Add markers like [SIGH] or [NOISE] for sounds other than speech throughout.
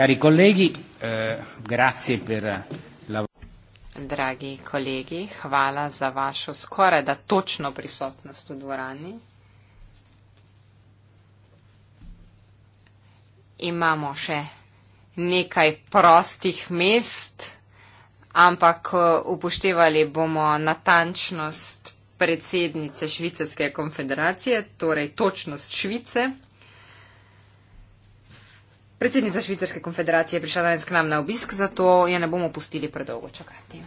Cari colleghi, eh, grazie per la Dragi colleghi, hvala za vašo skoraj da točno prisotnost v dvorani. Imamo še nekaj prostih mest, ampak eh, upoštevali bomo natančnost predsednice Švicarske konfederacije, torej točnost Švice. Predsednica Švicarske konfederacije je prišla danes k nam na obisk, zato je ne bomo pustili predolgo čakati.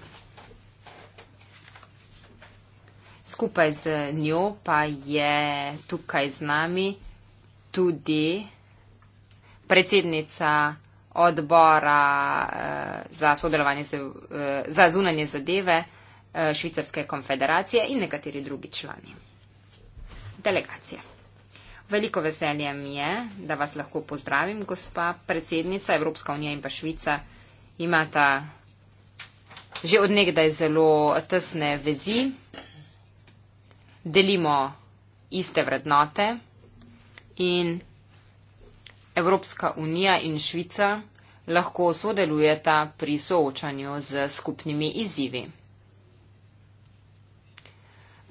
Skupaj z njo pa je tukaj z nami tudi predsednica odbora eh, za sodelovanje eh, za zunanje zadeve eh, Švicarske konfederacije in nekateri drugi člani delegacije. Veliko veselje mi je, da vas lahko pozdravim, gospa predsednica. Evropska unija in pa Švica imata že odnegdaj zelo tesne vezi. Delimo iste vrednote in Evropska unija in Švica lahko sodelujeta pri soočanju z skupnimi izzivi.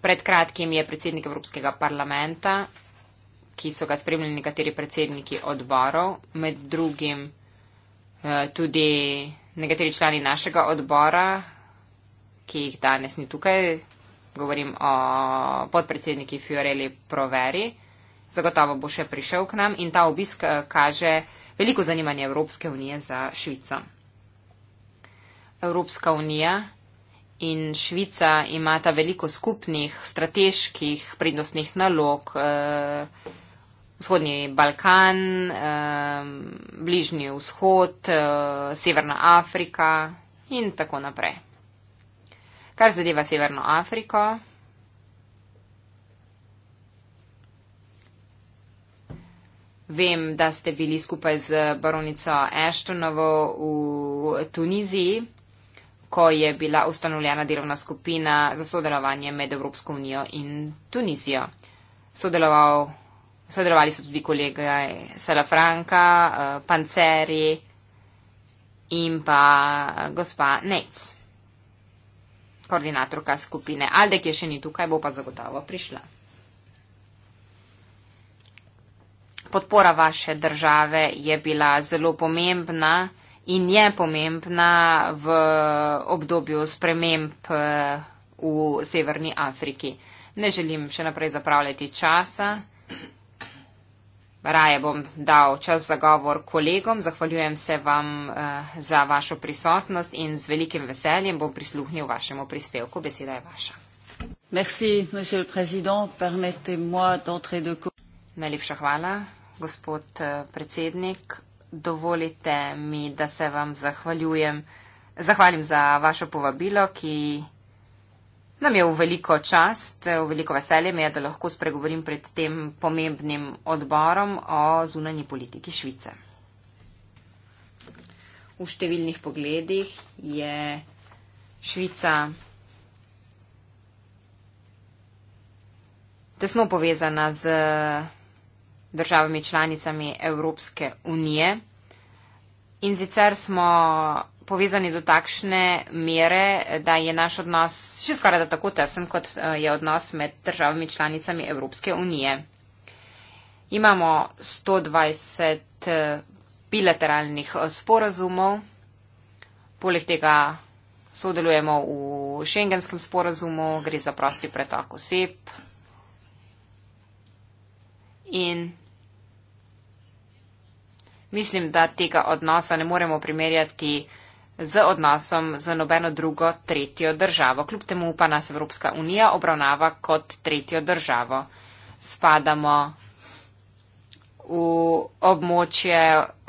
Pred kratkim je predsednik Evropskega parlamenta ki so ga spremljali nekateri predsedniki odborov, med drugim eh, tudi nekateri člani našega odbora, ki jih danes ni tukaj, govorim o podpredsedniki Fiorelli Proveri. Zagotovo bo še prišel k nam in ta obisk eh, kaže veliko zanimanje Evropske unije za Švico. Evropska unija in Švica imata veliko skupnih strateških prednostnih nalog. Eh, Vzhodni Balkan, eh, Bližnji vzhod, eh, Severna Afrika in tako naprej. Kar zadeva Severno Afriko, vem, da ste bili skupaj z baronico Ashtonovo v Tuniziji, ko je bila ustanovljena delovna skupina za sodelovanje med Evropsko unijo in Tunizijo. Sodeloval sodelovali so tudi kolega Salafranka, eh, Panceri in pa eh, gospa Nec, koordinatorka skupine Alde, ki je še ni tukaj, bo pa zagotovo prišla. Podpora vaše države je bila zelo pomembna in je pomembna v obdobju sprememb eh, v Severni Afriki. Ne želim še naprej zapravljati časa. Raje bom dal čas za govor kolegom, zahvaljujem se vam uh, za vašo prisotnost in z velikim veseljem bom prisluhnil vašemu prispevku. Beseda je vaša. Merci, Najlepša hvala, gospod eh, predsednik. Dovolite mi, da se vam zahvaljujem. Zahvalim za vaše povabilo, ki Nam je v veliko čast, v veliko veselje me je, da lahko spregovorim pred tem pomembnim odborom o zunanji politiki Švice. V številnih pogledih je Švica tesno povezana z državami članicami Evropske unije in zicer smo povezani do takšne mere, da je naš odnos še skoraj da tako tesen, kot eh, je odnos med državami članicami Evropske unije. Imamo 120 eh, bilateralnih eh, sporazumov, poleg tega sodelujemo v šengenskem sporazumu, gre za prosti pretok oseb. In mislim, da tega odnosa ne moremo primerjati uh, z odnosom z nobeno drugo tretjo državo. Kljub temu pa nas Evropska unija obravnava kot tretjo državo. Spadamo v območje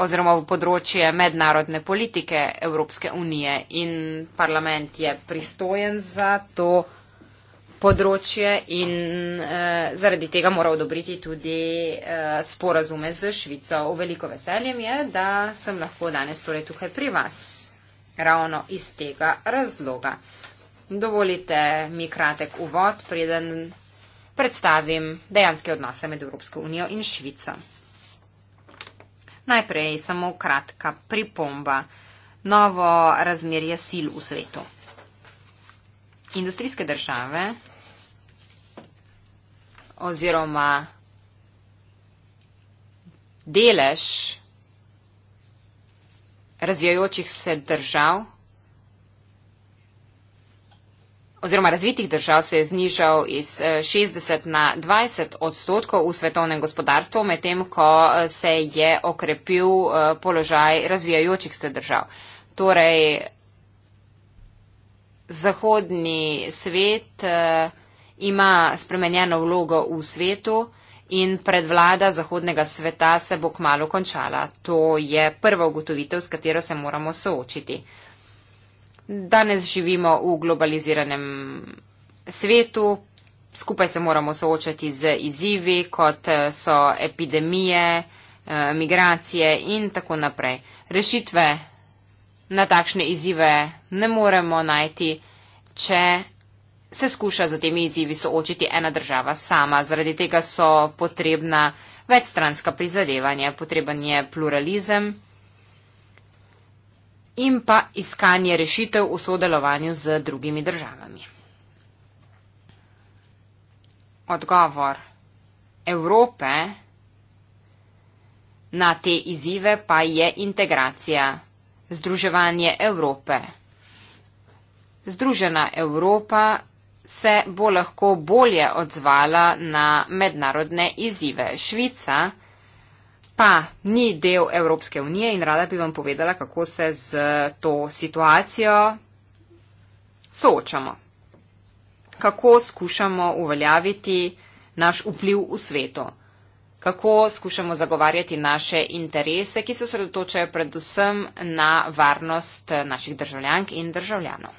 oziroma v področje mednarodne politike Evropske unije in parlament je pristojen za to področje in eh, zaradi tega mora odobriti tudi eh, sporazume z Švico. V veliko veseljem je, da sem lahko danes torej tukaj pri vas ravno iz tega razloga. Dovolite mi kratek uvod, preden predstavim dejanske odnose med Evropsko unijo in Švico. Najprej samo kratka pripomba. Novo razmerje sil v svetu. Industrijske države oziroma delež razvijajočih se držav oziroma razvitih držav se je znižal iz 60 eh, na 20 odstotkov v svetovnem gospodarstvu, medtem ko eh, se je okrepil eh, položaj razvijajočih se držav. Torej, zahodni svet ima spremenjeno vlogo v svetu in predvlada zahodnega sveta se bo kmalo končala. To je prva ugotovitev, s katero se moramo soočiti. Danes živimo v globaliziranem svetu, skupaj se moramo soočati z izzivi, kot eh, so epidemije, eh, migracije in tako naprej. Rešitve na takšne izzive ne moremo najti, če se skuša za temi izzivi soočiti ena država sama. Zaradi tega so potrebna večstranska prizadevanja, potreben je pluralizem in pa iskanje rešitev v sodelovanju z drugimi državami. Odgovor Evrope na te izzive pa je integracija, združevanje Evrope. Združena Evropa se bo lahko bolje odzvala na mednarodne izzive. Švica pa ni del Evropske unije in rada bi vam povedala, kako se z to situacijo soočamo. Kako skušamo uveljaviti naš vpliv v svetu. Kako skušamo zagovarjati naše interese, ki se osredotočajo predvsem na varnost naših državljank in državljanov.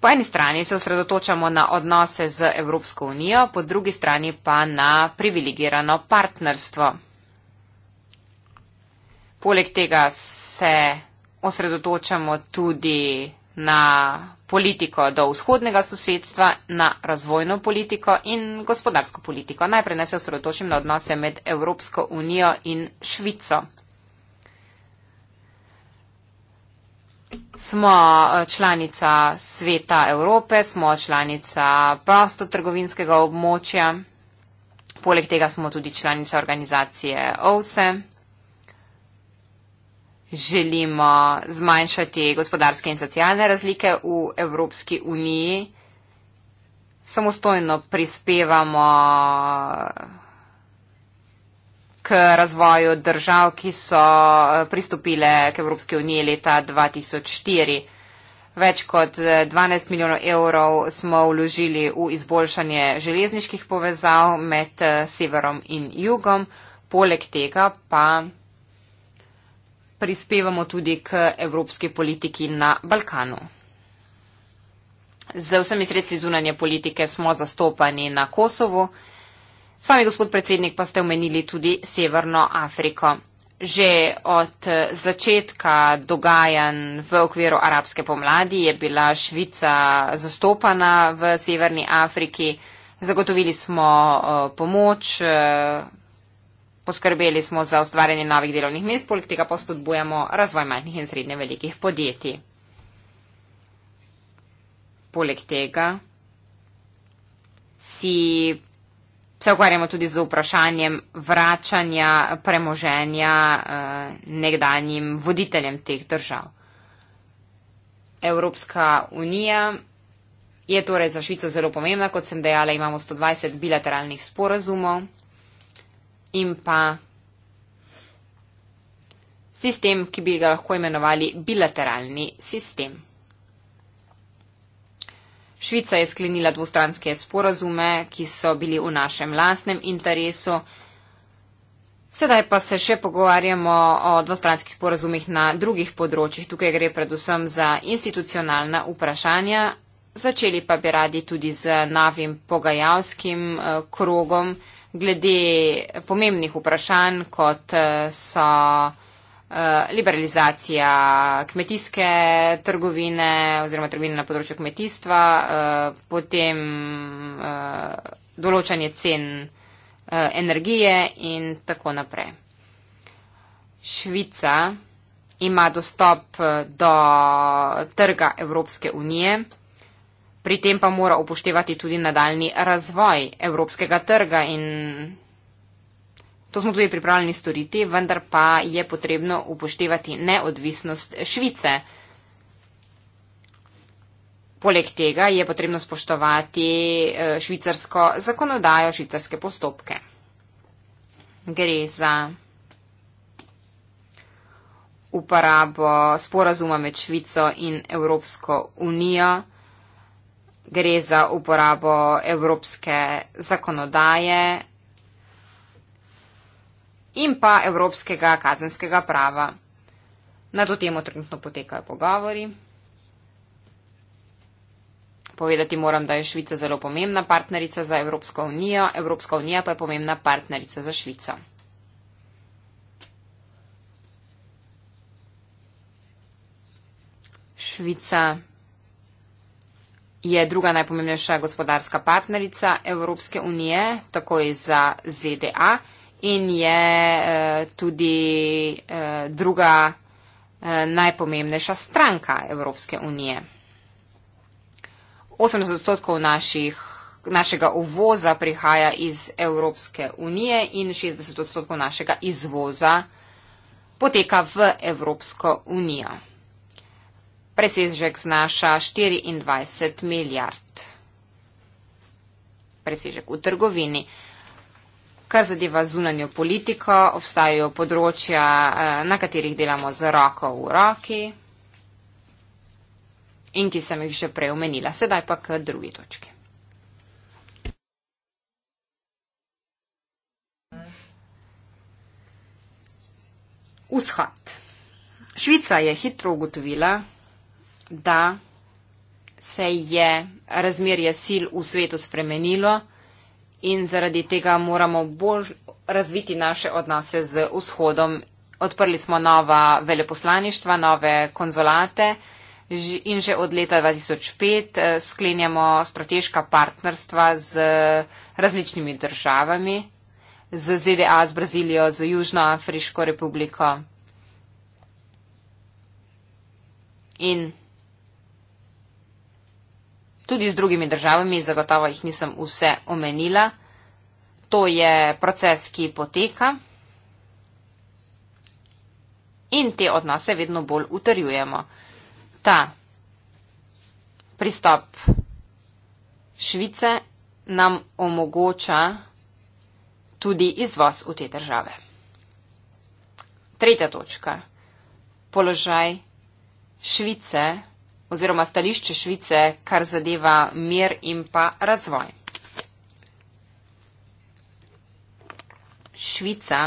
Po eni strani se osredotočamo na odnose z Evropsko unijo, po drugi strani pa na privilegirano partnerstvo. Poleg tega se osredotočamo tudi na politiko do vzhodnega sosedstva, na razvojno politiko in gospodarsko politiko. Najprej naj se osredotočim na odnose med Evropsko unijo in Švico. Smo eh, članica sveta Evrope, smo članica prostotrgovinskega območja, poleg tega smo tudi članica organizacije OVSE. Želimo zmanjšati gospodarske in socialne razlike v Evropski uniji. Samostojno prispevamo k razvoju držav, ki so eh, pristopile k Evropske unije leta 2004. Več kot 12 eh, milijonov evrov smo vložili v izboljšanje železniških povezav med eh, severom in jugom. Poleg tega pa prispevamo tudi k evropski politiki na Balkanu. Z vsemi sredstvi zunanje politike smo zastopani na Kosovo. Sami, gospod predsednik, pa ste omenili tudi Severno Afriko. Že od začetka dogajanj v okviru arabske pomladi je bila Švica zastopana v Severni Afriki. Zagotovili smo pomoč, poskrbeli smo za ustvarjanje novih delovnih mest, poleg tega pa spodbujamo razvoj majhnih in srednje velikih podjetij. Poleg tega si se ukvarjamo tudi z vprašanjem vračanja premoženja uh, nekdanjim voditeljem teh držav. Evropska unija je torej za Švico zelo pomembna, kot sem dejala, imamo 120 bilateralnih sporazumov in pa sistem, ki bi ga lahko imenovali bilateralni sistem. Švica je sklenila dvostranske sporazume, ki so bili v našem lastnem interesu. Sedaj pa se še pogovarjamo o dvostranskih sporazumih na drugih področjih. Tukaj gre predvsem za institucionalna vprašanja. Začeli pa bi radi tudi z novim pogajalskim eh, krogom glede pomembnih vprašanj, kot eh, so. Eh, liberalizacija kmetijske trgovine oziroma trgovine na področju kmetijstva, eh, potem eh, določanje cen energije in tako naprej. Švica ima dostop do trga Evropske unije, pri tem pa mora upoštevati tudi nadaljni razvoj evropskega trga in To smo tudi pripravljeni storiti, vendar pa je potrebno upoštevati neodvisnost Švice. Poleg tega je potrebno spoštovati eh, švicarsko zakonodajo, švicarske postopke. Gre za uporabo sporazuma med Švico in Evropsko unijo, gre za uporabo evropske zakonodaje, in pa evropskega kazenskega prava. Na to temo trenutno potekajo pogovori. Povedati moram, da je Švica zelo pomembna partnerica za Evropsko unijo, Evropska unija pa je pomembna partnerica za Švico. Švica je druga najpomembnejša gospodarska partnerica Evropske unije, tako je za ZDA in je eh, tudi eh, druga eh, najpomembnejša stranka Evropske unije. 80 odstotkov naših, našega uvoza prihaja iz Evropske unije in 60 odstotkov našega izvoza poteka v Evropsko unijo. Presežek znaša 24 milijard. Presežek v trgovini. Kar zadeva zunanjo politiko, obstajajo področja, eh, na katerih delamo z roko v roki in ki sem jih že prej omenila. Sedaj pa k drugi točki. Vzhod. Švica je hitro ugotovila, da se je razmerje sil v svetu spremenilo in zaradi tega moramo bolj razviti naše odnose z vzhodom. Odprli smo nova veleposlaništva, nove konzolate in že od leta 2005 eh, sklenjamo strateška partnerstva z različnimi državami, z ZDA, z Brazilijo, z Južnoafriško republiko. In tudi z drugimi državami, zagotovo jih nisem vse omenila. To je proces, ki poteka in te odnose vedno bolj utrjujemo. Ta pristop Švice nam omogoča tudi izvoz v te države. Tretja točka. Položaj Švice oziroma stališče Švice, kar zadeva mir in pa razvoj. Švica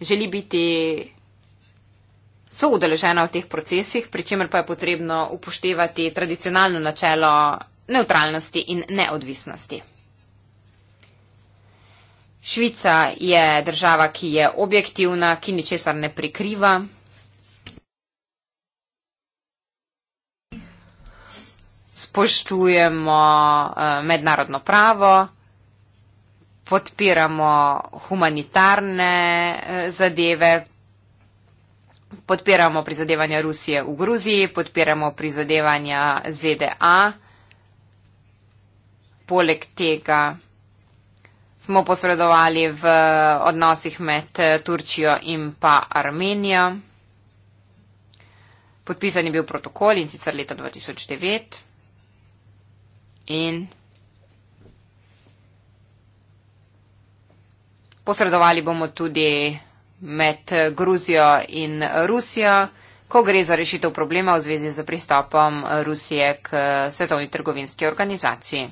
želi biti soudeležena v teh procesih, pri čemer pa je potrebno upoštevati tradicionalno načelo neutralnosti in neodvisnosti. Švica je država, ki je objektivna, ki ničesar ne prikriva. spoštujemo eh, mednarodno pravo, podpiramo humanitarne eh, zadeve, podpiramo prizadevanja Rusije v Gruziji, podpiramo prizadevanja ZDA. Poleg tega smo posredovali v odnosih med eh, Turčijo in pa Armenijo. Podpisan je bil protokol in sicer leta 2009 in posredovali bomo tudi med Gruzijo in Rusijo, ko gre za rešitev problema v zvezi z pristopom Rusije k svetovni trgovinski organizaciji.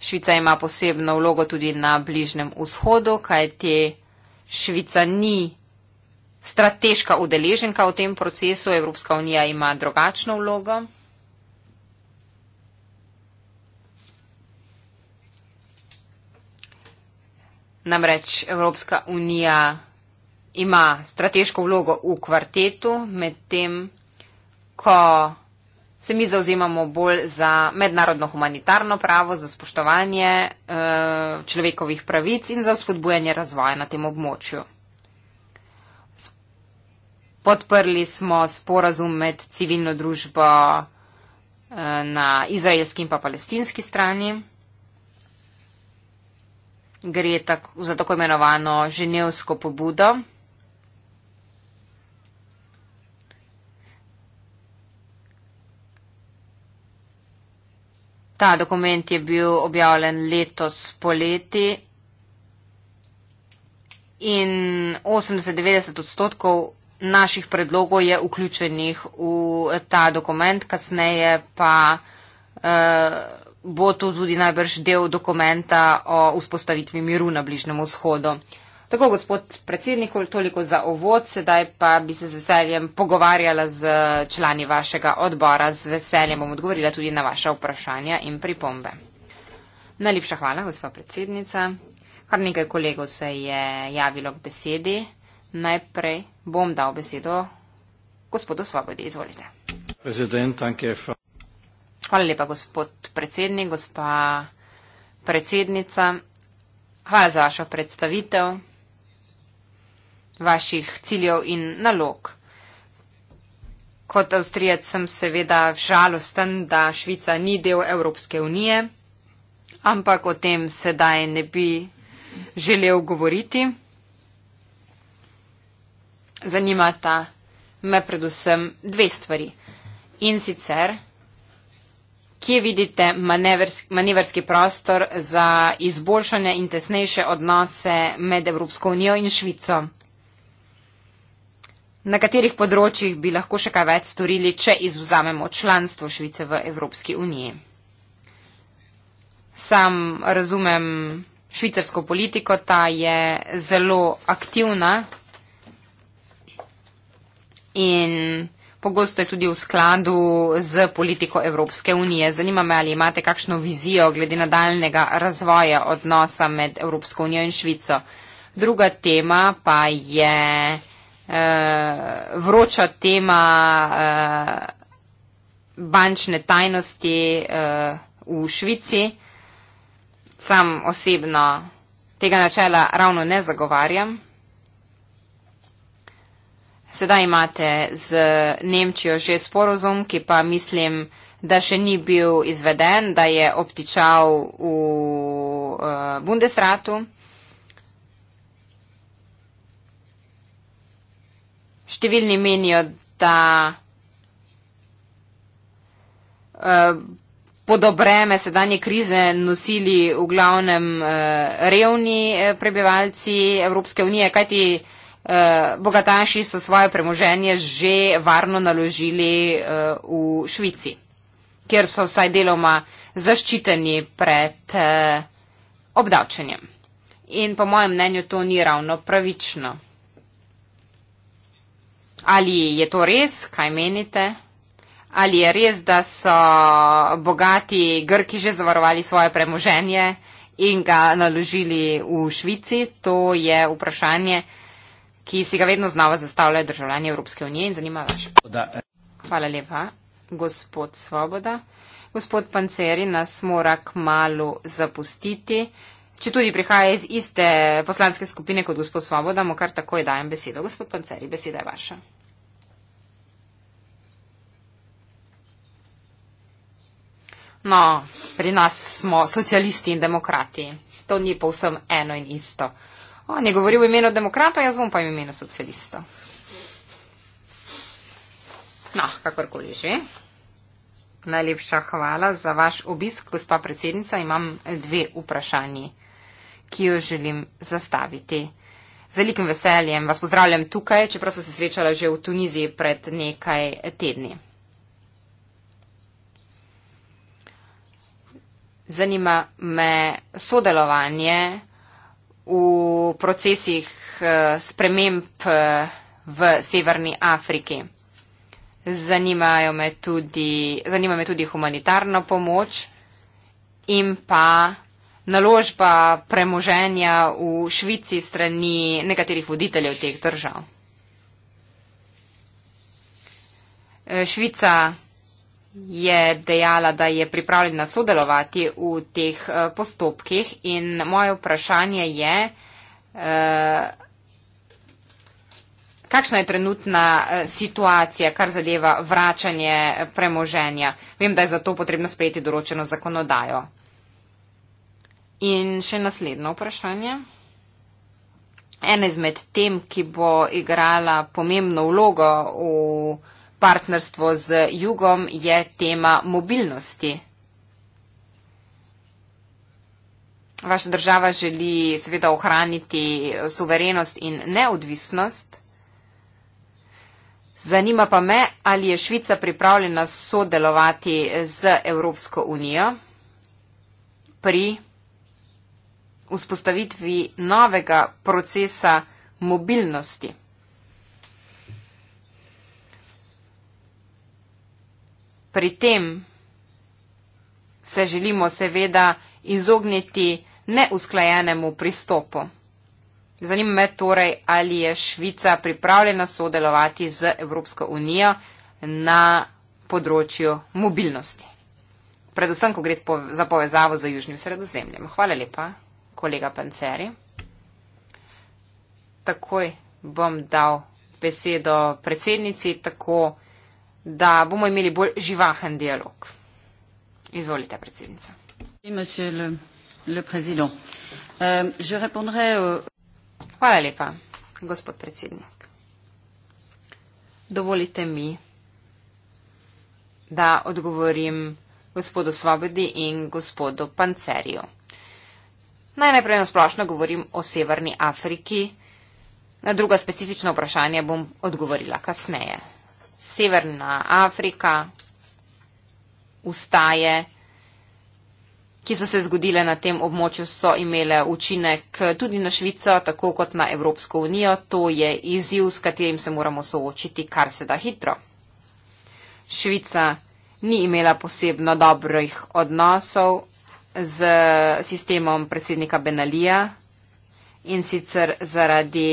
Švica ima posebno vlogo tudi na Bližnem vzhodu, kajti Švica ni strateška udeleženka v tem procesu, Evropska unija ima drugačno vlogo. Namreč Evropska unija ima strateško vlogo v kvartetu, medtem ko se mi zauzemamo bolj za mednarodno humanitarno pravo, za spoštovanje eh, človekovih pravic in za vzpodbujanje razvoja na tem območju. Podprli smo sporazum med civilno družbo eh, na izraelski in pa palestinski strani gre tak, za tako imenovano ženevsko pobudo. Ta dokument je bil objavljen letos poleti in 80-90 odstotkov naših predlogov je vključenih v ta dokument, kasneje pa. Uh, bo to tudi najbrž del dokumenta o vzpostavitvi miru na Bližnem vzhodu. Tako, gospod predsednik, toliko za ovod, sedaj pa bi se z veseljem pogovarjala z člani vašega odbora. Z veseljem bom odgovorila tudi na vaše vprašanja in pripombe. Najlepša hvala, gospa predsednica. Kar nekaj kolegov se je javilo k besedi. Najprej bom dal besedo gospodu Svobodi. Izvolite. Hvala lepa, gospod predsednik, gospa predsednica. Hvala za vašo predstavitev vaših ciljev in nalog. Kot Avstrijec sem seveda žalosten, da Švica ni del Evropske unije, ampak o tem sedaj ne bi želel govoriti. Zanimata me predvsem dve stvari. In sicer, kje vidite manevrski, manevrski prostor za izboljšanje in tesnejše odnose med Evropsko unijo in Švico? Na katerih področjih bi lahko še kaj več storili, če izuzamemo članstvo Švice v Evropski uniji? Sam razumem švicarsko politiko, ta je zelo aktivna in pogosto je tudi v skladu z politiko Evropske unije. Zanima me, ali imate kakšno vizijo glede nadaljnega razvoja odnosa med Evropsko unijo in Švico. Druga tema pa je eh, vroča tema eh, bančne tajnosti eh, v Švici. Sam osebno tega načela ravno ne zagovarjam, Sedaj imate z Nemčijo že sporozum, ki pa mislim, da še ni bil izveden, da je obtičal v eh, Bundesratu. Številni menijo, da podobreme eh, sedanje krize nosili v glavnem eh, revni prebivalci Evropske unije, kajti Eh, bogataši so svoje premoženje že varno naložili uh, v Švici, kjer so vsaj deloma zaščiteni pred uh, obdavčenjem. In po mojem mnenju to ni ravno pravično. Ali je to res, kaj menite? Ali je res, da so bogati Grki že zavarovali svoje premoženje in ga naložili v Švici? To je vprašanje, ki si ga vedno znova zastavljajo državljani Evropske unije in zanima več. Hvala lepa, gospod Svoboda. Gospod Panceri nas mora k malu zapustiti. Če tudi prihaja iz iste poslanske skupine kot gospod Svoboda, mu kar takoj dajem besedo. Gospod Panceri, beseda je vaša. No, pri nas smo socialisti in demokrati. To ni povsem eno in isto. On je govoril v imenu demokratov, jaz bom pa v imenu socialistov. No, kakorkoli že. Najlepša hvala za vaš obisk, gospa predsednica. Imam dve vprašanji, ki jo želim zastaviti. Z velikim veseljem vas pozdravljam tukaj, čeprav sem se srečala že v Tuniziji pred nekaj tedni. Zanima me sodelovanje v procesih eh, sprememb eh, v Severni Afriki. Me tudi, zanima me tudi humanitarna pomoč in pa naložba premoženja v Švici strani nekaterih voditeljev teh držav. Eh, Švica je dejala, da je pripravljena sodelovati v teh eh, postopkih in moje vprašanje je, eh, kakšna je trenutna eh, situacija, kar zadeva vračanje premoženja. Vem, da je za to potrebno sprejeti določeno zakonodajo. In še naslednjo vprašanje. Ena izmed tem, ki bo igrala pomembno vlogo v partnerstvo z jugom je tema mobilnosti. Vaša država želi seveda ohraniti suverenost in neodvisnost. Zanima pa me, ali je Švica pripravljena sodelovati z Evropsko unijo pri vzpostavitvi novega procesa mobilnosti. Pri tem se želimo seveda izogniti neusklajenemu pristopu. Zanima me torej, ali je Švica pripravljena sodelovati z Evropsko unijo na področju mobilnosti. Predvsem, ko gre za povezavo z Južnim sredozemljem. Hvala lepa, kolega Panceri. Takoj bom dal besedo predsednici, tako da bomo imeli bolj živahen dialog. Izvolite, predsednica. Euh, Hvala lepa, gospod predsednik. Dovolite mi, da odgovorim gospodu Svobodi in gospodu Pancerju. Naj najprej na splošno govorim o Severni Afriki. Na druga specifična vprašanja bom odgovorila kasneje. Severna Afrika, ustaje, ki so se zgodile na tem območju, so imele učinek tudi na Švico, tako kot na Evropsko unijo. To je izziv, s katerim se moramo soočiti kar se da hitro. Švica ni imela posebno dobrih odnosov z sistemom predsednika Benalija in sicer zaradi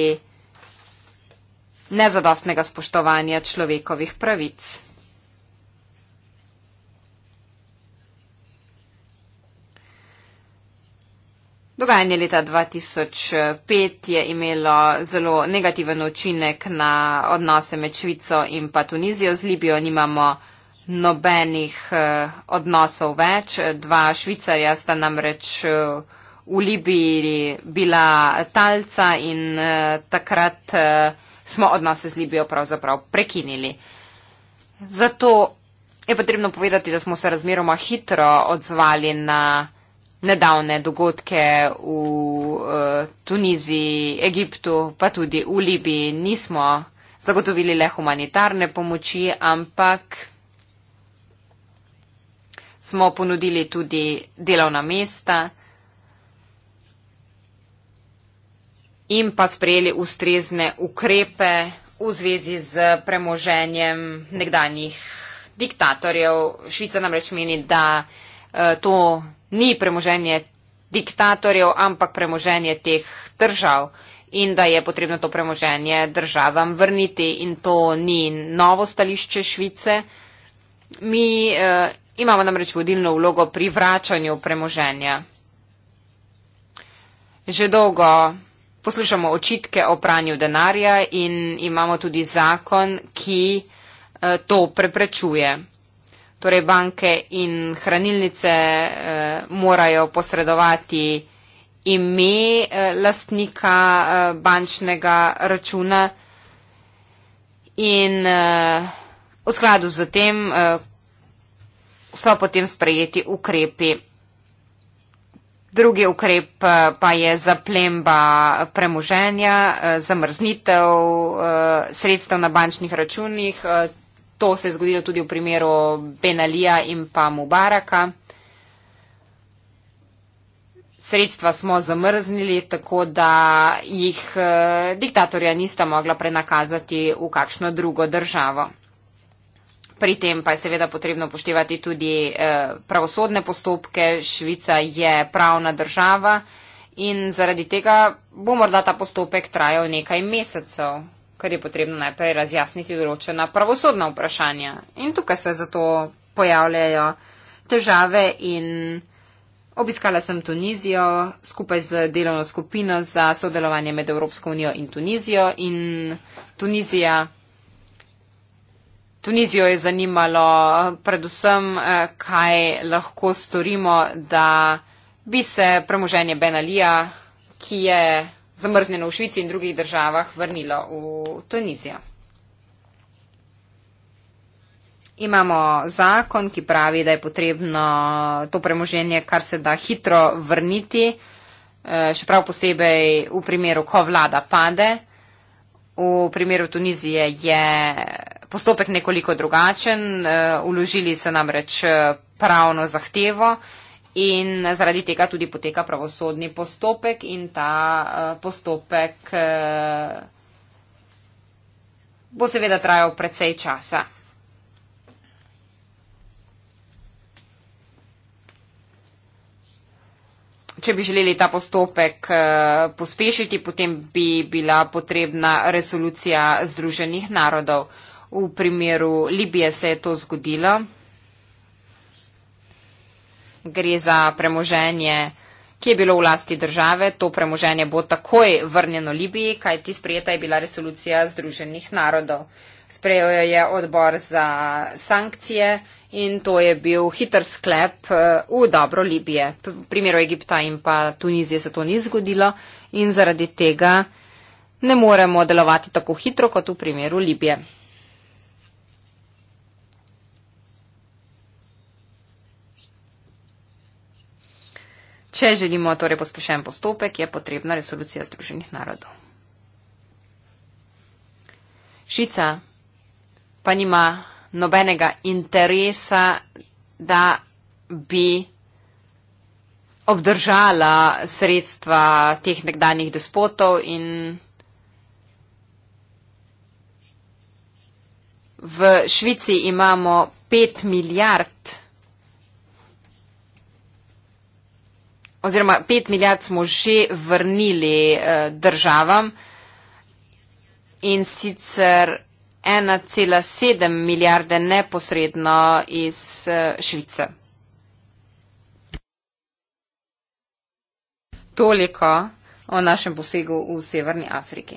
nezadostnega spoštovanja človekovih pravic. Dogajanje leta 2005 je imelo zelo negativen učinek na odnose med Švico in pa Tunizijo. Z Libijo nimamo nobenih eh, odnosov več. Dva švicarja sta namreč eh, v Libiji bila talca in eh, takrat smo odnose z Libijo pravzaprav prekinili. Zato je potrebno povedati, da smo se razmeroma hitro odzvali na nedavne dogodke v uh, Tuniziji, Egiptu, pa tudi v Libiji. Nismo zagotovili le humanitarne pomoči, ampak smo ponudili tudi delovna mesta. in pa sprejeli ustrezne ukrepe v zvezi z premoženjem nekdanjih diktatorjev. Švica namreč meni, da eh, to ni premoženje diktatorjev, ampak premoženje teh držav in da je potrebno to premoženje državam vrniti in to ni novo stališče Švice. Mi eh, imamo namreč vodilno vlogo pri vračanju premoženja. Že dolgo poslušamo očitke o pranju denarja in imamo tudi zakon, ki eh, to preprečuje. Torej banke in hranilnice eh, morajo posredovati ime eh, lastnika bančnega računa in v skladu z tem so potem sprejeti ukrepi. Drugi ukrep eh, pa je zaplemba premoženja, eh, zamrznitev eh, sredstev na bančnih računih. To se je zgodilo tudi v primeru Benalija in pa Mubaraka. Sredstva smo zamrznili, tako da jih diktatorja nista mogla prenakazati v kakšno drugo državo. Pri tem pa je seveda potrebno poštevati tudi eh, pravosodne postopke. Švica je pravna država in zaradi tega bo morda ta postopek trajal nekaj mesecev, ker je potrebno najprej razjasniti določena pravosodna vprašanja. In tukaj se zato pojavljajo težave in obiskala sem Tunizijo skupaj z delovno skupino za sodelovanje med Evropsko unijo in Tunizijo in Tunizija. Tunizijo je zanimalo predvsem, eh, kaj lahko storimo, da bi se premoženje Benalija, ki je zamrznjeno v Švici in drugih državah, vrnilo v Tunizijo. Imamo zakon, ki pravi, da je potrebno to premoženje kar se da hitro vrniti, eh, še prav posebej v primeru, ko vlada pade. V primeru Tunizije je postopek nekoliko drugačen, uložili eh, so namreč eh, pravno zahtevo in zaradi tega tudi poteka pravosodni postopek in ta eh, postopek bo seveda trajal precej časa. Če bi želeli ta postopek pospešiti, potem bi bila potrebna resolucija Združenih narodov. V primeru Libije se je to zgodilo. Gre za premoženje, ki je bilo v lasti države. To premoženje bo takoj vrnjeno Libiji, kajti sprejeta je bila resolucija Združenih narodov. Sprejel jo je odbor za sankcije in to je bil hiter sklep eh, v dobro Libije. V primeru Egipta in pa Tunizije se to ni zgodilo in zaradi tega ne moremo delovati tako hitro kot v primeru Libije. Če želimo torej pospešen postopek, je potrebna resolucija Združenih narodov. Švica pa nima nobenega interesa, da bi obdržala sredstva teh nekdanjih despotov in v Švici imamo 5 milijard. oziroma 5 milijard smo že vrnili eh, državam in sicer 1,7 milijarde neposredno iz eh, Švice. Toliko o našem posegu v Severni Afriki.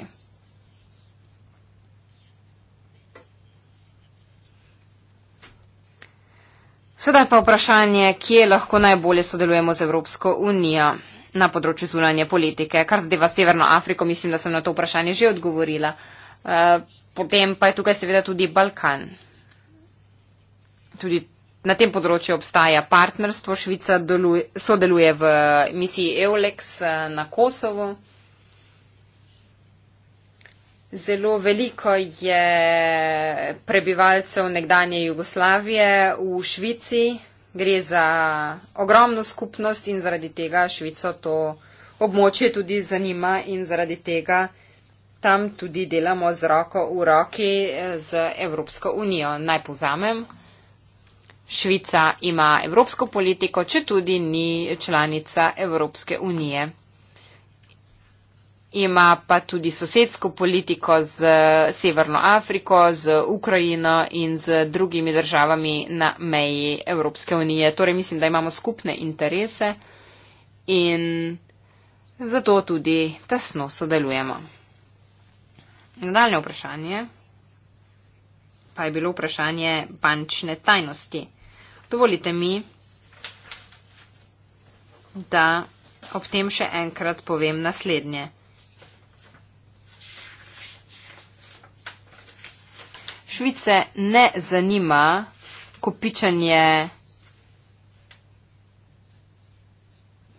Sedaj pa vprašanje, kje lahko najbolje sodelujemo z Evropsko unijo na področju zunanje politike. Kar zadeva Severno Afriko, mislim, da sem na to vprašanje že odgovorila. Eh, potem pa je tukaj seveda tudi Balkan. Tudi na tem področju obstaja partnerstvo. Švica doluje, sodeluje v misiji EULEX eh, na Kosovo. Zelo veliko je prebivalcev nekdanje Jugoslavije v Švici. Gre za ogromno skupnost in zaradi tega Švico to območje tudi zanima in zaradi tega tam tudi delamo z roko v roki eh, z Evropsko unijo. Naj povzamem, Švica ima evropsko politiko, če tudi ni članica Evropske unije ima pa tudi sosedsko politiko z eh, Severno Afriko, z Ukrajino in z drugimi državami na meji Evropske unije. Torej mislim, da imamo skupne interese in zato tudi tesno sodelujemo. Nadaljne vprašanje pa je bilo vprašanje bančne tajnosti. Dovolite mi, da ob tem še enkrat povem naslednje. Švice ne zanima kopičanje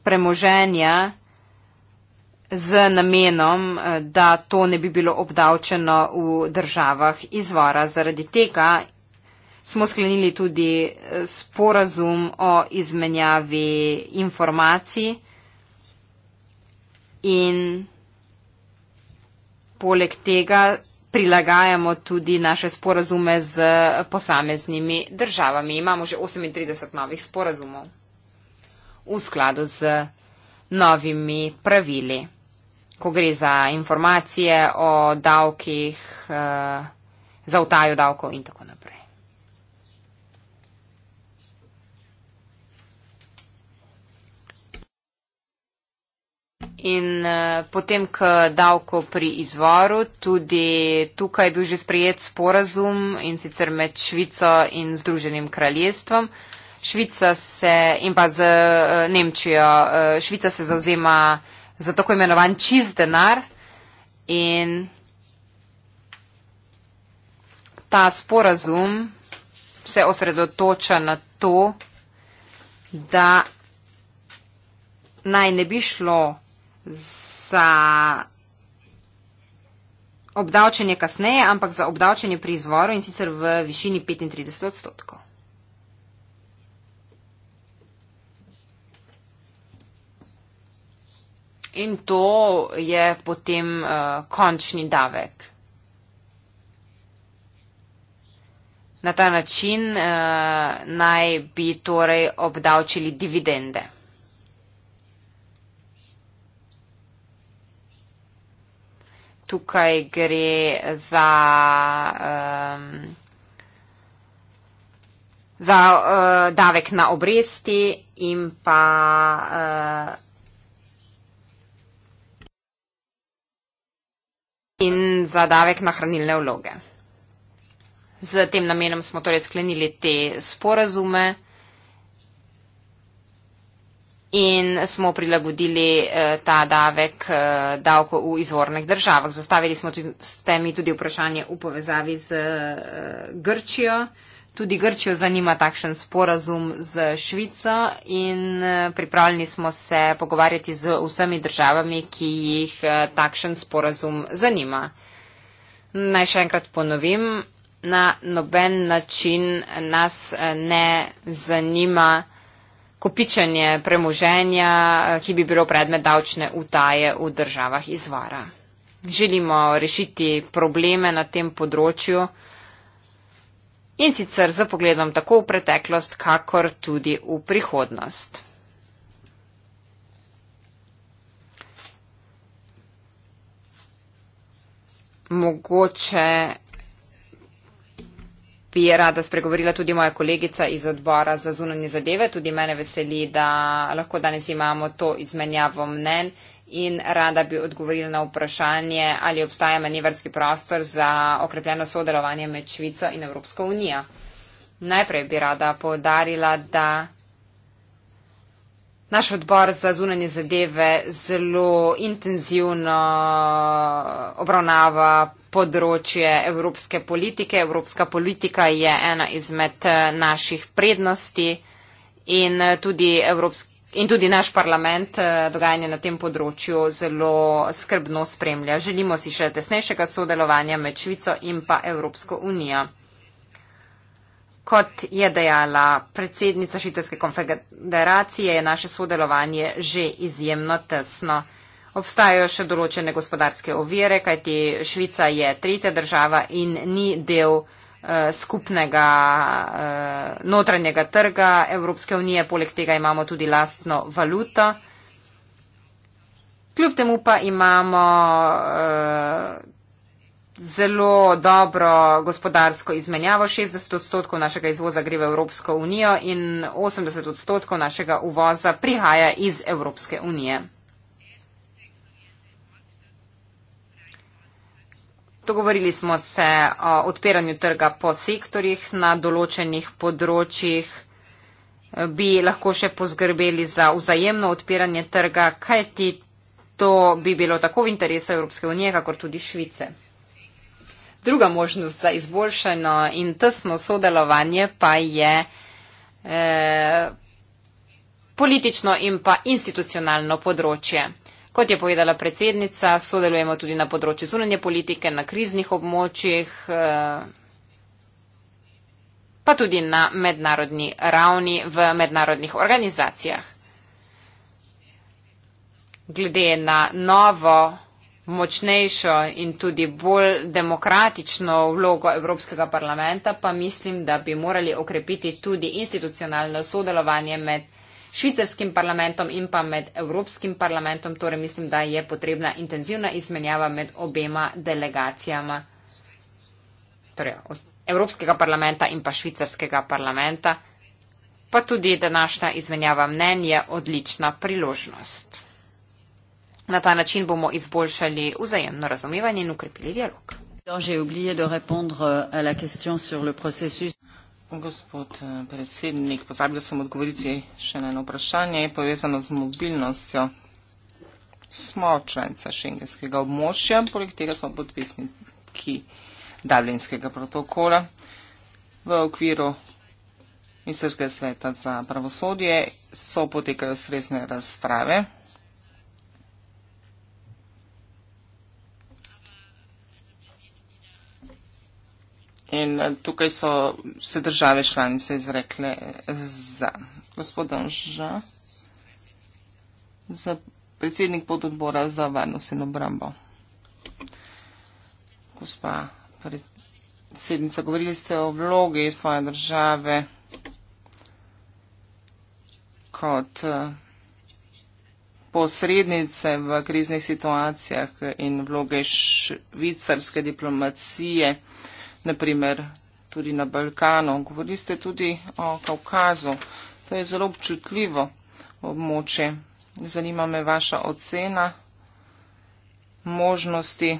premoženja z namenom, eh, da to ne bi bilo obdavčeno v državah izvora. Zaradi tega smo sklenili tudi eh, sporazum o izmenjavi informacij in poleg tega prilagajamo tudi naše sporazume z posameznimi državami. Imamo že 38 novih sporazumov v skladu z novimi pravili. Ko gre za informacije o davkih, eh, za utajo davkov in tako naprej. In uh, potem k davko pri izvoru, tudi tukaj je bil že sprejet sporazum in sicer med Švico in Združenim kraljestvom. Švica se in pa z uh, Nemčijo. Uh, Švica se zauzema za tako imenovan čist denar in ta sporazum se osredotoča na to, da naj ne bi šlo za obdavčenje kasneje, ampak za obdavčenje pri izvoru in sicer v višini 35 odstotkov. In to je potem uh, končni davek. Na ta način uh, naj bi torej obdavčili dividende. tukaj gre za. Um, za uh, davek na obresti in pa uh, in za davek na hranilne vloge. Z tem namenom smo torej sklenili te sporazume in smo prilagodili eh, ta davek eh, davko v izvornih državah. Zastavili smo tudi s temi tudi vprašanje v povezavi z eh, Grčijo. Tudi Grčijo zanima takšen sporazum z Švico in pripravljeni smo se pogovarjati z vsemi državami, ki jih takšen sporazum zanima. Naj še enkrat ponovim, na noben način nas ne zanima, kopičanje premoženja, eh, ki bi bilo predmet davčne utaje v državah izvora. Želimo rešiti probleme na tem področju in sicer za pogledom tako v preteklost, kakor tudi v prihodnost. Mogoče bi rada spregovorila tudi moja kolegica iz odbora za zunanje zadeve. Tudi mene veseli, da lahko danes imamo to izmenjavo mnen in rada bi odgovorila na vprašanje, ali obstaja manevrski prostor za okrepljeno sodelovanje med Švico in Evropsko unijo. Najprej bi rada povdarila, da. Naš odbor za zunanje zadeve zelo intenzivno obravnava področje evropske politike. Evropska politika je ena izmed eh, naših prednosti in eh, tudi, evropski, in tudi naš parlament eh, dogajanje na tem področju zelo skrbno spremlja. Želimo si še tesnejšega sodelovanja med Švico in pa Evropsko unijo. Kot je dejala predsednica Švitske konfederacije, je naše sodelovanje že izjemno tesno. Obstajajo še določene gospodarske ovire, kajti Švica je tretja država in ni del eh, skupnega eh, notranjega trga Evropske unije, poleg tega imamo tudi lastno valuto. Kljub temu pa imamo eh, zelo dobro gospodarsko izmenjavo, 60 odstotkov našega izvoza gre v Evropsko unijo in 80 odstotkov našega uvoza prihaja iz Evropske unije. Dogovorili smo se o odpiranju trga po sektorjih na določenih področjih. Eh, bi lahko še poskrbeli za vzajemno odpiranje trga, kaj ti to bi bilo tako v interesu Evropske unije, kakor tudi Švice. Druga možnost za izboljšeno in tesno sodelovanje pa je eh, politično in pa institucionalno področje. Kot je povedala predsednica, sodelujemo tudi na področju zunanje politike, na kriznih območjih, eh, pa tudi na mednarodni ravni v mednarodnih organizacijah. Glede na novo, močnejšo in tudi bolj demokratično vlogo Evropskega parlamenta, pa mislim, da bi morali okrepiti tudi institucionalno sodelovanje med švicarskim parlamentom in pa med Evropskim parlamentom. Torej mislim, da je potrebna intenzivna izmenjava med obema delegacijama torej, Evropskega parlamenta in pa švicarskega parlamenta. Pa tudi današnja izmenjava mnen je odlična priložnost. Na ta način bomo izboljšali vzajemno razumevanje in ukrepili dialog. Gospod eh, predsednik, pozabil sem odgovoriti še na eno vprašanje, je povezano z mobilnostjo. Smo članica šengenskega območja, poleg tega smo podpisniki Dablinskega protokola. V okviru Ministrskega sveta za pravosodje so potekajo stresne razprave In eh, tukaj so se države članice izrekle eh, za. Gospod Anža, za predsednik pododbora za varnost in obrambo. Gospa predsednica, govorili ste o vlogi svoje države kot eh, posrednice v kriznih situacijah in vloge švicarske diplomacije naprimer tudi na Balkanu. Govorili ste tudi o Kaukazu. To je zelo občutljivo območje. Zanima me vaša ocena možnosti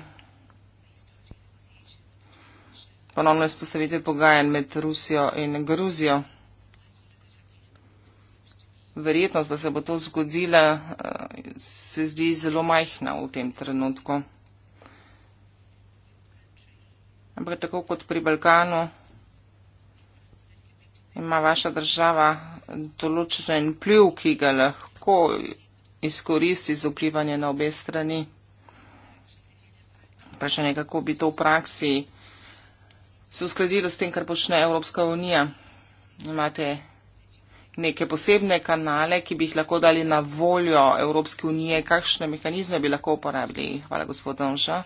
ponovno izpostavite pogajan med Rusijo in Gruzijo. Verjetnost, da se bo to zgodila, eh, se zdi zelo majhna v tem trenutku. Ampak tako kot pri Balkanu ima vaša država določen pliv, ki ga lahko izkoristi z vplivanje na obe strani. Vprašanje, kako bi to v praksi se uskladilo s tem, kar počne Evropska unija. Imate neke posebne kanale, ki bi jih lahko dali na voljo Evropske unije, kakšne mehanizme bi lahko uporabili. Hvala, gospod Donža.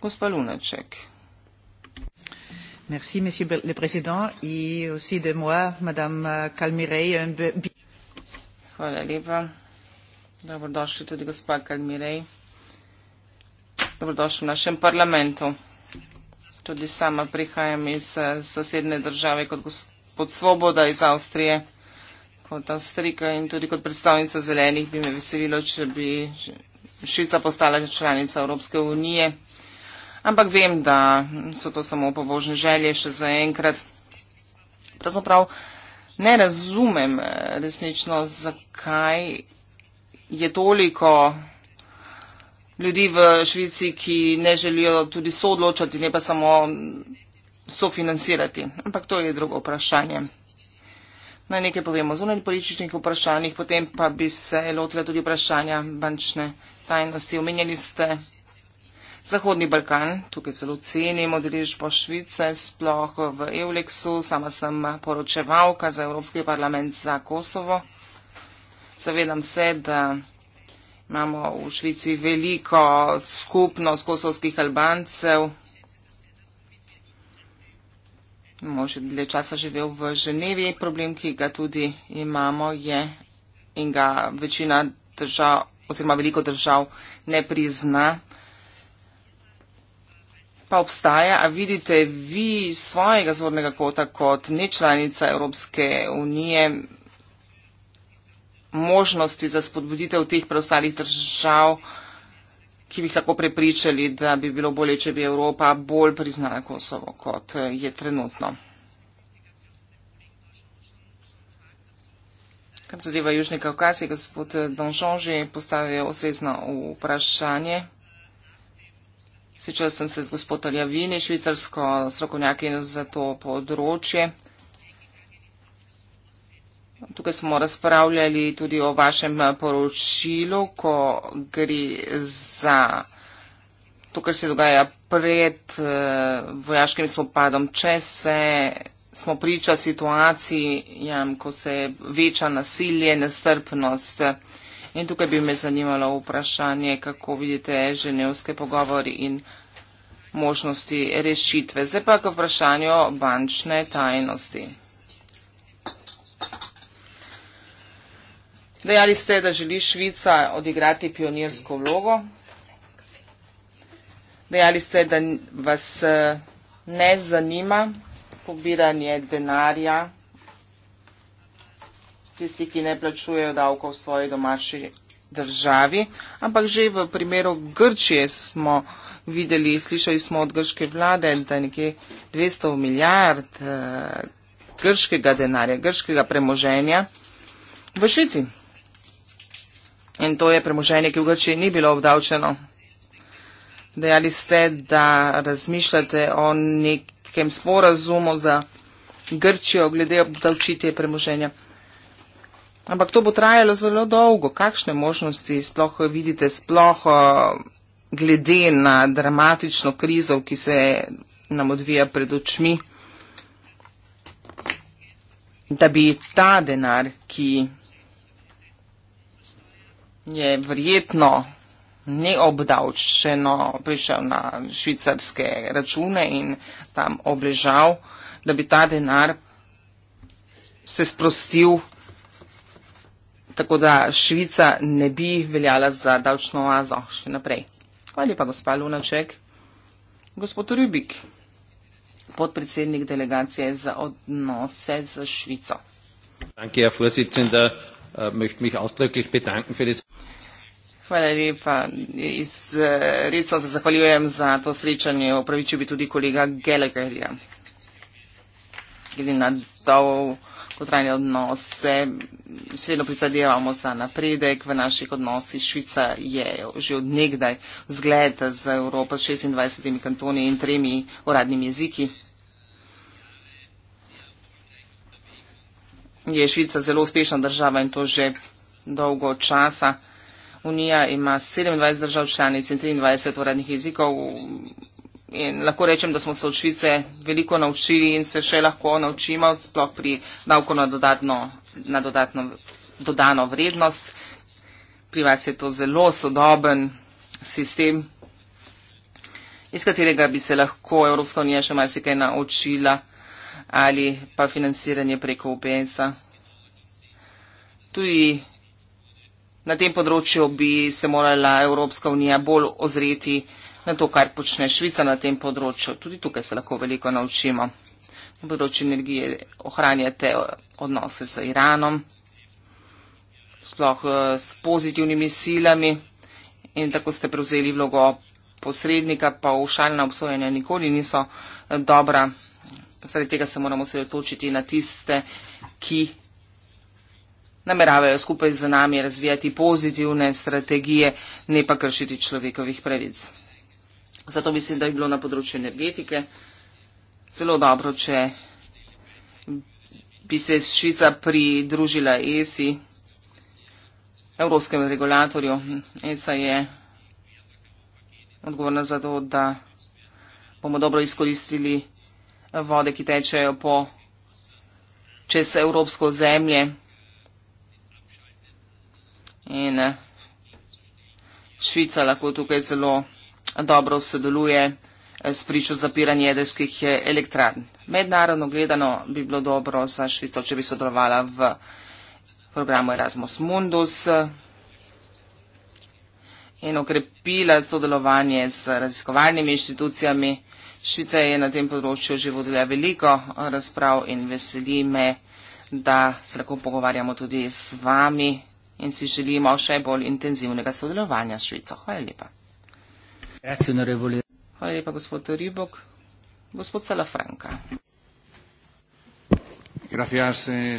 Gospa Lunaček. Merci, Monsieur le Président. In tudi de moi, Madame Kalmirej. Euh, Hvala lepa. Dobrodošli tudi gospa Kalmirej. Dobrodošli v našem parlamentu. Tudi sama prihajam iz eh, sosedne države kot gospod Svoboda iz Avstrije, kot Avstrika in tudi kot predstavnica zelenih bi me veselilo, če bi Švica postala članica Evropske unije ampak vem, da so to samo pobožne želje še za enkrat. Pravzaprav ne razumem eh, resnično, zakaj je toliko ljudi v Švici, ki ne želijo tudi soodločati, ne pa samo sofinancirati. Ampak to je drugo vprašanje. Naj nekaj povemo o zunanjih političnih vprašanjih, potem pa bi se lotila tudi vprašanja bančne tajnosti. Omenjali ste Zahodni Balkan, tukaj zelo cenim odrežbo Švice, sploh v Euleksu, sama sem poročevalka za Evropski parlament za Kosovo. Zavedam se, da imamo v Švici veliko skupnost kosovskih Albancev. Mož je dlje časa živel v Ženevi. Problem, ki ga tudi imamo, je in ga večina držav oziroma veliko držav ne prizna pa obstaja, a vidite vi svojega zvornega kota kot nečlanica Evropske unije možnosti za spodbuditev teh preostalih držav, ki bi jih lahko prepričali, da bi bilo bolje, če bi Evropa bolj priznala Kosovo, kot je trenutno. Kar zadeva Južni Kaukaz, je gospod Donžon že postavil osrezno vprašanje. Sečela sem se z gospod Aljavini, švicarsko strokovnjaki za to področje. Tukaj smo razpravljali tudi o vašem poročilu, ko gre za to, kar se dogaja pred eh, vojaškim spopadom. Če se smo priča situacijam, ko se veča nasilje, nestrpnost. In tukaj bi me zanimalo vprašanje, kako vidite ženevske pogovori in možnosti rešitve. Zdaj pa k vprašanju bančne tajnosti. Dejali ste, da želi Švica odigrati pionirsko vlogo. Dejali ste, da vas eh, ne zanima pobiranje denarja tisti, ki ne plačujejo davkov v svoji domači državi. Ampak že v primeru Grčije smo videli, slišali smo od grške vlade, da nekje 200 milijard eh, grškega denarja, grškega premoženja v Švici. In to je premoženje, ki v Grčiji ni bilo obdavčeno. Dejali ste, da razmišljate o nekem sporazumu za Grčijo glede obdavčitve premoženja. Ampak to bo trajalo zelo dolgo. Kakšne možnosti sploh vidite, sploh eh, glede na dramatično krizo, ki se nam odvija pred očmi, da bi ta denar, ki je verjetno neobdavčeno prišel na švicarske račune in tam obležal, da bi ta denar se sprostil tako da Švica ne bi veljala za davčno oazo še naprej. Hvala lepa, gospa Lunaček. Gospod Rubik, podpredsednik delegacije za odnose z Švico. Äh, Hvala lepa. Eh, Rico se zahvaljujem za to srečanje. Opravičil bi tudi kolega Gallagherja. Glede na dol kratkotrajne odnose, še vedno prizadevamo za napredek v naših odnosih. Švica je že odnegdaj zgled za Evropo s 26 kantoni in tremi uradnimi jeziki. Je Švica zelo uspešna država in to že dolgo časa. Unija ima 27 držav članic in 23 uradnih jezikov. In lahko rečem, da smo se od Švice veliko naučili in se še lahko naučimo, sploh pri davku na, dodatno, na dodatno, dodano vrednost. Pri vas je to zelo sodoben sistem, iz katerega bi se lahko Evropska unija še marsikaj naučila ali pa financiranje preko UPS-a. Tudi na tem področju bi se morala Evropska unija bolj ozreti na to, kar počne Švica na tem področju. Tudi tukaj se lahko veliko naučimo. Na področju energije ohranjate odnose z Iranom, sploh eh, s pozitivnimi silami in tako ste prevzeli vlogo posrednika, pa ušaljena obsojenja nikoli niso eh, dobra. Sredi tega se moramo sredotočiti na tiste, ki nameravajo skupaj z nami razvijati pozitivne strategije, ne pa kršiti človekovih pravic. Zato mislim, da je bilo na področju energetike zelo dobro, če bi se Švica pridružila ESI, Evropskem regulatorju. ESA je odgovorna za to, da bomo dobro izkoristili vode, ki tečejo po čez Evropsko zemlje. In eh, Švica lahko tukaj zelo dobro sodeluje eh, s pričo zapiranja jedrskih eh, elektrarn. Mednarodno gledano bi bilo dobro za Švico, če bi sodelovala v programu Erasmus Mundus eh, in okrepila sodelovanje z raziskovalnimi inštitucijami. Švica je na tem področju že vodila veliko razprav in veseli me, da se lahko pogovarjamo tudi z vami in si želimo še bolj intenzivnega sodelovanja s Švico. Hvala lepa. Grazie, onorevole. Hvala lepa, gospod Ribok. Gospod Salafranka. Eh,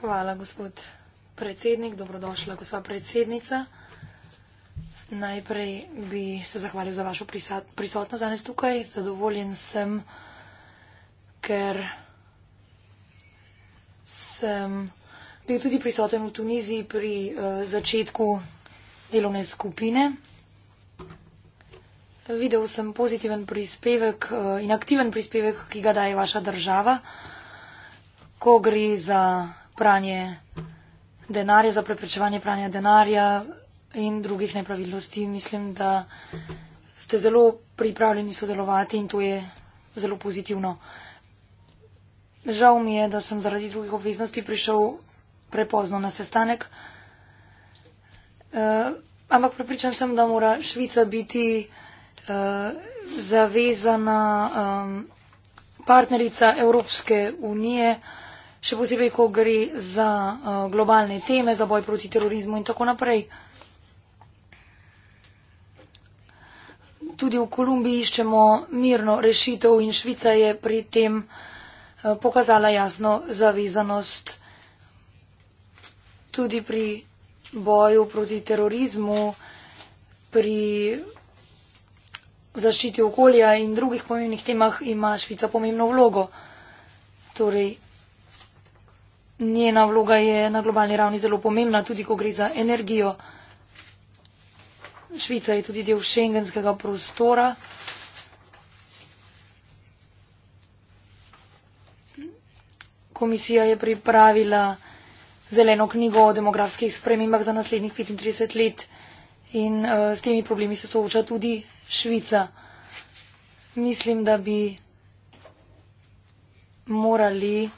Hvala, gospod predsednik. Dobrodošla, gospa predsednica. Najprej bi se zahvalil za vašo prisotnost danes tukaj. Zadovoljen sem, ker sem bil tudi prisoten v Tuniziji pri uh, začetku delovne skupine. Videl sem pozitiven prispevek eh, in aktiven prispevek, ki ga daje vaša država, ko gre za pranje denarja, za preprečevanje pranja denarja in drugih nepravilnosti. Mislim, da ste zelo pripravljeni sodelovati in to je zelo pozitivno. Žal mi je, da sem zaradi drugih obveznosti prišel prepozno na sestanek, e, ampak prepričan sem, da mora Švica biti Eh, zavezana um, partnerica Evropske unije, še posebej, ko gre za uh, globalne teme, za boj proti terorizmu in tako naprej. Tudi v Kolumbiji iščemo mirno rešitev in Švica je pri tem pokazala jasno zavezanost tudi pri boju proti terorizmu, pri zaščiti okolja in drugih pomembnih temah ima Švica pomembno vlogo. Torej, njena vloga je na globalni ravni zelo pomembna, tudi ko gre za energijo. Švica je tudi del šengenskega prostora. Komisija je pripravila zeleno knjigo o demografskih spremembah za naslednjih 35 let in uh, s temi problemi se sooča tudi Švica. Mislim, da bi morali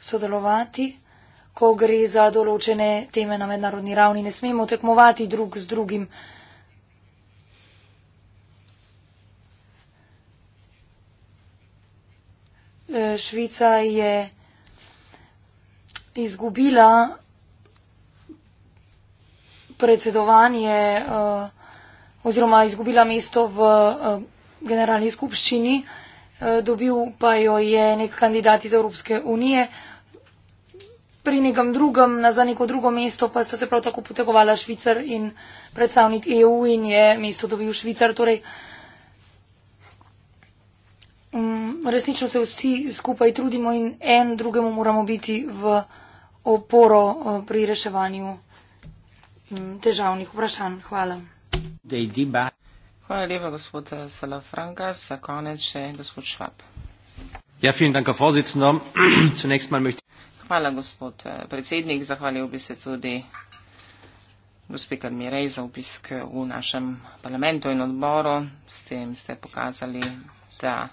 sodelovati, ko gre za določene teme na mednarodni ravni. Ne smemo tekmovati drug z drugim. E, Švica je izgubila predsedovanje uh, oziroma izgubila mesto v eh, generalni skupščini, eh, dobil pa jo je nek kandidat iz Evropske unije. Pri nekem drugem, za neko drugo mesto pa sta se prav tako potegovala Švicar in predstavnik EU in je mesto dobil Švicar. Torej, mm, resnično se vsi skupaj trudimo in en drugemu moramo biti v oporo eh, pri reševanju mm, težavnih vprašanj. Hvala. Hvala lepa, gospod eh, Salafranca. Za konec še gospod Švab. Ja, Dank, [CLEARS THROAT] mal möchte... Hvala, gospod eh, predsednik. Zahvalil bi se tudi gospe Karmirej za obisk eh, v našem parlamentu in odboru. S tem ste pokazali, da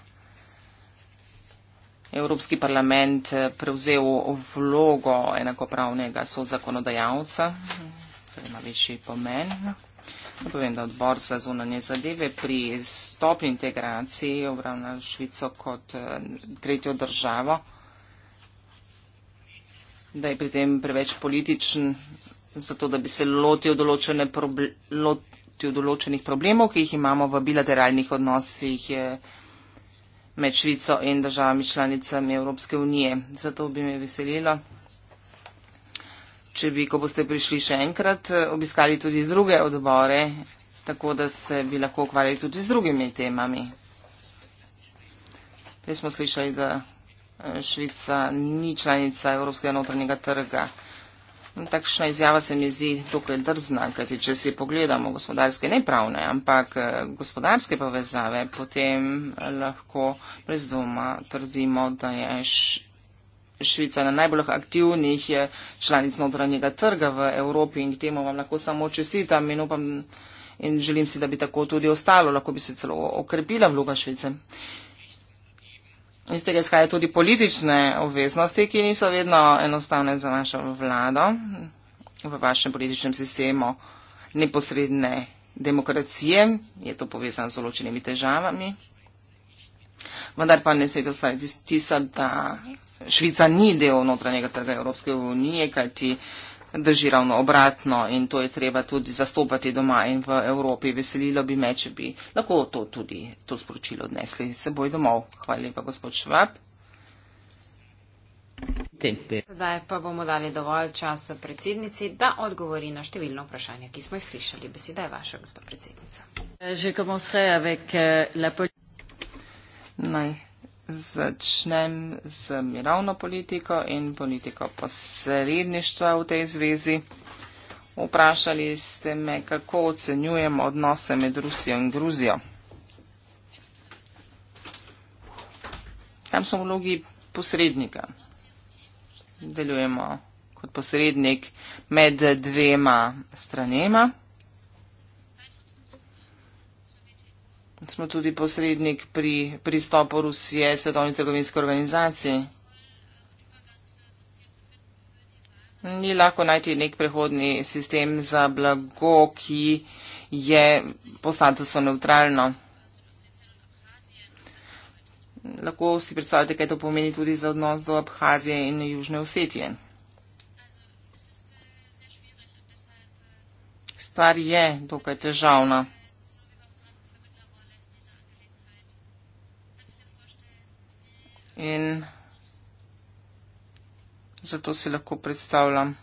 Evropski parlament prevzel vlogo enakopravnega sozakonodajalca, torej ima večji pomen. No. Povem, da odbor za zunanje zadeve pri stopni integraciji obravna Švico kot eh, tretjo državo, da je pri tem preveč političen, zato da bi se lotil, proble lotil določenih problemov, ki jih imamo v bilateralnih odnosih eh, med Švico in državami članicami Evropske unije. Zato bi me veselilo, če bi, ko boste prišli še enkrat, eh, obiskali tudi druge odbore, tako da se bi lahko ukvarjali tudi z drugimi temami. Prej smo slišali, da eh, Švica ni članica Evropskega notranjega trga. No, takšna izjava se mi zdi dokaj drzna, kajti če si pogledamo gospodarske, ne pravne, ampak eh, gospodarske povezave, potem lahko brez doma trdimo, da je Švica je na najbolj aktivnih članic notranjega trga v Evropi in k temu vam lahko samo čestitam in upam in želim si, da bi tako tudi ostalo, lahko bi se celo okrepila vloga Švice. Iz tega izhaja tudi politične obveznosti, ki niso vedno enostavne za vašo vlado v vašem političnem sistemu neposredne demokracije. Je to povezano z določenimi težavami. Vendar pa ne smete ostaviti tisa, da Švica ni del notranjega trga Evropske unije, kajti drži ravno obratno in to je treba tudi zastopati doma in v Evropi. Veselilo bi me, če bi lahko to tudi to sporočilo odnesli seboj domov. Hvala lepa, gospod Švab. Zdaj pa bomo dali dovolj časa predsednici, da odgovori na številno vprašanje, ki smo jih slišali. Beseda je vaša, gospod predsednica. Že komu sreja, vek lepo. Naj začnem z mirovno politiko in politiko posredništva v tej zvezi. Vprašali ste me, kako ocenjujem odnose med Rusijo in Gruzijo. Tam smo v vlogi posrednika. Delujemo kot posrednik med dvema stranema. smo tudi posrednik pri pristopu Rusije Svetovni trgovinski organizaciji. Ni lahko najti nek prehodni sistem za blago, ki je po statusu neutralno. Lahko si predstavljate, kaj to pomeni tudi za odnos do Abhazije in Južne Osetije. Stvar je dokaj težavna. In zato si lahko predstavljam,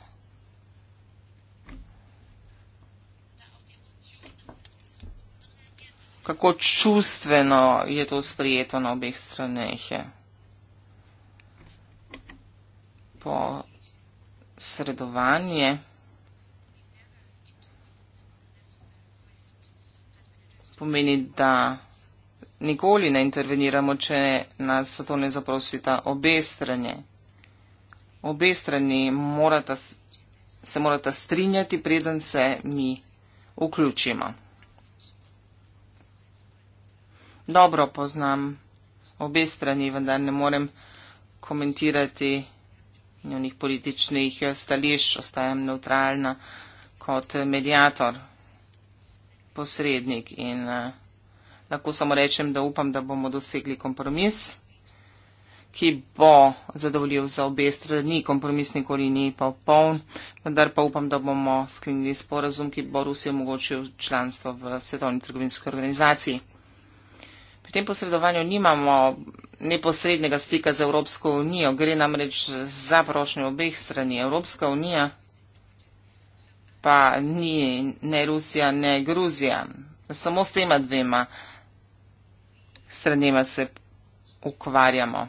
kako čustveno je to sprijeto na obeh straneh. Po sredovanje. Pomeni, da nikoli ne interveniramo, če nas za to ne zaprosita obe strani. Obe strani morata, se morata strinjati, preden se mi vključimo. Dobro poznam obe strani, vendar ne morem komentirati njenih političnih stališč, ostajam neutralna kot medijator, posrednik in uh, lahko samo rečem, da upam, da bomo dosegli kompromis, ki bo zadovoljiv za obe strani, kompromis nikoli ni pa poln, vendar pa upam, da bomo sklenili sporazum, ki bo Rusiji omogočil članstvo v Svetovni trgovinski organizaciji. Pri tem posredovanju nimamo neposrednega stika z Evropsko unijo, gre namreč za prošnjo obeh strani. Evropska unija pa ni ne Rusija, ne Gruzija. Samo s tema dvema stranjeva se ukvarjamo.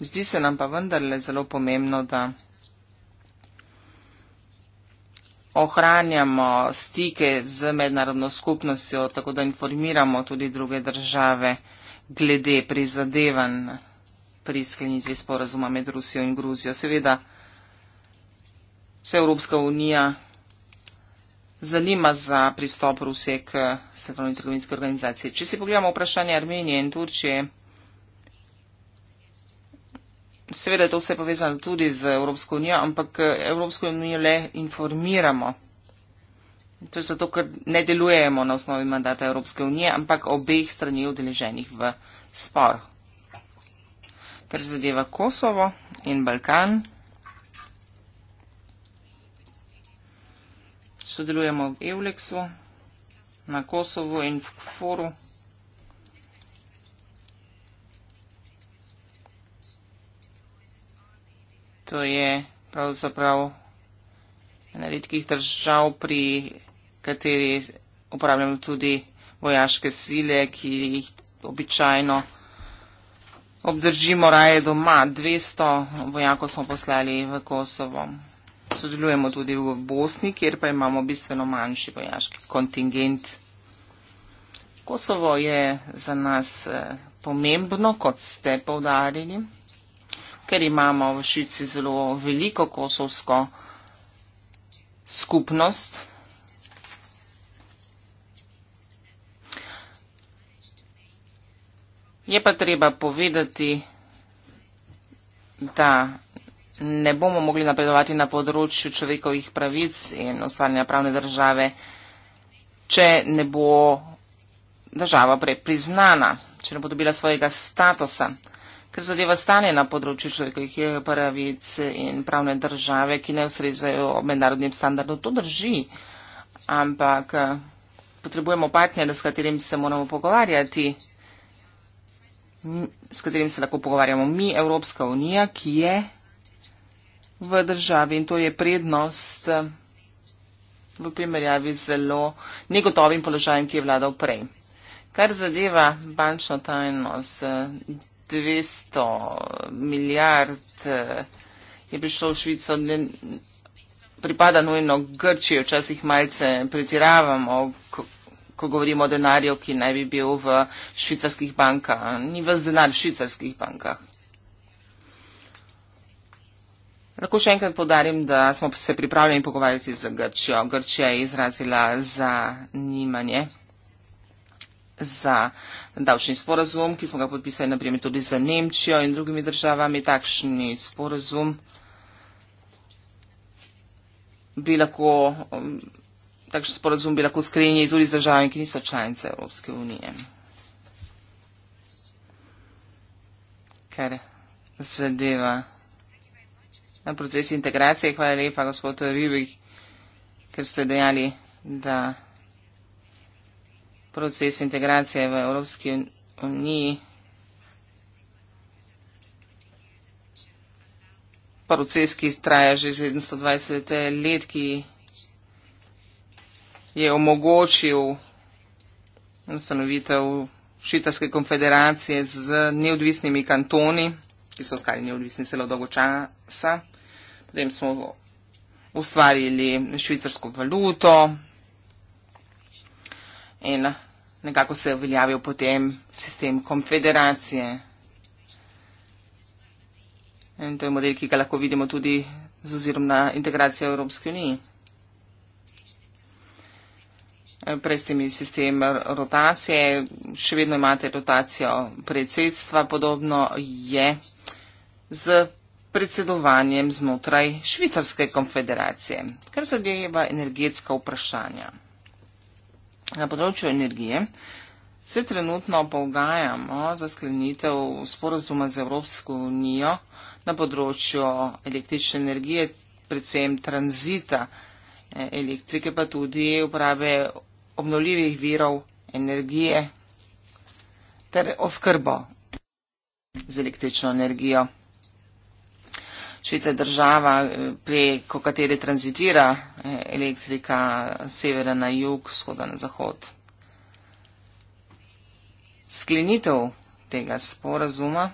Zdi se nam pa vendarle zelo pomembno, da ohranjamo stike z mednarodno skupnostjo, tako da informiramo tudi druge države glede prizadevanj pri sklenitvi sporazuma med Rusijo in Gruzijo. Seveda se Evropska unija zanima za pristop Rusije k svetovni trgovinski organizaciji. Če si pogledamo vprašanje Armenije in Turčije, seveda je to vse povezano tudi z Evropsko unijo, ampak Evropsko unijo le informiramo. To je zato, ker ne delujemo na osnovi mandata Evropske unije, ampak obeh strani udeleženih v spor. Kar zadeva Kosovo in Balkan. sodelujemo v Evleksu, na Kosovu in v Kforu. To je pravzaprav ena redkih držav, pri kateri uporabljamo tudi vojaške sile, ki jih običajno obdržimo raje doma. 200 vojakov smo poslali v Kosovo sodelujemo tudi v Bosni, kjer pa imamo bistveno manjši vojaški kontingent. Kosovo je za nas eh, pomembno, kot ste povdarili, ker imamo v Švici zelo veliko kosovsko skupnost. Je pa treba povedati, da ne bomo mogli napredovati na področju človekovih pravic in ustvarjanja pravne države, če ne bo država priznana, če ne bo dobila svojega statusa. Ker zadeva stanje na področju človekovih pravic in pravne države, ki ne ustrezajo mednarodnim standardom, to drži. Ampak potrebujemo partnerja, s katerim se moramo pogovarjati, s katerim se lahko pogovarjamo mi, Evropska unija, ki je v državi in to je prednost eh, v primerjavi z zelo negotovim položajem, ki je vladal prej. Kar zadeva bančno tajno z 200 milijard, eh, je prišlo v Švico, ne, pripada nujno Grčijo, včasih malce pretiravamo, ko, ko govorimo o denarju, ki naj bi bil v švicarskih bankah. Ni vas denar v švicarskih bankah. Lahko še enkrat podarim, da smo se pripravljeni pogovarjati z Grčijo. Grčija je izrazila zanimanje za davčni sporazum, ki smo ga podpisali naprimer tudi za Nemčijo in drugimi državami. Takšni sporazum bi lahko, um, takšen sporazum bi lahko sklenili tudi z državami, ki niso članice Evropske unije. Ker zadeva na proces integracije. Hvala lepa, gospod Ribik, ker ste dejali, da proces integracije v Evropski uniji proces, ki traja že 720 let, ki je omogočil ustanovitev Švicarske konfederacije z neodvisnimi kantoni, ki so ostali neodvisni celo dolgo časa. Potem smo ustvarili švicarsko valuto in nekako se je uveljavil potem sistem konfederacije. In to je model, ki ga lahko vidimo tudi z ozirom na integracijo Evropske unije. Prej ste imeli sistem rotacije, še vedno imate rotacijo predsedstva, podobno je z predsedovanjem znotraj Švicarske konfederacije, kar zadeva energetska vprašanja. Na področju energije se trenutno pogajamo za sklenitev sporozuma z Evropsko unijo na področju električne energije, predvsem tranzita eh, elektrike, pa tudi uporabe obnoljivih virov energije ter oskrbo z električno energijo. Švica je država, preko katere tranzitira eh, elektrika severa na jug, vzhoda na zahod. Sklenitev tega sporazuma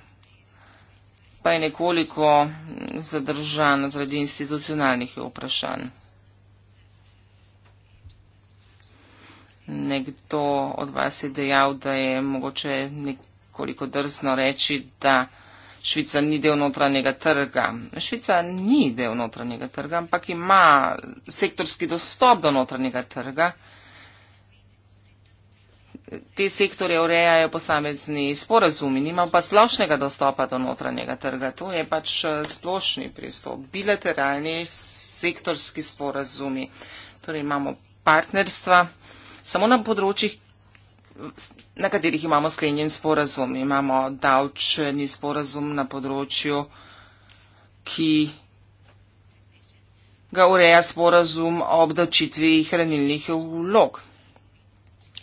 pa je nekoliko zadržana zaradi institucionalnih vprašanj. Nekdo od vas je dejal, da je mogoče nekoliko drzno reči, da. Švica ni del notranjega trga. Švica ni del notranjega trga, ampak ima sektorski dostop do notranjega trga. Te sektorje urejajo posamezni sporazumi, nima pa splošnega dostopa do notranjega trga. To je pač eh, splošni pristop, bilateralni sektorski sporazumi. Torej imamo partnerstva samo na področjih, na katerih imamo sklenjen sporazum. Imamo davčni sporazum na področju, ki ga ureja sporazum o obdavčitvi hranilnih vlog.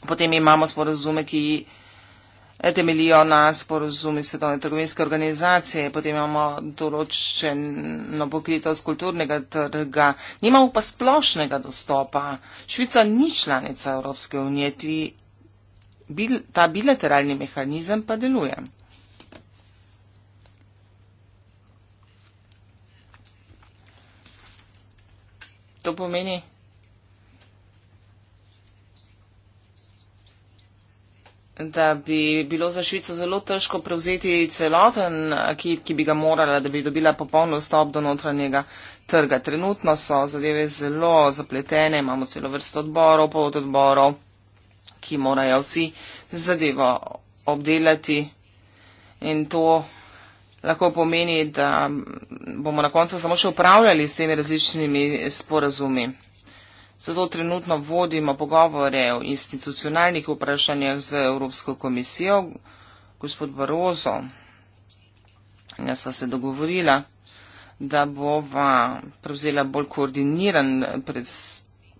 Potem imamo sporazume, ki eh, temelijo na sporazumi Svetovne trgovinske organizacije, potem imamo določeno pokritost kulturnega trga, nimamo pa splošnega dostopa. Švica ni članica Evropske unije, bil, ta bilateralni mehanizem pa deluje. To pomeni, da bi bilo za Švico zelo težko prevzeti celoten ekip, ki bi ga morala, da bi dobila popoln dostop do notranjega trga. Trenutno so zadeve zelo zapletene, imamo celo vrsto odborov, pod odborov ki morajo vsi zadevo obdelati. In to lahko pomeni, da bomo na koncu samo še upravljali s temi različnimi sporazumi. Zato trenutno vodimo pogovore o institucionalnih vprašanjah z Evropsko komisijo, gospod Barozo. Jaz sva se dogovorila, da bova prevzela bolj koordiniran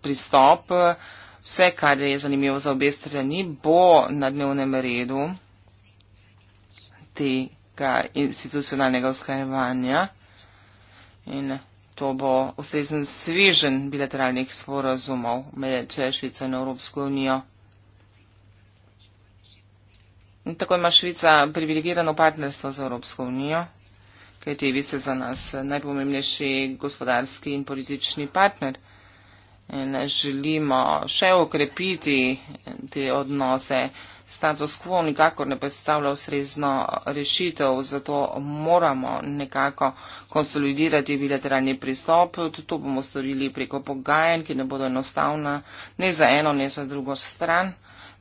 pristop. Uh, Vse, kar je zanimivo za obe strani, bo na dnevnem redu tega institucionalnega usklajevanja in to bo ustrezen svežen bilateralnih sporazumov med Švico in Evropsko unijo. In tako ima Švica privilegirano partnerstvo z Evropsko unijo, ker je vice za nas najpomembnejši gospodarski in politični partner in želimo še okrepiti te odnose. Status quo nikakor ne predstavlja ustrezno rešitev, zato moramo nekako konsolidirati bilateralni pristop. To bomo storili preko pogajanj, ki ne bodo enostavna ne za eno, ne za drugo stran,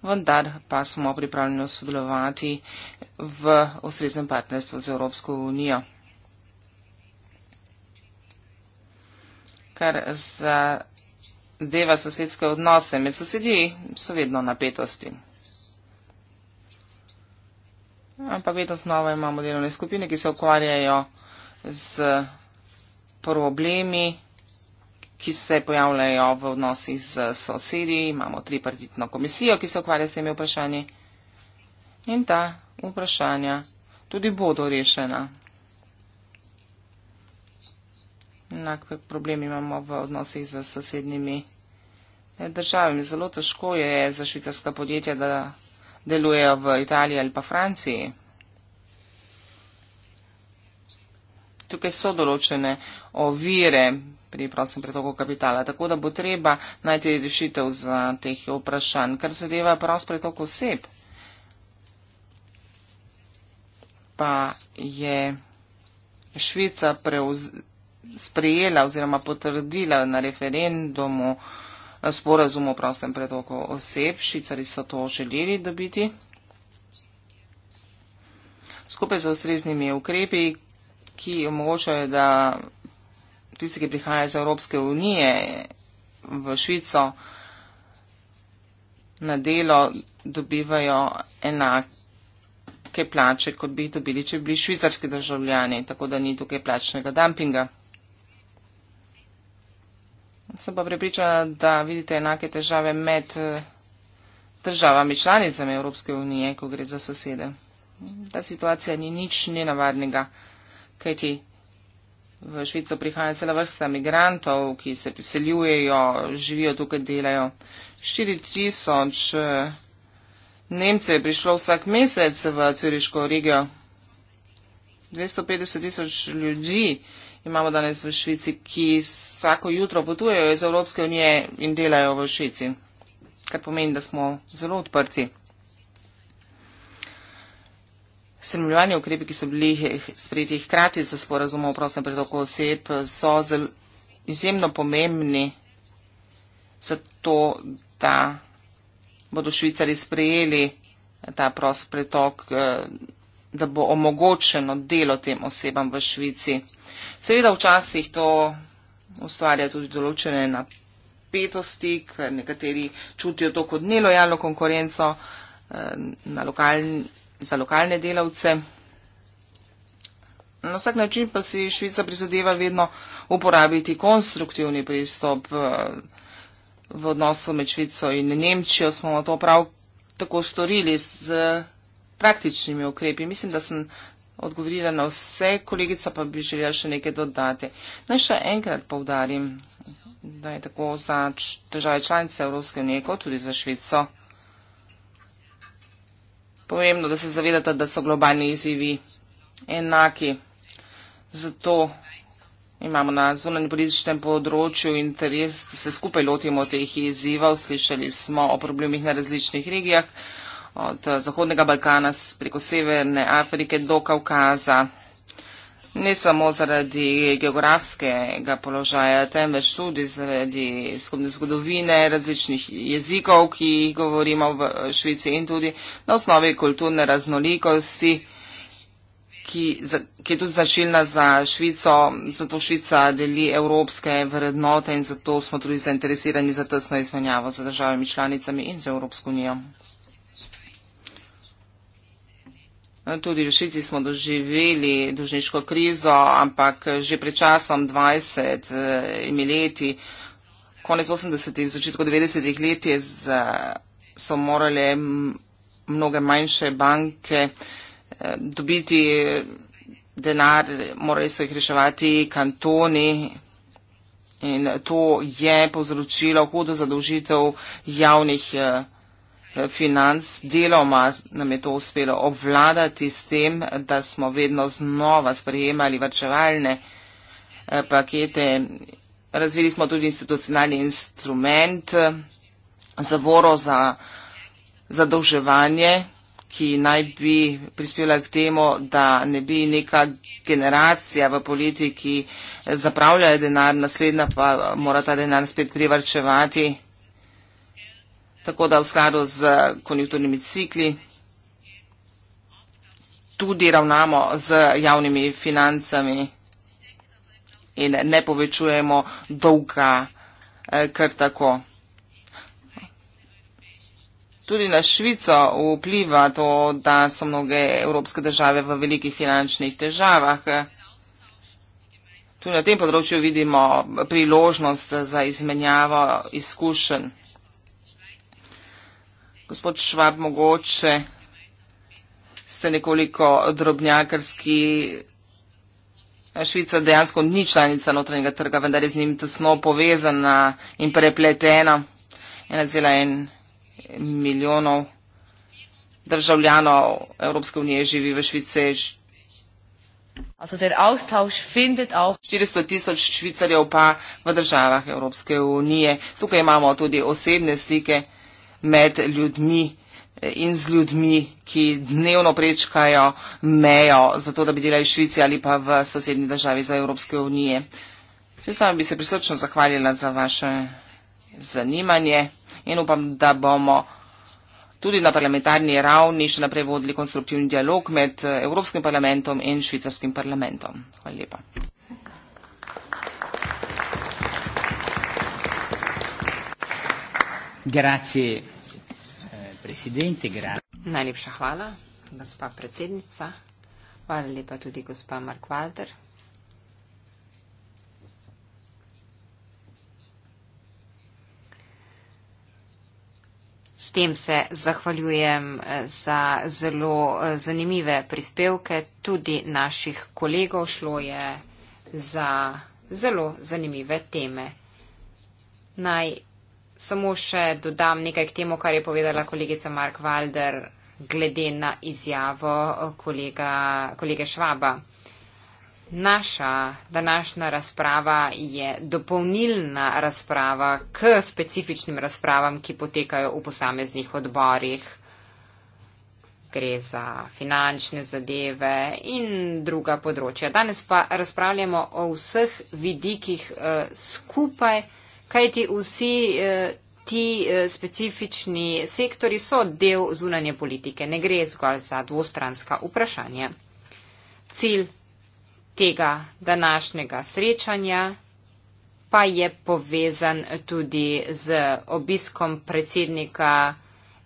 vendar pa smo pripravljeni sodelovati v ustreznem partnerstvu z Evropsko unijo. Kar za deva sosedske odnose med sosedji, so vedno napetosti. Ampak vedno znova imamo delovne skupine, ki se ukvarjajo z problemi, ki se pojavljajo v odnosih z sosedi. Imamo tripartitno komisijo, ki se ukvarja s temi vprašanji. In ta vprašanja tudi bodo rešena. enak problem imamo v odnosih z sosednjimi eh, državami. Zelo težko je za švicarska podjetja, da delujejo v Italiji ali pa Franciji. Tukaj so določene ovire pri prostem pretoku kapitala, tako da bo treba najti rešitev za teh vprašanj, kar zadeva prost pretok oseb. Pa je Švica preuzela sprejela oziroma potrdila na referendumu sporazum o prostem pretoku oseb. Švicari so to želeli dobiti. Skupaj z ustreznimi ukrepi, ki omogočajo, da tisti, ki prihajajo iz Evropske unije v Švico na delo, dobivajo enake plače, kot bi jih dobili, če bi bili švicarski državljani, tako da ni tukaj plačnega dumpinga. Sem pa pripričana, da vidite enake težave med eh, državami članicami Evropske unije, ko gre za sosede. Ta situacija ni nič nenavadnega, kajti v Švico prihaja cela vrsta migrantov, ki se priseljujejo, živijo tukaj, delajo. 4000 eh, Nemcev je prišlo vsak mesec v Curiško regijo. 250 tisoč ljudi imamo danes v Švici, ki vsako jutro potujejo iz Evropske unije in delajo v Švici, kar pomeni, da smo zelo odprti. Sremljovanje ukrepi, ki so bili sprejeti hkrati za sporazum o prostem pretoku oseb, so zelo, izjemno pomembni za to, da bodo Švicari sprejeli ta prost pretok. Eh, da bo omogočeno delo tem osebam v Švici. Seveda včasih to ustvarja tudi določene napetosti, ker nekateri čutijo to kot nelojalno konkurenco eh, lokalni, za lokalne delavce. Na vsak način pa si Švica prizadeva vedno uporabiti konstruktivni pristop eh, v odnosu med Švico in Nemčijo. Smo to prav tako storili z praktičnimi ukrepi. Mislim, da sem odgovorila na vse, kolegica pa bi želela še nekaj dodati. Naj še enkrat povdarim, da je tako za države članice Evropske unije, kot tudi za Švico. Pomembno, da se zavedate, da so globalni izzivi enaki. Zato imamo na zunanjem političnem področju interes, da se skupaj lotimo teh izzivov. Slišali smo o problemih na različnih regijah od eh, Zahodnega Balkana preko Severne Afrike do Kaukaza. Ne samo zaradi geografskega položaja, temveč tudi zaradi skupne zgodovine različnih jezikov, ki jih govorimo v eh, Švici in tudi na osnovi kulturne raznolikosti, ki, za, ki je tudi značilna za Švico. Zato Švica deli evropske vrednote in zato smo tudi zainteresirani za tesno izmenjavo z državami članicami in z Evropsko unijo. Tudi v Švici smo doživeli dužniško krizo, ampak že pred časom 20 eh, leti, konec 80-ih, začetku 90-ih let so morale mnoge manjše banke eh, dobiti denar, morali so jih reševati kantoni. In to je povzročilo hudo zadolžitev javnih eh, financ deloma nam je to uspelo obvladati s tem, da smo vedno znova sprejemali vrčevalne eh, pakete. Razvili smo tudi institucionalni instrument eh, zavoro za zadolževanje, ki naj bi prispela k temu, da ne bi neka generacija v politiki zapravljala denar, naslednja pa mora ta denar spet privrčevati tako da v skladu z konjunkturnimi cikli tudi ravnamo z javnimi financami in ne povečujemo dolga eh, kar tako. Tudi na Švico vpliva to, da so mnoge evropske države v velikih finančnih težavah. Tudi na tem področju vidimo priložnost za izmenjavo izkušenj. Gospod Švab, mogoče ste nekoliko drobnjakarski. Švica dejansko ni članica notranjega trga, vendar je z njim tesno povezana in prepletena. 1,1 milijonov državljanov Evropske unije živi v Švici. 400 tisoč švicarjev pa v državah Evropske unije. Tukaj imamo tudi osebne stike med ljudmi in z ljudmi, ki dnevno prečkajo mejo za to, da bi delali v Švici ali pa v sosednji državi za Evropske unije. Če samo bi se prisrčno zahvalila za vaše zanimanje in upam, da bomo tudi na parlamentarni ravni še naprej vodili konstruktivni dialog med eh, Evropskim parlamentom in Švicarskim parlamentom. Hvala lepa. Grazie. Presidente, Najlepša hvala, gospa predsednica. Hvala lepa tudi gospa Mark Walter. S tem se zahvaljujem eh, za zelo eh, zanimive prispevke tudi naših kolegov. Šlo je za zelo zanimive teme. Naj samo še dodam nekaj k temu, kar je povedala kolegica Mark Walder glede na izjavo kolega, kolege Švaba. Naša današnja razprava je dopolnilna razprava k specifičnim razpravam, ki potekajo v posameznih odborih. Gre za finančne zadeve in druga področja. Danes pa razpravljamo o vseh vidikih eh, skupaj kajti vsi eh, ti eh, specifični sektori so del zunanje politike, ne gre zgolj za dvostranska vprašanja. Cilj tega današnjega srečanja pa je povezan tudi z obiskom predsednika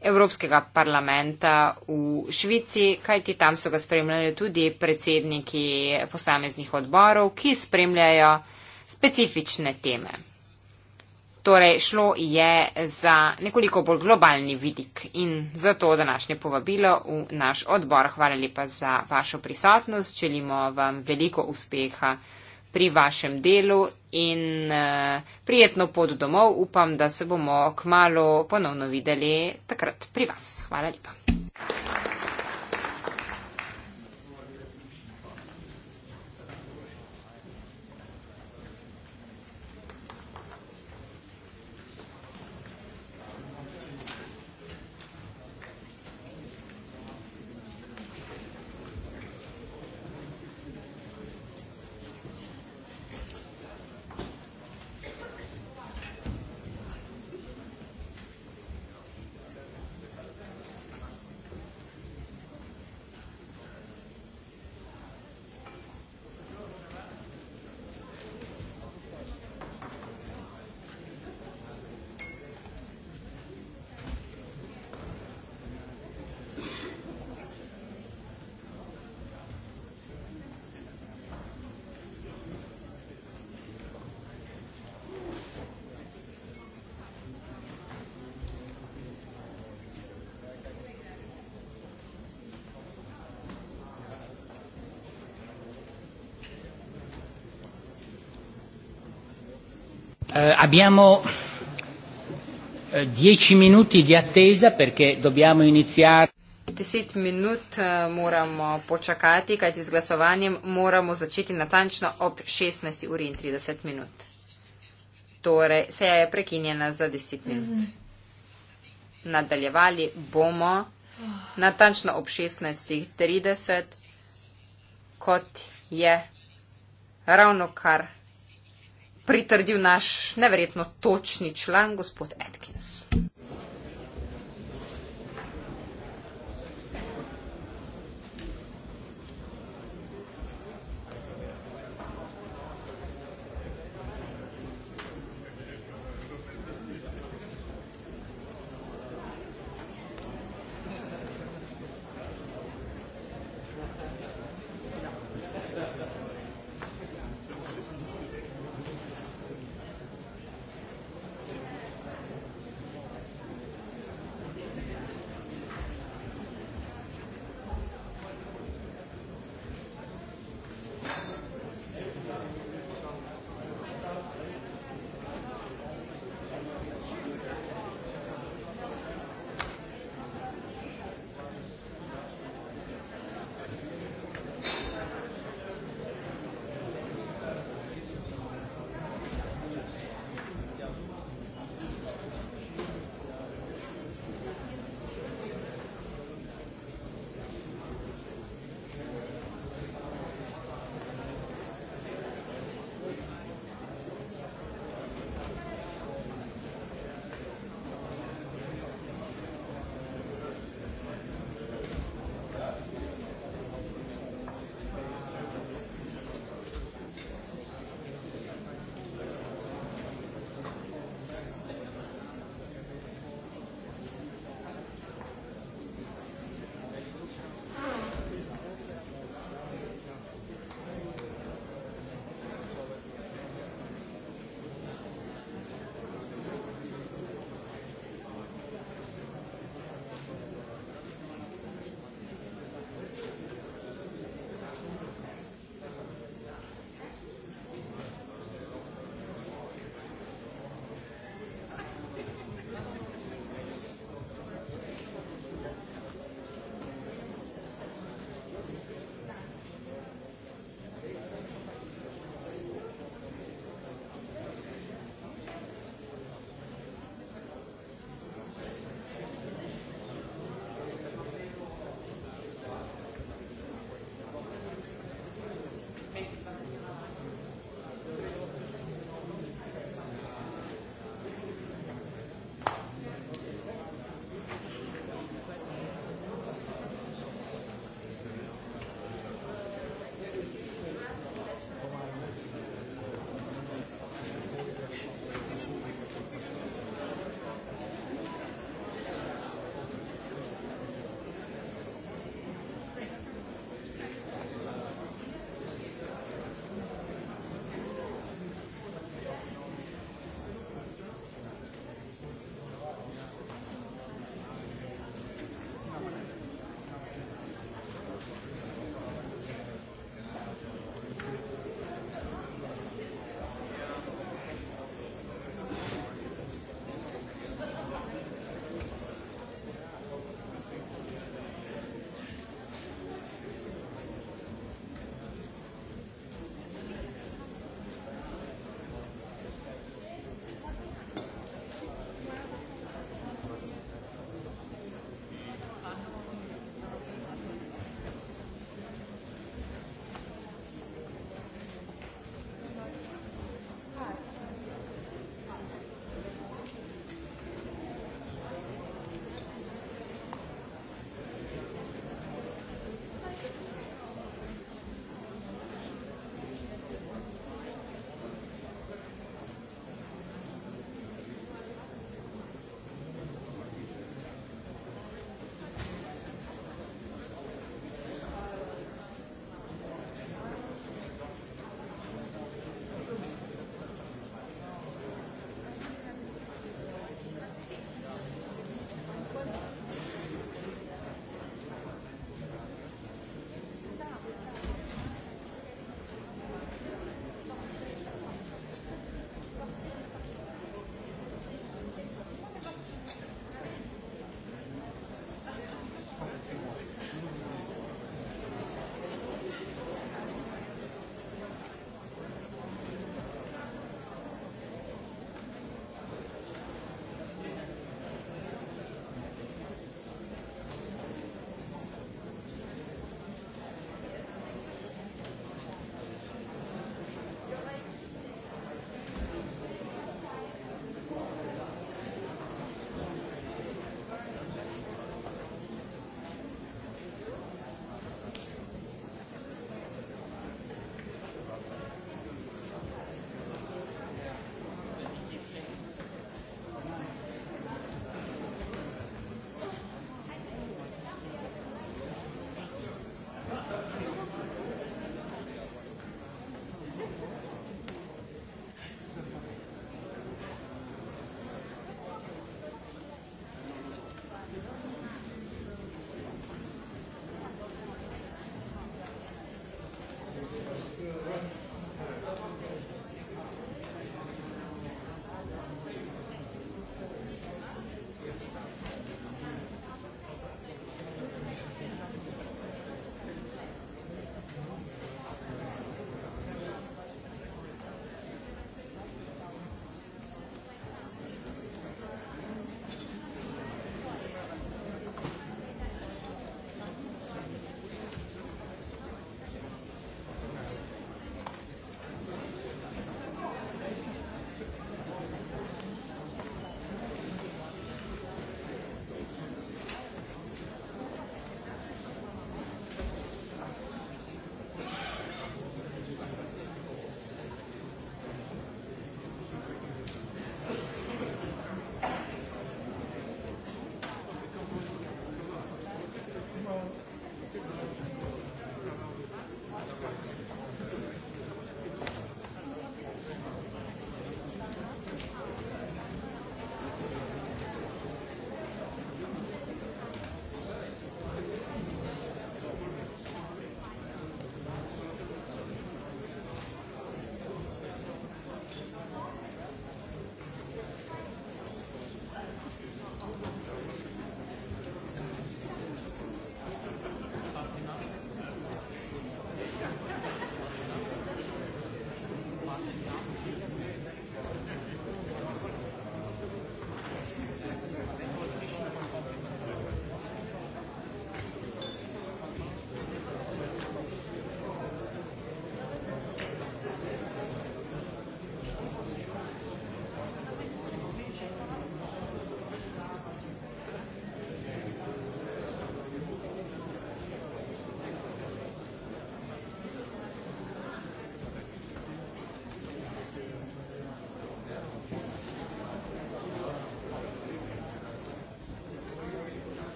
Evropskega parlamenta v Švici, kajti tam so ga spremljali tudi predsedniki posameznih odborov, ki spremljajo specifične teme. Torej, šlo je za nekoliko bolj globalni vidik in zato današnje povabilo v naš odbor. Hvala lepa za vašo prisotnost. Želimo vam veliko uspeha pri vašem delu in uh, prijetno pot domov. Upam, da se bomo kmalo ponovno videli takrat pri vas. Hvala lepa. Eh, abbiamo eh, dieci minuti di attesa perché dobbiamo iniziare. 10 minut eh, moramo počakati, kajti z glasovanjem moramo začeti natančno ob 16 uri in 30 minut. Torej, seja je prekinjena za 10 minut. Mm -hmm. Nadaljevali bomo natančno ob 16.30, kot je ravno kar pritrdil naš neverjetno točni član, gospod Atkins.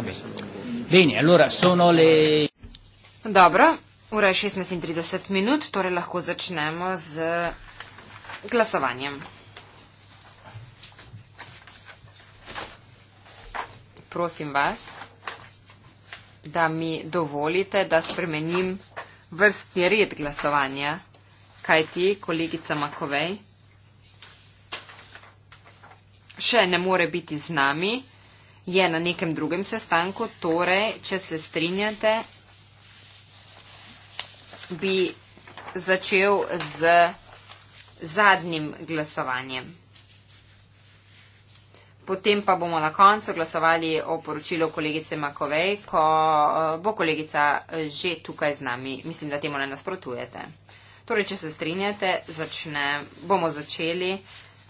Vabbè. Bene, allora sono le. Dobro, ora je 36 minut, torej lahko začnemo z glasovanjem. Prosim vas, da mi dovolite, da spremenim vrstni red glasovanja, kaj ti, kolegica Makovej, še ne more biti z nami je na nekem drugem sestanku, torej, če se strinjate, bi začel z zadnjim glasovanjem. Potem pa bomo na koncu glasovali o poročilu kolegice Makovej, ko eh, bo kolegica eh, že tukaj z nami. Mislim, da temu ne nasprotujete. Torej, če se strinjate, začne, bomo začeli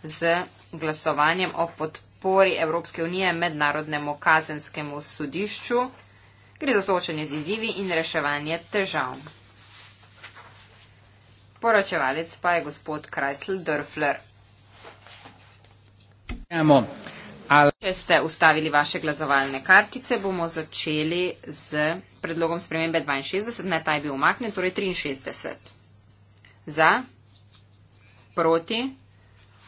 z glasovanjem o podporu podpori Evropske unije mednarodnemu kazenskemu sodišču. Gre za soočanje z izzivi in reševanje težav. Poročevalec pa je gospod Kreisl Dörfler. Če ste ustavili vaše glasovalne kartice, bomo začeli z predlogom spremembe 62, ne ta je bil umaknen, torej 63. Za, proti,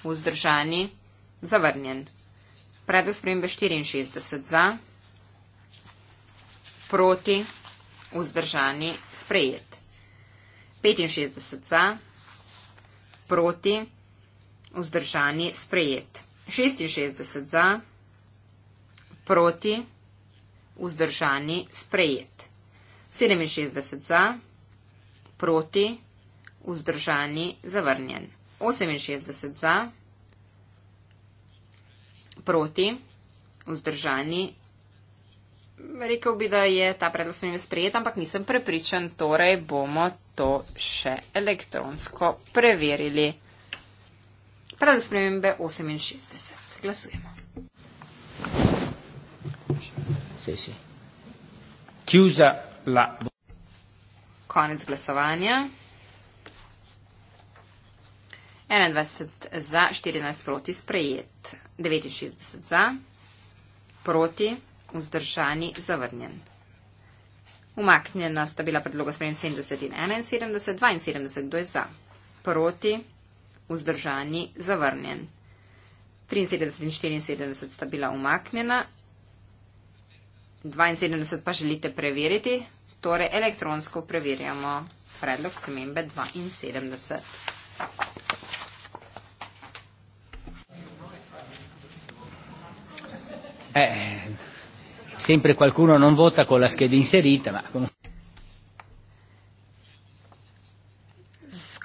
vzdržani, zavrnjen. Predlog spremembe 64 za, proti, vzdržani, sprejet. 65 za, proti, vzdržani, sprejet. 66 za, proti, vzdržani, sprejet. 67 za, proti, vzdržani, zavrnjen. 68 za, proti, vzdržani, zavrnjen proti, vzdržani. Rekel bi, da je ta predlog s njimi sprejet, ampak nisem prepričan, torej bomo to še elektronsko preverili. Predlog s njimi je 68. Glasujemo. Sej si. Kjuza la. Konec glasovanja. 21 za, 14 proti sprejet. 69 za, proti, vzdržani, zavrnjen. Umaknjena sta bila predloga sprejem 70 in 71, 72, kdo je za, proti, vzdržani, zavrnjen. 73 in 74 sta bila umaknjena, 72 pa želite preveriti, torej elektronsko preverjamo predlog spremembe 72. Eh, sempre qualcuno non vota con la scheda inserita, ma comunque.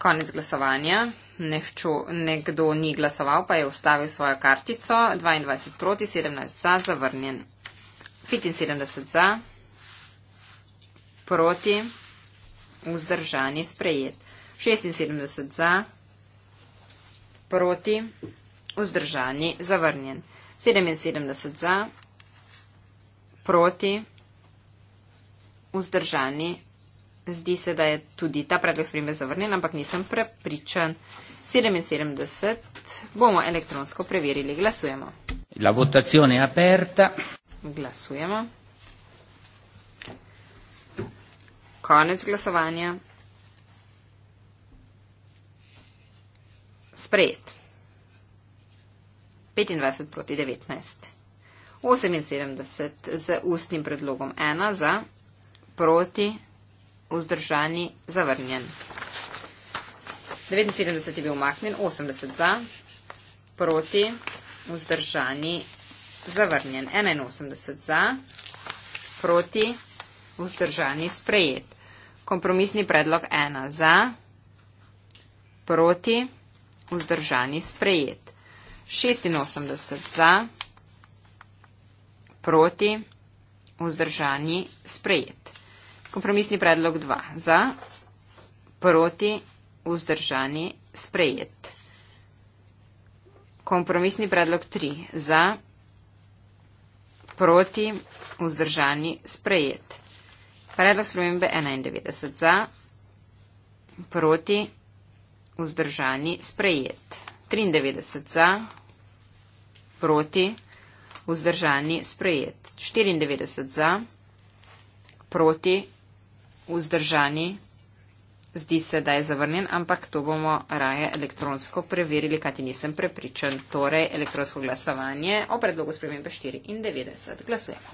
Konec glasovanja. Nehču, nekdo ni glasoval, pa je ustavil svojo kartico. 22 proti 17 za, zavrnjen. 75 za, proti, vzdržani, sprejet. 76 za, proti, vzdržani, zavrnjen. 77 za, proti, vzdržani. Zdi se, da je tudi ta predlog spremembe zavrnjen, ampak nisem prepričan. 77 bomo elektronsko preverili. Glasujemo. La votazione è aperta. Glasujemo. Konec glasovanja. Sprejet. 25 proti 19. 78 z ustnim predlogom 1 za, proti, vzdržani, zavrnjen. 79 je bil umaknjen, 80 za, proti, vzdržani, zavrnjen. 81 za, proti, vzdržani, sprejet. Kompromisni predlog 1 za, proti, vzdržani, sprejet. 86 za, proti, vzdržani, sprejet. Kompromisni predlog 2 za, proti, vzdržani, sprejet. Kompromisni predlog 3 za, proti, vzdržani, sprejet. Predlog spremembe 91 za, proti, vzdržani, sprejet. 93 za, proti, vzdržani, sprejet. 94 za, proti, vzdržani, zdi se, da je zavrnjen, ampak to bomo raje elektronsko preverili, kajti nisem prepričan. Torej, elektronsko glasovanje o predlogu spremembe 94. Glasujemo.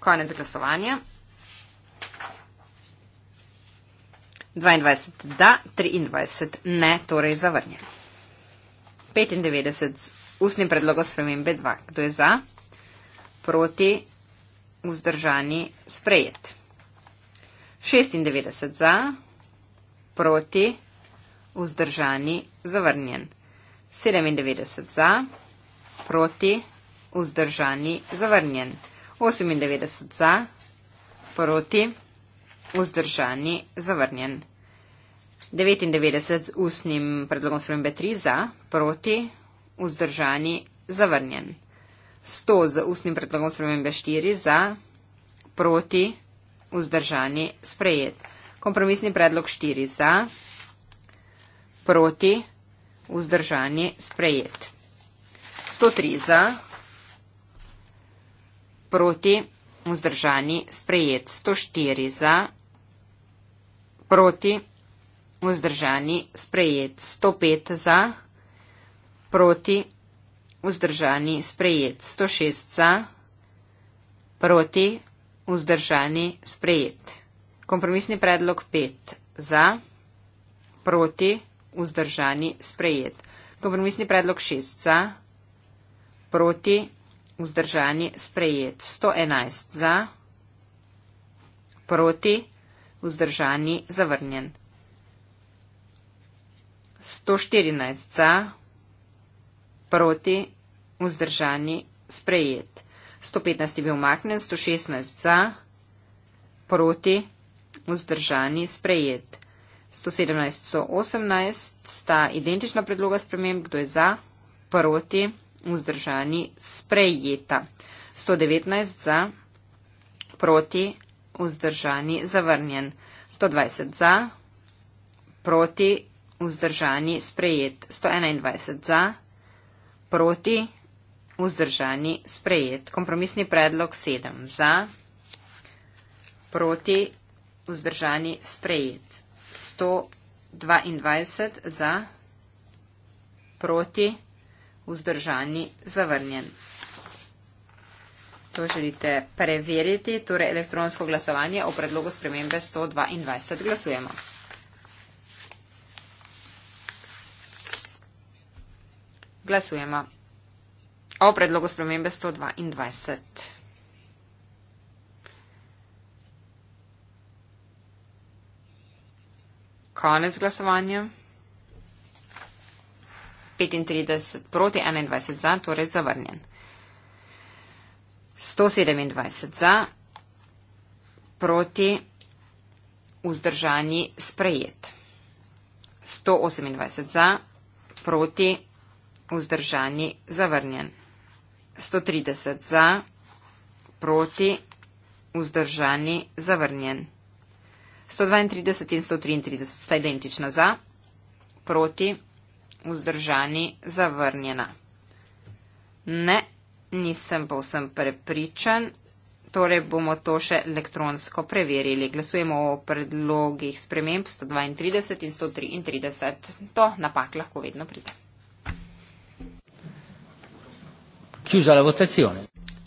Konec glasovanja. 22 da, 23 ne, torej zavrnjen. 95 z ustnim predlogom spremembe 2. Kdo je za? Proti, vzdržani, sprejet. 96 za, proti, vzdržani, zavrnjen. 97 za, proti, vzdržani, zavrnjen. 98 za, proti, vzdržani, zavrnjen vzdržani, zavrnjen. 99 z ustnim predlogom spremembe 3 za, proti, vzdržani, zavrnjen. 100 z ustnim predlogom spremembe 4 za, proti, vzdržani, sprejet. Kompromisni predlog 4 za, proti, vzdržani, sprejet. 103 za, proti, vzdržani, sprejet. 104 za, proti, vzdržani, sprejet, 105 za, proti, vzdržani, sprejet, 106 za, proti, vzdržani, sprejet. Kompromisni predlog 5 za, proti, vzdržani, sprejet. Kompromisni predlog 6 za, proti, vzdržani, sprejet. 111 za, proti, vzdržani, sprejet vzdržani zavrnjen. 114 za, proti, vzdržani sprejet. 115 je bil umaknen, 116 za, proti, vzdržani sprejet. 117, 118 sta identična predloga sprememb, kdo je za, proti, vzdržani sprejeta. 119 za, proti, vzdržani, zavrnjen. 120 za, proti, vzdržani, sprejet. 121 za, proti, vzdržani, sprejet. Kompromisni predlog 7 za, proti, vzdržani, sprejet. 122 za, proti, vzdržani, zavrnjen to želite preveriti, torej elektronsko glasovanje o predlogu spremembe 122. Glasujemo. Glasujemo o predlogu spremembe 122. Konec glasovanja. 35 proti 21 za, torej zavrnjen. 127 za, proti vzdržani sprejet. 128 za, proti vzdržani zavrnjen. 130 za, proti vzdržani zavrnjen. 132 in 133 sta identična za, proti vzdržani zavrnjena. Ne nisem povsem prepričan. Torej bomo to še elektronsko preverili. Glasujemo o predlogih sprememb 132 in 133. To napak lahko vedno pride.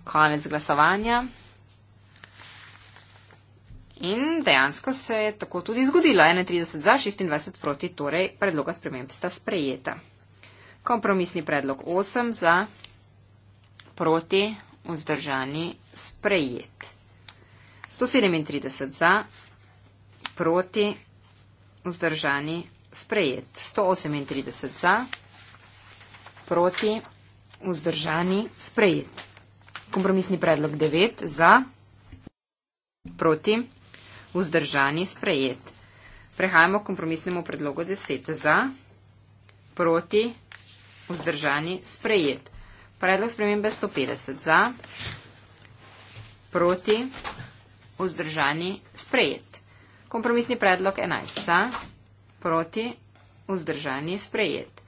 Konec glasovanja. In dejansko se je tako tudi zgodilo. 31 za, 26 proti, torej predloga sprememb sta sprejeta. Kompromisni predlog 8 za, proti, vzdržani, sprejet. 137 za, proti, vzdržani, sprejet. 138 za, proti, vzdržani, sprejet. Kompromisni predlog 9 za, proti, vzdržani, sprejet. Prehajamo k kompromisnemu predlogu 10 za, proti, vzdržani, sprejet. Predlog spremembe 150 za, proti, vzdržani, sprejet. Kompromisni predlog 11 za, proti, vzdržani, sprejet.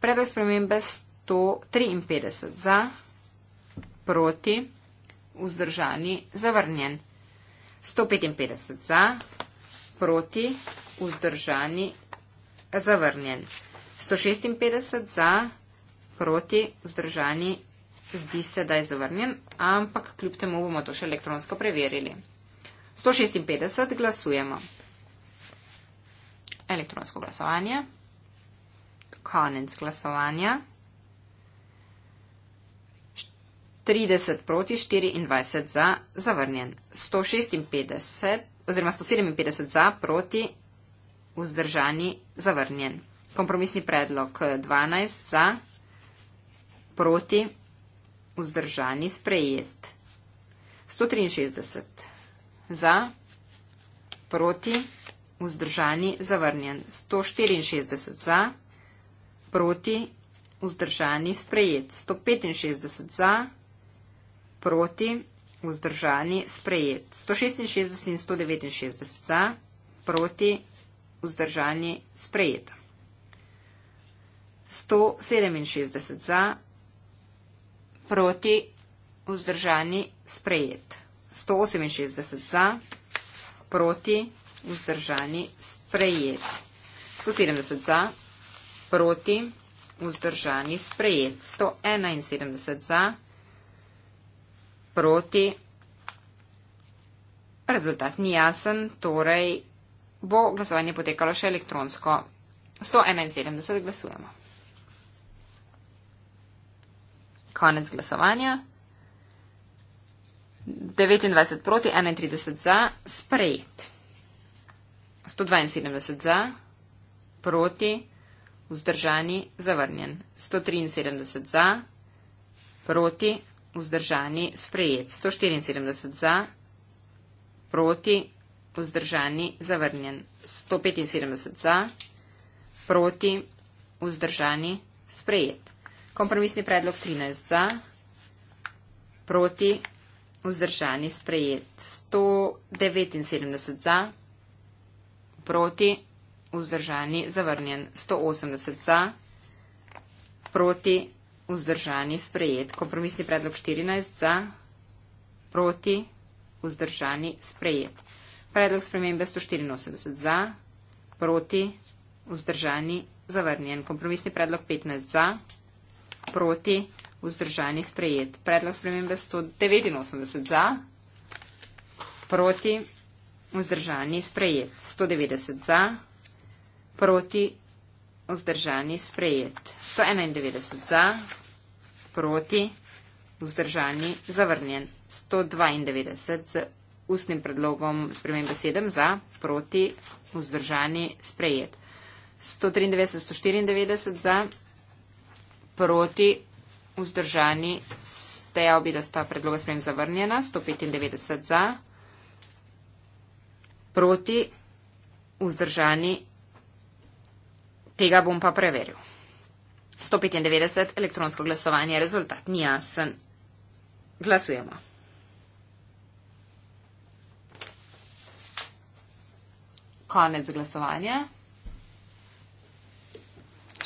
Predlog spremembe 153 za, proti, vzdržani, zavrnjen. 155 za, proti, vzdržani, zavrnjen. 156 za, proti, vzdržani, zavrnjen. 156 za, proti vzdržani zdi se, da je zavrnjen, ampak kljub temu bomo to še elektronsko preverili. 156 glasujemo. Elektronsko glasovanje. Konec glasovanja. 30 proti 24 za zavrnjen. 156 oziroma 157 za proti vzdržani zavrnjen. Kompromisni predlog 12 za proti, vzdržani, sprejet. 163 za, proti, vzdržani, zavrnjen. 164 za, proti, vzdržani, sprejet. 165 za, proti, vzdržani, sprejet. 166 in 169 za, proti, vzdržani, sprejet. 167 za, proti vzdržani sprejet. 168 za, proti vzdržani sprejet. 170 za, proti vzdržani sprejet. 171 za, proti. Rezultat ni jasen, torej bo glasovanje potekalo še elektronsko. 171 glasujemo. Konec glasovanja. 29 proti 31 za, sprejet. 172 za, proti, vzdržani, zavrnjen. 173 za, proti, vzdržani, sprejet. 174 za, proti, vzdržani, zavrnjen. 175 za, proti, vzdržani, sprejet. Kompromisni predlog 13 za, proti, vzdržani, sprejet. 179 za, proti, vzdržani, zavrnjen. 180 za, proti, vzdržani, sprejet. Kompromisni predlog 14 za, proti, vzdržani, sprejet. Predlog spremembe 184 za, proti, vzdržani, zavrnjen. Kompromisni predlog 15 za, proti, vzdržani, sprejet proti, vzdržani sprejet. Predlog spremembe 189 za, proti, vzdržani sprejet. 190 za, proti, vzdržani sprejet. 191 za, proti, vzdržani zavrnjen. 192 z ustnim predlogom spremembe 7 za, proti, vzdržani sprejet. 193, 194 za, proti vzdržani stejal bi, da sta predloga sprem zavrnjena, 195 za, proti vzdržani tega bom pa preveril. 195 elektronsko glasovanje, rezultat ni jasen. Glasujemo. Konec glasovanja.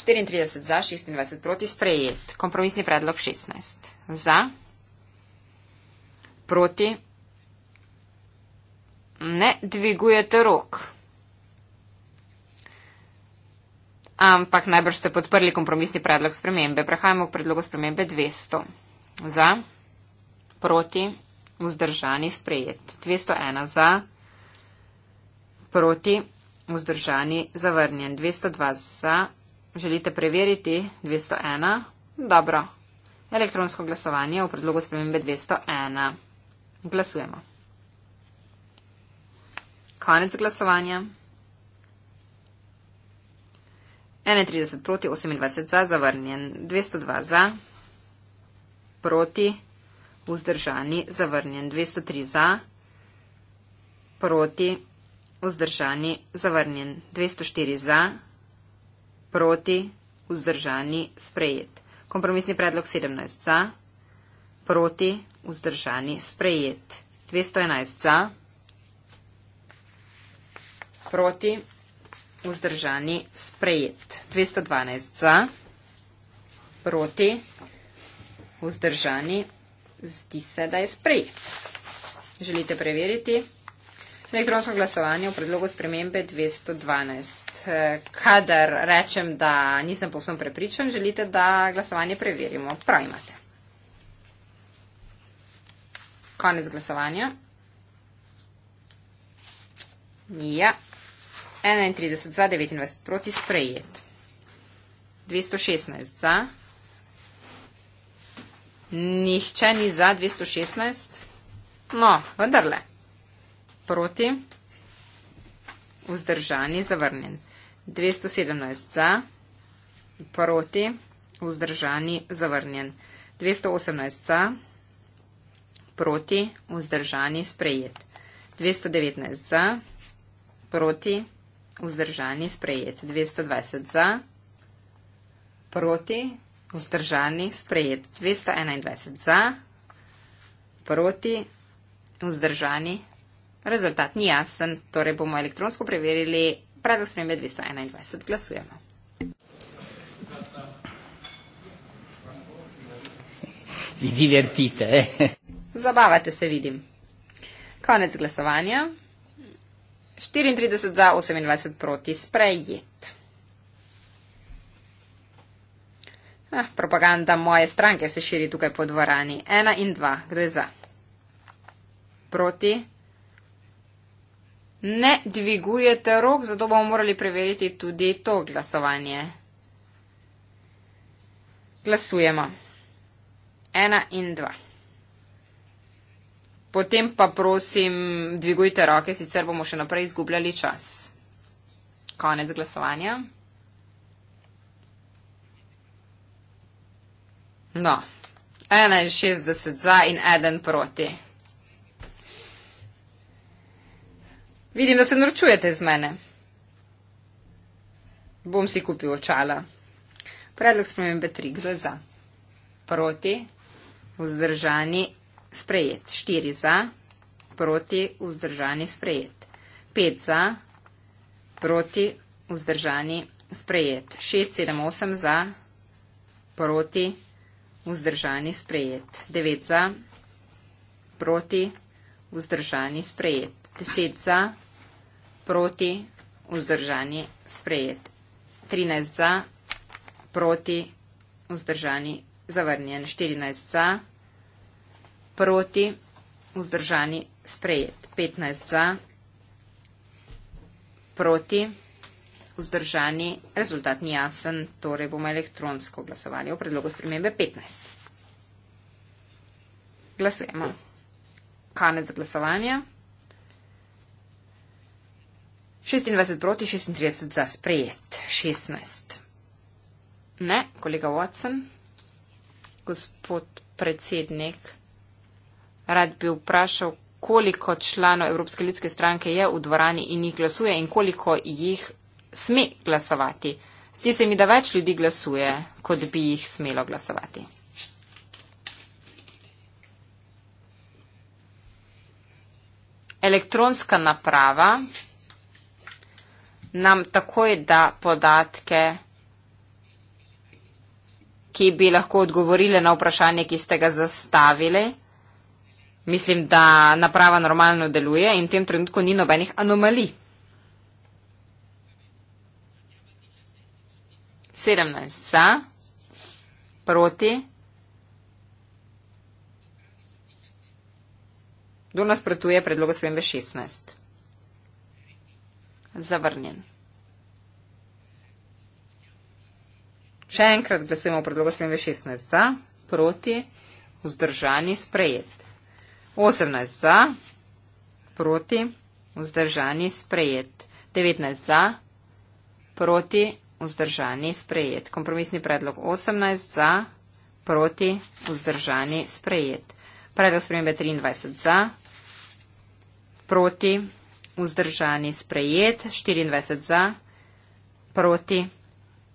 34 za, 26 proti sprejet. Kompromisni predlog 16. Za, proti, ne dvigujete rok. Ampak najbrž ste podprli kompromisni predlog spremembe. Prehajamo v predlogu spremembe 200. Za, proti, vzdržani, sprejet. 201 za, proti, vzdržani, zavrnjen. 202 za, Želite preveriti 201? Dobro. Elektronsko glasovanje v predlogu spremembe 201. Glasujemo. Konec glasovanja. 31 proti 28 za zavrnjen, 202 za, proti vzdržani zavrnjen, 203 za, proti vzdržani zavrnjen, 204 za proti, vzdržani, sprejet. Kompromisni predlog 17 za, proti, vzdržani, sprejet. 211 za, proti, vzdržani, sprejet. 212 za, proti, vzdržani, zdi se, da je sprejet. Želite preveriti? Elektronsko glasovanje v predlogu spremembe 212. Eh, kadar rečem, da nisem povsem prepričan, želite, da glasovanje preverimo. Prav imate. Konec glasovanja. Ja. 31 za, 29 proti sprejet. 216 za. Nihče ni za 216. No, vendarle proti, vzdržani, zavrnjen. 217 za, proti, vzdržani, zavrnjen. 218 za, proti, vzdržani, sprejet. 219 za, proti, vzdržani, sprejet. 220 za, proti, vzdržani, sprejet. 221 za, proti, vzdržani, Rezultat ni jasen, torej bomo elektronsko preverili predlog spremembe 221. Glasujemo. Vi divertite. Eh? Zabavate se, vidim. Konec glasovanja. 34 za, 28 proti, sprejet. Ah, propaganda moje stranke se širi tukaj po dvorani. 1 in 2, kdo je za? Proti, ne dvigujete rok, zato bomo morali preveriti tudi to glasovanje. Glasujemo. Ena in dva. Potem pa prosim, dvigujte roke, sicer bomo še naprej izgubljali čas. Konec glasovanja. No, 61 za in 1 proti. Vidim, da se norčujete z mene. Bom si kupil očala. Predlog spremembe 3. Kdo je za? Proti, vzdržani, sprejet. 4 za, proti, vzdržani, sprejet. 5 za, proti, vzdržani, sprejet. 6, 7, 8 za, proti, vzdržani, sprejet. 9 za, proti, vzdržani, sprejet. 10 za, proti proti, vzdržani, sprejet. 13 za, proti, vzdržani, zavrnjen. 14 za, proti, vzdržani, sprejet. 15 za, proti, vzdržani, rezultat ni jasen, torej bomo elektronsko glasovali o predlogu spremembe 15. Glasujemo. Konec glasovanja. 26 proti 36 za sprejet. 16. Ne, kolega Watson, gospod predsednik, rad bi vprašal, koliko članov Evropske ljudske stranke je v dvorani in jih glasuje in koliko jih sme glasovati. Zdi se mi, da več ljudi glasuje, kot bi jih smelo glasovati. Elektronska naprava nam takoj da podatke, ki bi lahko odgovorile na vprašanje, ki ste ga zastavili. Mislim, da naprava normalno deluje in v tem trenutku ni nobenih anomalij. 17 za, proti. Kdo nasprotuje predlogu spremembe 16? zavrnjen. Še enkrat glasujemo o predlogu spremembe 16 za, proti, vzdržani, sprejet. 18 za, proti, vzdržani, sprejet. 19 za, proti, vzdržani, sprejet. Kompromisni predlog 18 za, proti, vzdržani, sprejet. Predlog spremembe 23 za, proti, vzdržani, sprejet vzdržani sprejet, 24 za, proti,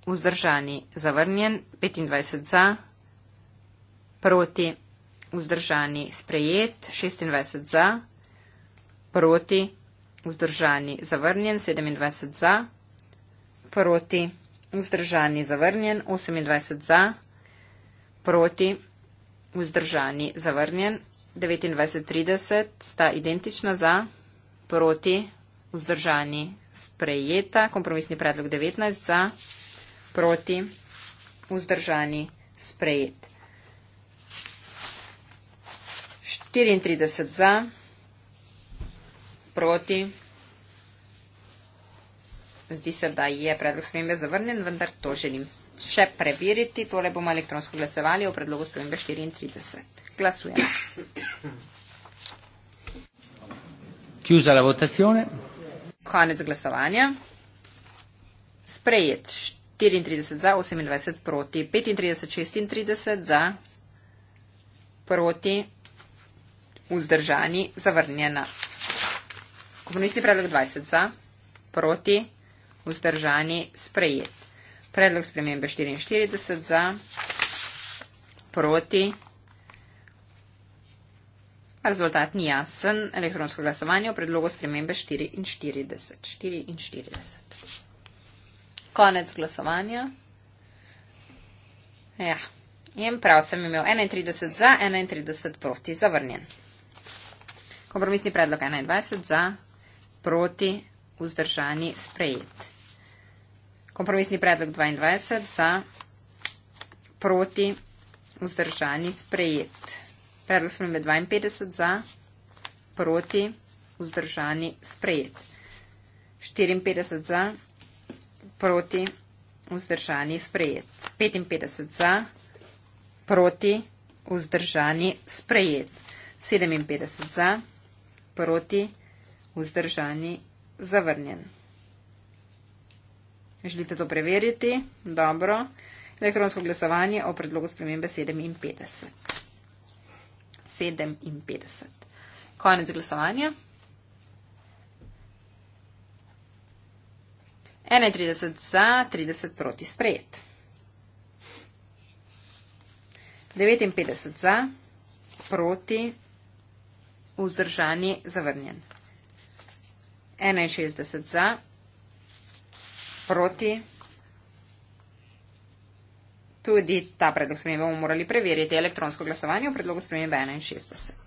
vzdržani zavrnjen, 25 za, proti, vzdržani sprejet, 26 za, proti, vzdržani zavrnjen, 27 za, proti, vzdržani zavrnjen, 28 za, proti, vzdržani zavrnjen, 29.30 sta identična za, proti, vzdržani, sprejeta. Kompromisni predlog 19 za, proti, vzdržani, sprejet. 34 za, proti. Zdi se, da je predlog spremembe zavrnen, vendar to želim še preveriti. Tole bomo elektronsko glasovali o predlogu spremembe 34. Glasujemo. Chiusa la votazione. Konec glasovanja. Sprejet 34 za, 28 proti, 35, 36 za, proti, vzdržani, zavrnjena. Komunistni predlog 20 za, proti, vzdržani, sprejet. Predlog spremembe 44 za, proti, vzdržani. Rezultat ni jasen. Elektronsko glasovanje o predlogu spremembe 44. 44. Konec glasovanja. Ja. In prav sem imel 31 za, 31 proti, zavrnjen. Kompromisni predlog 21 za, proti, vzdržani, sprejet. Kompromisni predlog 22 za, proti, vzdržani, sprejet. Predlog spremembe 52 za, proti, vzdržani, sprejet. 54 za, proti, vzdržani, sprejet. 55 za, proti, vzdržani, sprejet. 57 za, proti, vzdržani, zavrnjen. Želite to preveriti? Dobro. Elektronsko glasovanje o predlogu spremembe 57. 57. Konec glasovanja. 31 za, 30 proti sprejet. 59 za, proti, vzdržani, zavrnjen. 61 za, proti. Tudi ta predlog spremembe bomo morali preveriti elektronsko glasovanje v predlogu spremembe 61.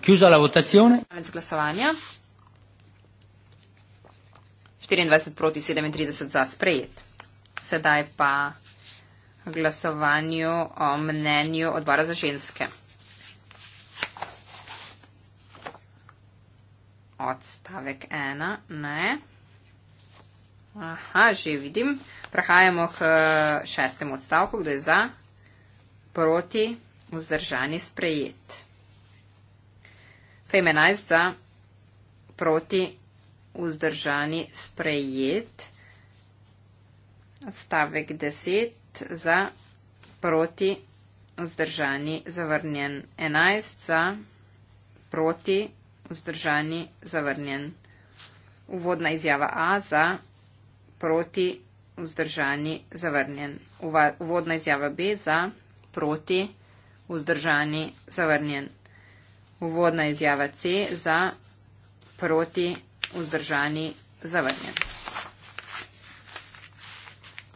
Chiusa la votazione. Konec glasovanja. 24 proti 37 za sprejet. Sedaj pa glasovanju o mnenju odbora za ženske. odstavek ena, ne. Aha, že vidim. Prehajamo k eh, šestemu odstavku, kdo je za, proti, vzdržani, sprejet. Fem 11 za, proti, vzdržani, sprejet. Odstavek 10 za, proti, vzdržani, zavrnjen. 11 za, proti, vzdržani, sprejet vzdržani, zavrnjen. Uvodna izjava A za, proti, vzdržani, zavrnjen. Uva, uvodna izjava B za, proti, vzdržani, zavrnjen. Uvodna izjava C za, proti, vzdržani, zavrnjen.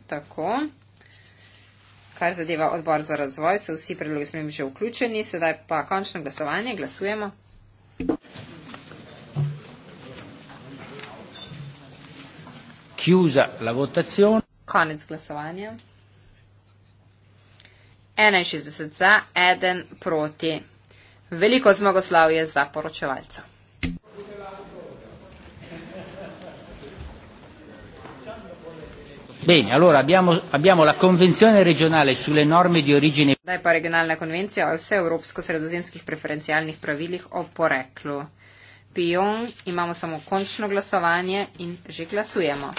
Tako. Kar zadeva odbor za razvoj, so vsi predlogi smem že vključeni, sedaj pa končno glasovanje, glasujemo. Chiusa la votazione. Konec glasovanja. 61 za, 1 proti. Veliko zmagoslavje za poročevalca. Bene, allora abbiamo, abbiamo la Convenzione regionale sulle norme di origine. Daj pa regionalna konvencija o vseevropsko-sredozemskih preferencialnih pravilih o poreklu. Pion, imamo samo končno glasovanje in že glasujemo.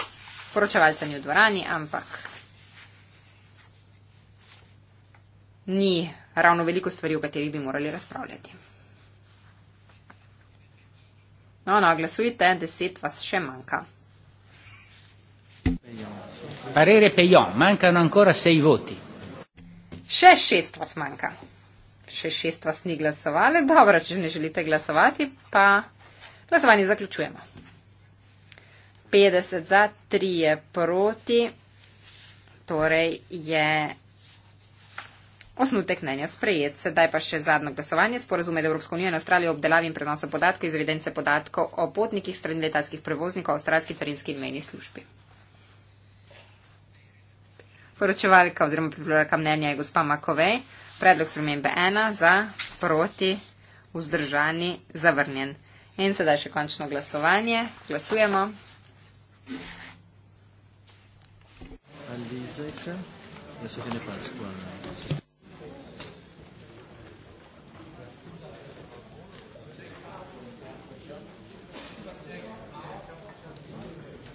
Poročevalca ni v dvorani, ampak ni ravno veliko stvari, o katerih bi morali razpravljati. No, no, glasujte, deset vas še manjka. Thank you. Parere Peyon, mancano ancora sei voti. Še šest vas manjka. Še šest vas ni glasovali. Dobro, če ne želite glasovati, pa glasovanje zaključujemo. 50 za, 3 je proti. Torej je osnutek mnenja sprejet. Sedaj pa še zadnjo glasovanje. Sporazum med Evropsko unijo in Avstralijo o obdelavi in prenosu podatkov iz evidence podatkov o potnikih strani letalskih prevoznikov avstralski carinski in meni službi poročevalka oziroma pripravljalka mnenja je gospa Makovej. Predlog spremembe ena za proti vzdržani zavrnjen. In sedaj še končno glasovanje. Glasujemo. Alizajka. Ja se ne pa skvarno.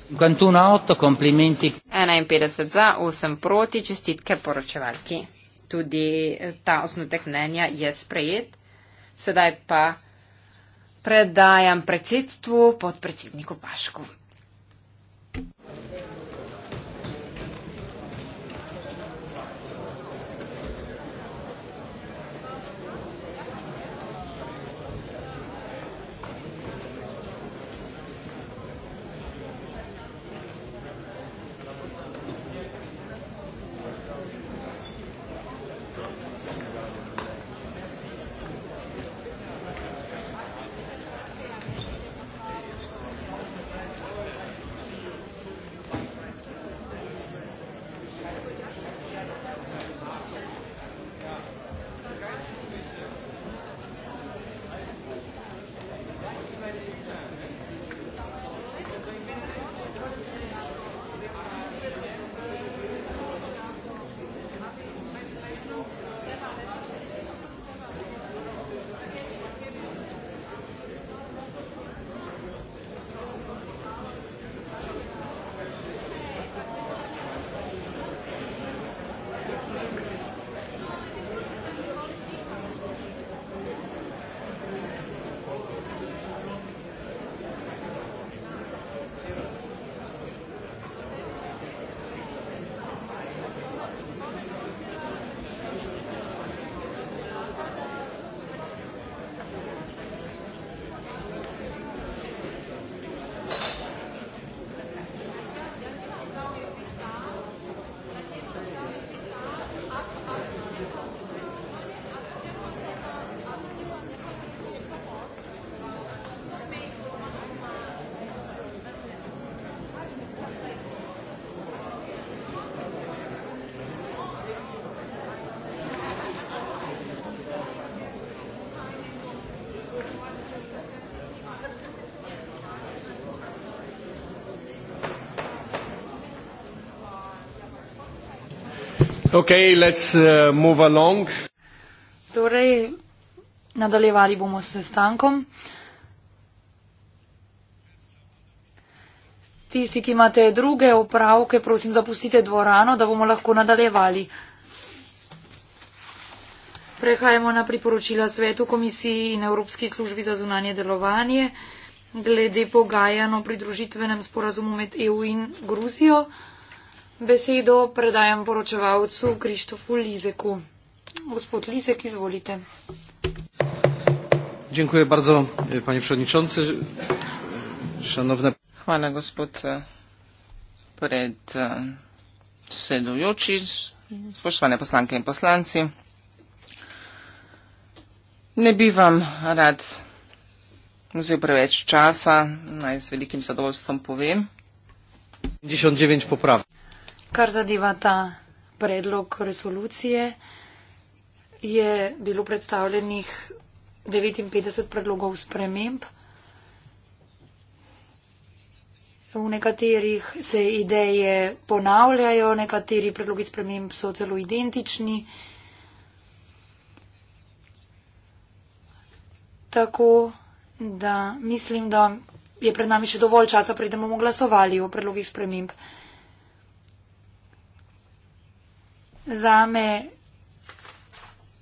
51-8, komplimenti. 51 za, 8 proti, čestitke poročevalki. Tudi eh, ta osnutek mnenja je sprejet. Sedaj pa predajam predsedstvu podpredsedniku Pašku. Okay, let's uh, move along. Torej, nadaljevali bomo s sestankom. Tisti, ki imate druge opravke, prosim, zapustite dvorano, da bomo lahko nadaljevali. Prehajamo na priporočila Svetu komisiji in Evropski službi za zunanje delovanje glede pogajano pridružitvenem sporazumu med EU in Gruzijo. Besedo predajam poročevalcu Krištofu Lizeku. Gospod Lizek, izvolite. Dziękuję bardzo, panie przewodniczący. Szanowne. Hvala, gospod eh, predsedujoči, spoštovane poslanke in poslanci. Ne bi vam rad vzel preveč časa, naj z velikim zadovoljstvom povem. 99 poprav. Kar zadeva ta predlog resolucije, je bilo predstavljenih 59 predlogov sprememb. V nekaterih se ideje ponavljajo, nekateri predlogi sprememb so celo identični. Tako da mislim, da je pred nami še dovolj časa, predem bomo glasovali o predlogih sprememb. Zame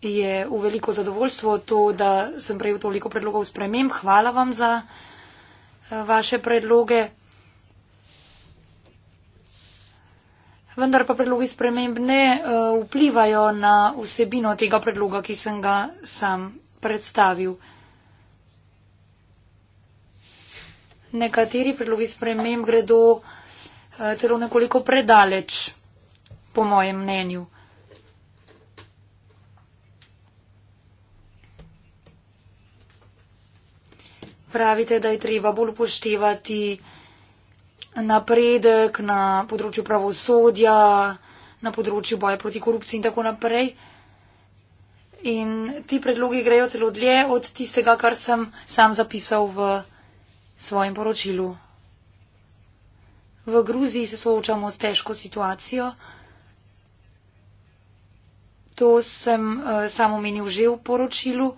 je v veliko zadovoljstvo to, da sem prejel toliko predlogov sprememb. Hvala vam za eh, vaše predloge. Vendar pa predlogi sprememb ne uh, vplivajo na vsebino tega predloga, ki sem ga sam predstavil. Nekateri predlogi sprememb gredo uh, celo nekoliko predaleč, po mojem mnenju. pravite, da je treba bolj upoštevati napredek na področju pravosodja, na področju boja proti korupciji in tako naprej. In ti predlogi grejo celo dlje od tistega, kar sem sam zapisal v svojem poročilu. V Gruziji se soočamo s težko situacijo. To sem uh, sam omenil že v poročilu. Uh,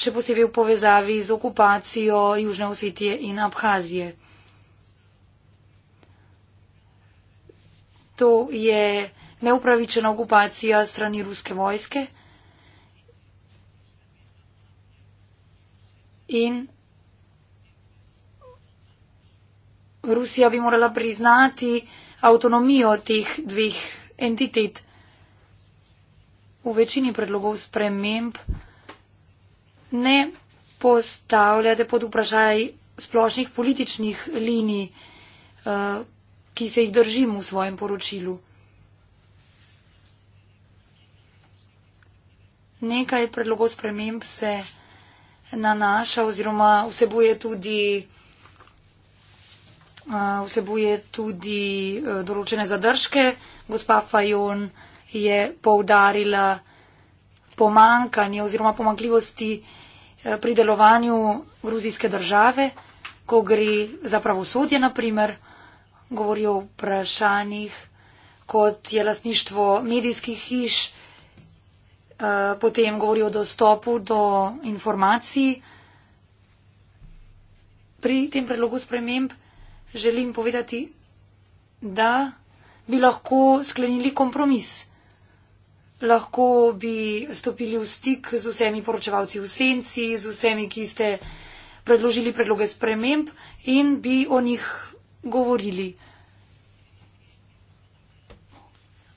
še posebej v povezavi z okupacijo Južne Osetije in Abhazije. To je neupravičena okupacija strani ruske vojske in Rusija bi morala priznati avtonomijo teh dveh entitet. V večini predlogov sprememb ne postavljate pod vprašaj splošnih političnih linij, eh, ki se jih držim v svojem poročilu. Nekaj predlogov sprememb se nanaša oziroma vsebuje tudi, eh, vsebuje tudi eh, določene zadržke. Gospa Fajon je poudarila pomankanje oziroma pomankljivosti uh, Eh, pri delovanju gruzijske države, ko gre za pravosodje, naprimer, govori o vprašanjih, kot je lasništvo medijskih hiš, eh, potem govori o dostopu do informacij. Pri tem predlogu sprememb želim povedati, da bi lahko sklenili kompromis lahko bi stopili v stik z vsemi poročevalci v senci, z vsemi, ki ste predložili predloge sprememb in bi o njih govorili.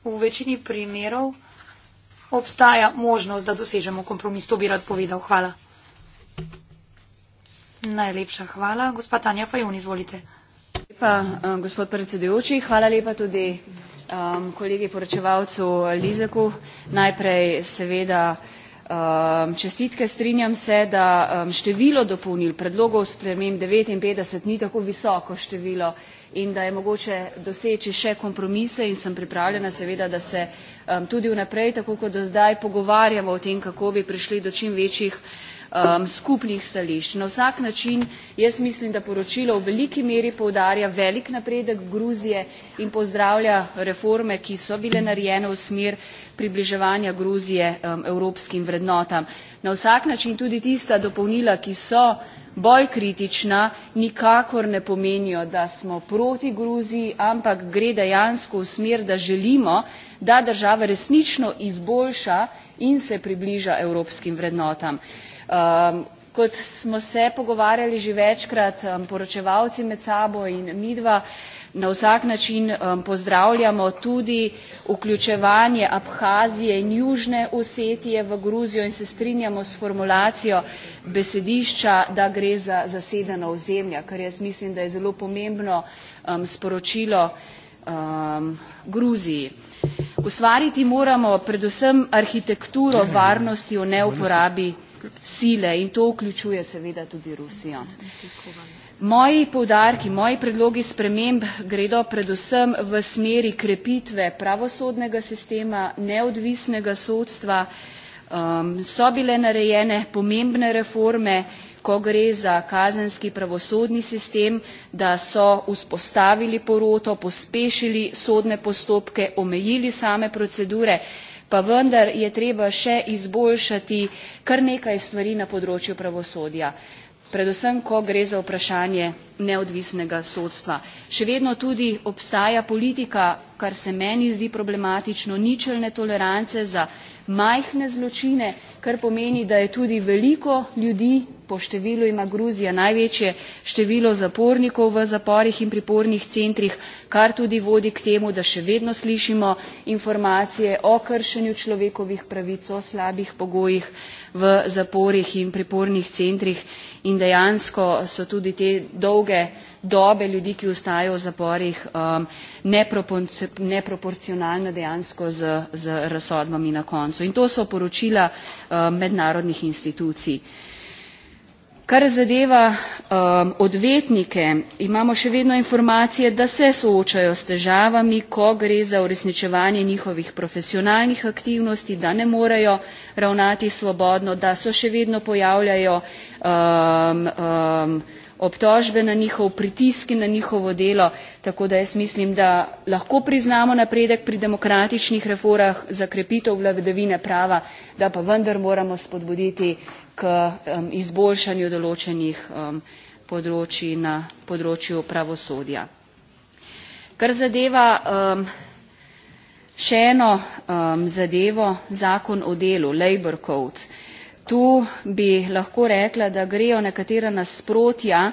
V večini primerov obstaja možnost, da dosežemo kompromis. To bi rad povedal. Hvala. Najlepša hvala. Gospa Tanja Fajon, izvolite. Hvala lepa, eh, gospod predsedujoči. Hvala lepa tudi um, kolegi poročevalcu Lizaku. Najprej seveda um, čestitke. Strinjam se, da um, število dopolnil predlogov spremem 59 ni tako visoko število in da je mogoče doseči še kompromise in sem pripravljena seveda, da se um, tudi vnaprej, tako kot do zdaj, pogovarjamo o tem, kako bi prišli do čim večjih um, skupnih stališč. Na vsak način jaz mislim, da poročilo v veliki meri poudarja velik napredek Gruzije in pozdravlja reforme, ki so bile narejene v smer približevanja Gruzije um, evropskim vrednotam. Na vsak način tudi tista dopolnila, ki so bolj kritična, nikakor ne pomenijo, da smo proti Gruziji, ampak gre dejansko v smer, da želimo, da država resnično izboljša in se približa evropskim vrednotam. Um, kot smo se pogovarjali že večkrat, um, poročevalci med sabo in midva, na vsak način um, pozdravljamo tudi vključevanje Abhazije in Južne Osetije v Gruzijo in se strinjamo s formulacijo besedišča, da gre za zasedeno ozemlja, kar jaz mislim, da je zelo pomembno um, sporočilo um, Gruziji. Ustvariti moramo predvsem arhitekturo varnosti o neuporabi sile in to vključuje seveda tudi Rusijo. Moji povdarki, moji predlogi sprememb gredo predvsem v smeri krepitve pravosodnega sistema, neodvisnega sodstva. Um, so bile narejene pomembne reforme, ko gre za kazenski pravosodni sistem, da so vzpostavili poroto, pospešili sodne postopke, omejili same procedure pa vendar je treba še izboljšati kar nekaj stvari na področju pravosodja predvsem, ko gre za vprašanje neodvisnega sodstva. Še vedno tudi obstaja politika, kar se meni zdi problematično, ničelne tolerance za majhne zločine, kar pomeni, da je tudi veliko ljudi, po številu ima Gruzija največje število zapornikov v zaporih in pripornih centrih, kar tudi vodi k temu, da še vedno slišimo informacije o kršenju človekovih pravic, o slabih pogojih v zaporih in pripornih centrih in dejansko so tudi te dolge dobe ljudi, ki ostajajo v zaporih, um, neproporcionalne dejansko z, z razsodbami na koncu. In to so poročila um, mednarodnih institucij. Kar zadeva um, odvetnike, imamo še vedno informacije, da se soočajo s težavami, ko gre za uresničevanje njihovih profesionalnih aktivnosti, da ne morejo ravnati svobodno, da so še vedno pojavljajo um, um, obtožbe na njihov pritisk in na njihovo delo. Tako da jaz mislim, da lahko priznamo napredek pri demokratičnih reformah za krepitev vladavine prava, da pa vendar moramo spodbuditi k um, izboljšanju določenih um, področji na področju pravosodja. Kar zadeva um, še eno um, zadevo, zakon o delu, Labor Code, tu bi lahko rekla, da grejo nekatera nasprotja,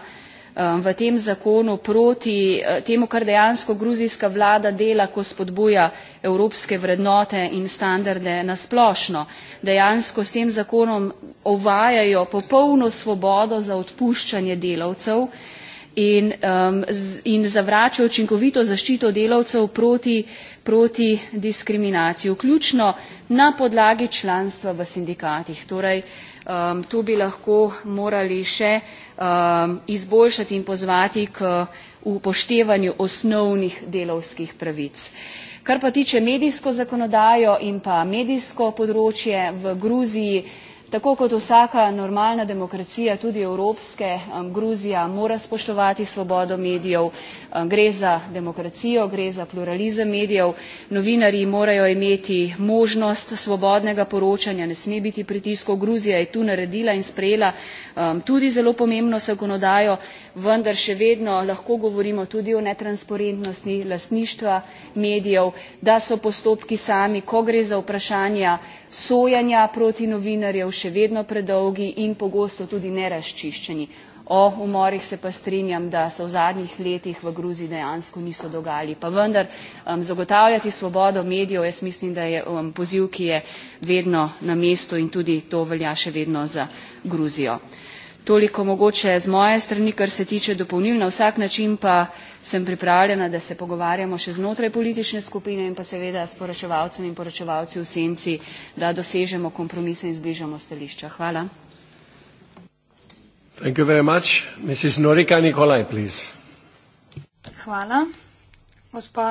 Um, v tem zakonu proti eh, temu, kar dejansko gruzijska vlada dela, ko spodbuja evropske vrednote in standarde na splošno. Dejansko s tem zakonom ovajajo popolno svobodo za odpuščanje delavcev in, um, in zavračajo učinkovito zaščito delavcev proti, proti diskriminaciji, vključno na podlagi članstva v sindikatih. Torej, um, tu bi lahko morali še Um, izboljšati in pozvati k upoštevanju osnovnih delovskih pravic. Kar pa tiče medijsko zakonodajo in pa medijsko področje v Gruziji, Tako kot vsaka normalna demokracija, tudi evropske, Gruzija mora spoštovati svobodo medijev, gre za demokracijo, gre za pluralizem medijev, novinari morajo imeti možnost svobodnega poročanja, ne sme biti pritiskov. Gruzija je tu naredila in sprejela tudi zelo pomembno zakonodajo, vendar še vedno lahko govorimo tudi o netransparentnosti lasništva medijev, da so postopki sami, ko gre za vprašanja sojanja proti novinarjev še vedno predolgi in pogosto tudi neraščiščeni. O umorih se pa strinjam, da se v zadnjih letih v Gruziji dejansko niso dogajali. Pa vendar, um, zagotavljati svobodo medijev, jaz mislim, da je um, poziv, ki je vedno na mestu in tudi to velja še vedno za Gruzijo. Toliko mogoče z moje strani, kar se tiče dopolnil na vsak način pa sem pripravljena, da se pogovarjamo še znotraj politične skupine in pa seveda s poročevalcem in poročevalci v senci, da dosežemo kompromise in zbližamo stališča. Hvala. Hvala. Gospa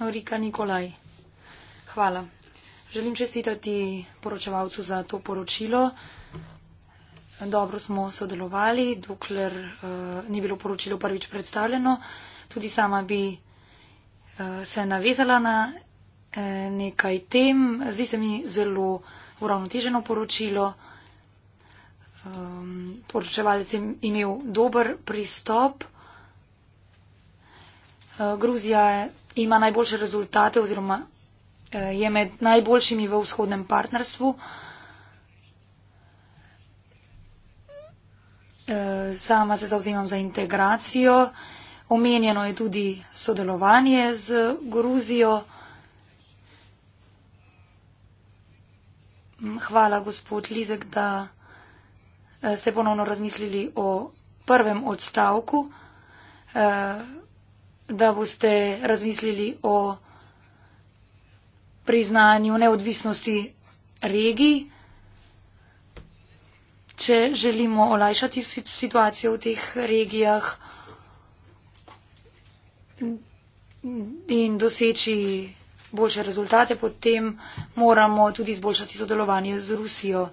Norika Nikolaj, hvala. Želim čestitati poročevalcu za to poročilo dobro smo sodelovali, dokler uh, ni bilo poročilo prvič predstavljeno. Tudi sama bi uh, se navezala na uh, nekaj tem. Zdi se mi zelo uravnoteženo poročilo. Um, poročevalec je imel dober pristop. Uh, Gruzija ima najboljše rezultate oziroma uh, je med najboljšimi v vzhodnem partnerstvu. Uh, sama se zauzemam za integracijo. Omenjeno je tudi sodelovanje z Gruzijo. Hvala, gospod Lizek, da eh, ste ponovno razmislili o prvem odstavku, eh, da boste razmislili o priznanju neodvisnosti regij če želimo olajšati situacijo v teh regijah in doseči boljše rezultate, potem moramo tudi izboljšati sodelovanje z Rusijo,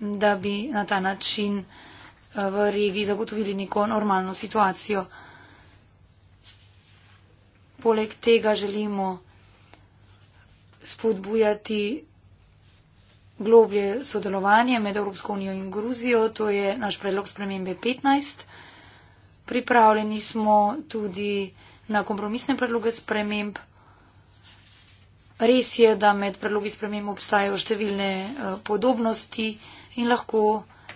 da bi na ta način eh, v regiji zagotovili neko normalno situacijo. Poleg tega želimo spodbujati globlje sodelovanje med Evropsko unijo in Gruzijo. To je naš predlog spremembe 15. Pripravljeni smo tudi na kompromisne predloge sprememb. Res je, da med predlogi sprememb obstajajo številne eh, podobnosti in lahko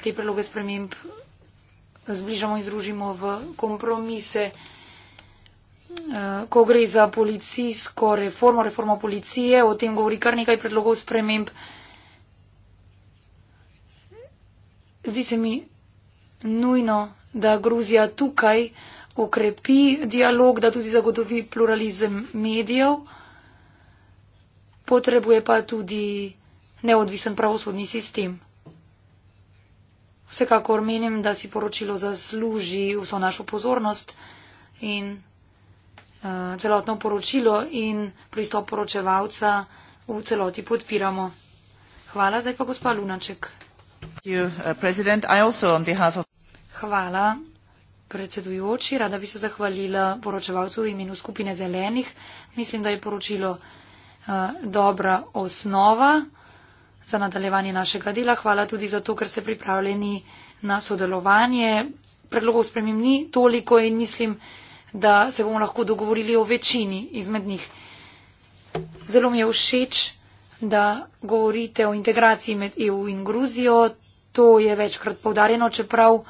te predloge sprememb eh, zbližamo in združimo v kompromise. Eh, ko gre za policijsko reformo, reformo policije, o tem govori kar nekaj predlogov sprememb. Zdi se mi nujno, da Gruzija tukaj ukrepi dialog, da tudi zagotovi pluralizem medijev. Potrebuje pa tudi neodvisen pravosodni sistem. Vsekakor menim, da si poročilo zasluži vso našo pozornost in uh, celotno poročilo in pristop poročevalca v celoti podpiramo. Hvala, zdaj pa gospa Lunaček. Uh, Hvala, predsedujoči. Rada bi se zahvalila poročevalcu v imenu skupine zelenih. Mislim, da je poročilo uh, dobra osnova za nadaljevanje našega dela. Hvala tudi za to, ker ste pripravljeni na sodelovanje. Predlogov spremem ni toliko in mislim, da se bomo lahko dogovorili o večini izmed njih. Zelo mi je všeč da govorite o integraciji med EU in Gruzijo. To je večkrat povdarjeno, čeprav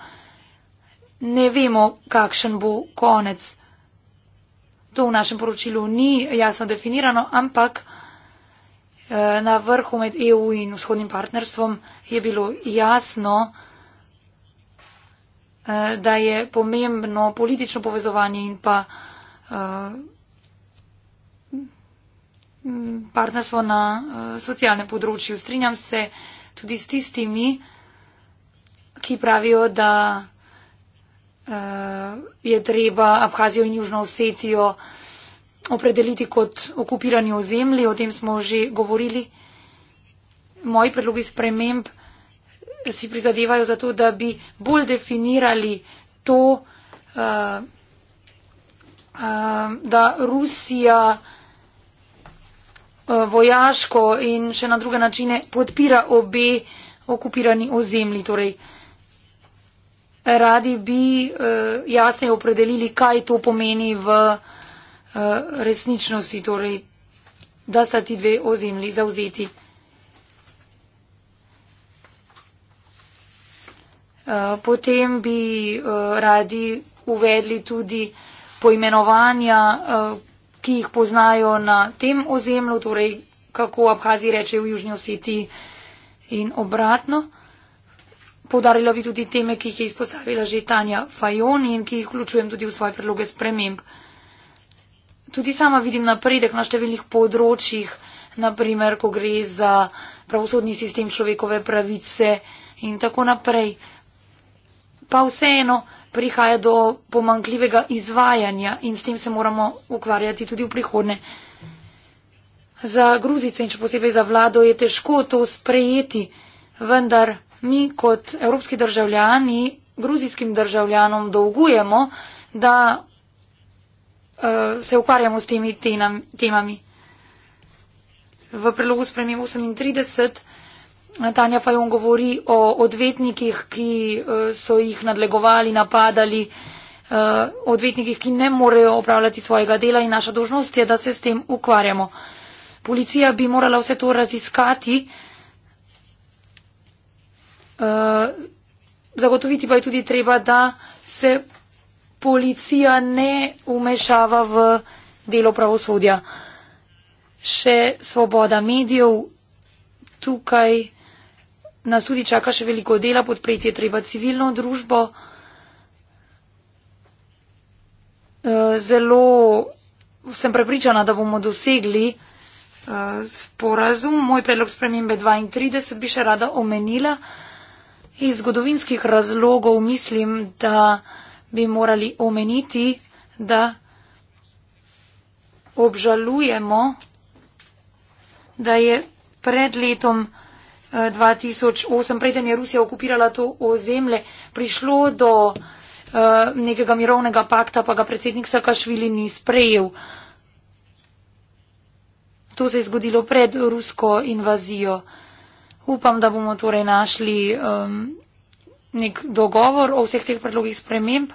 ne vemo, kakšen bo konec. To v našem poročilu ni jasno definirano, ampak eh, na vrhu med EU in vzhodnim partnerstvom je bilo jasno, eh, da je pomembno politično povezovanje in pa eh, partnerstvo na uh, socialnem področju. Strinjam se tudi s tistimi, ki pravijo, da uh, je treba Abhazijo in Južno Osetijo opredeliti kot okupirani ozemlji. O tem smo že govorili. Moji predlogi sprememb si prizadevajo za to, da bi bolj definirali to, uh, uh, da Rusija. Eh, vojaško in še na druge načine podpira obe okupirani ozemlji. Torej, radi bi uh, jasneje opredelili, kaj to pomeni v uh, resničnosti, torej, da sta ti dve ozemlji zauzeti. Potem bi radi uvedli tudi poimenovanja, ki jih poznajo na tem ozemlju, torej kako Abhazi reče v Južnji Ositi in obratno. Podarila bi tudi teme, ki jih je izpostavila že Tanja Fajon in ki jih vključujem tudi v svoje predloge sprememb. Tudi sama vidim napredek na številnih področjih, naprimer, ko gre za pravosodni sistem človekove pravice in tako naprej pa vseeno prihaja do pomankljivega izvajanja in s tem se moramo ukvarjati tudi v prihodne. Za Gruzice in še posebej za vlado je težko to sprejeti, vendar mi kot evropski državljani gruzijskim državljanom dolgujemo, da uh, se ukvarjamo s temi tenam, temami. V prilogu spremem 38 Tanja Fajon govori o odvetnikih, ki eh, so jih nadlegovali, napadali, eh, odvetnikih, ki ne morejo opravljati svojega dela in naša dožnost je, da se s tem ukvarjamo. Policija bi morala vse to raziskati, eh, zagotoviti pa je tudi treba, da se policija ne umešava v delo pravosodja. Še svoboda medijev tukaj nas tudi čaka še veliko dela, podpreti je treba civilno družbo. Eh, zelo sem prepričana, da bomo dosegli eh, sporazum. Moj predlog spremembe 32 bi še rada omenila. Iz zgodovinskih razlogov mislim, da bi morali omeniti, da obžalujemo, da je pred letom 2008, eh, preden je Rusija okupirala to ozemlje, prišlo do uh, nekega mirovnega pakta, pa ga predsednik Sakašvili ni sprejel. To se je zgodilo pred rusko invazijo. Upam, da bomo torej našli um, nek dogovor o vseh teh predlogih sprememb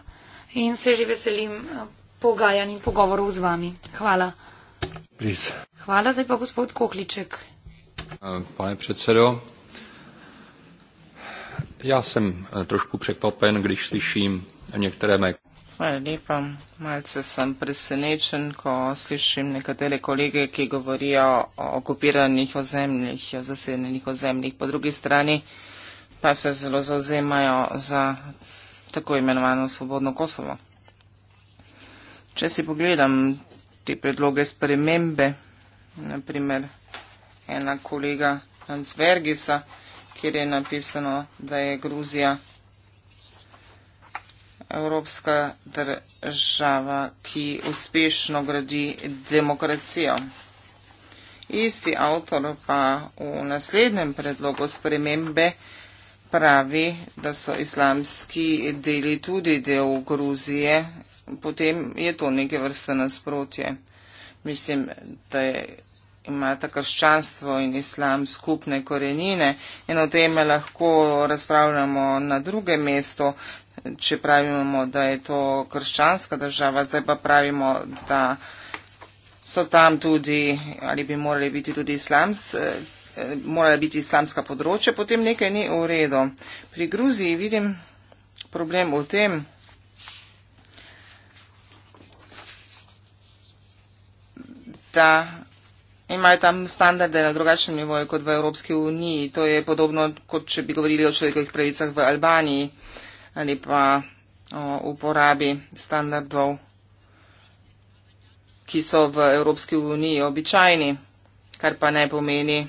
in se že veselim eh, pogajanj in pogovorov z vami. Hvala. Please. Hvala, zdaj pa gospod Kohliček. Eh, pane předsedo, já jsem eh, trošku překvapen, když slyším některé mé... Hvala lepa. Malce sem presenečen, ko slišim nekatere kolege, ki govorijo o okupiranih ozemljih, o zasedenih ozemljih. Po drugi strani pa se zelo zauzemajo za tako imenovano svobodno Kosovo. Če si pogledam te predloge spremembe, naprimer ena kolega Ansvergisa, kjer je napisano, da je Gruzija evropska država, ki uspešno gradi demokracijo. Isti avtor pa v naslednjem predlogu spremembe pravi, da so islamski deli tudi del Gruzije, potem je to neke vrste nasprotje. Mislim, da je imata krščanstvo in islam skupne korenine in o tem lahko razpravljamo na drugem mestu, če pravimo, da je to krščanska država, zdaj pa pravimo, da so tam tudi, ali bi morali biti tudi islams, morala biti islamska področja, potem nekaj ni v redu. Pri Gruziji vidim problem v tem, da imajo tam standarde na drugačnem nivoju kot v Evropski uniji. To je podobno, kot če bi govorili o človekovih pravicah v Albaniji ali pa o uporabi standardov, ki so v Evropski uniji običajni, kar pa ne pomeni,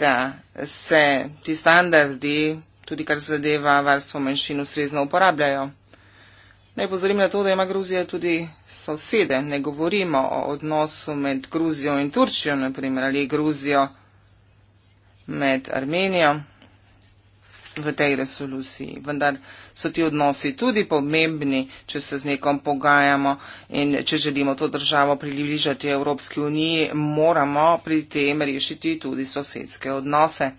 da se ti standardi, tudi kar zadeva varstvo manjšin, ustrezno uporabljajo. Naj pozorim na to, da ima Gruzija tudi sosede. Ne govorimo o odnosu med Gruzijo in Turčijo, naprimer, ali Gruzijo med Armenijo v tej resoluciji. Vendar so ti odnosi tudi pomembni, če se z nekom pogajamo in če želimo to državo približati Evropski uniji, moramo pri tem rešiti tudi sosedske odnose.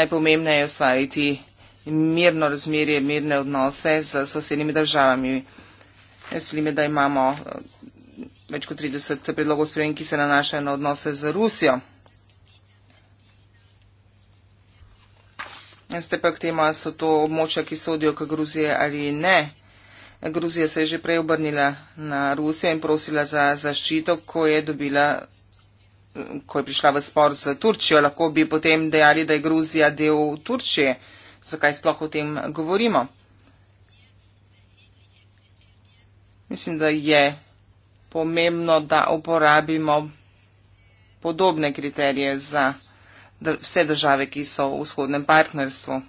Najpomembneje je ustvariti mirno razmerje, mirne odnose z sosednjimi državami. Veselime, da imamo eh, več kot 30 predlogov sprejem, ki se nanašajo na odnose z Rusijo. Ste pa k tema, so to območja, ki sodijo k Gruzije ali ne. Gruzija se je že prej obrnila na Rusijo in prosila za zaščito, ko je dobila, ko je prišla v spor z Turčijo. Lahko bi potem dejali, da je Gruzija del Turčije zakaj sploh o tem govorimo. Mislim, da je pomembno, da uporabimo podobne kriterije za vse države, ki so v vzhodnem partnerstvu.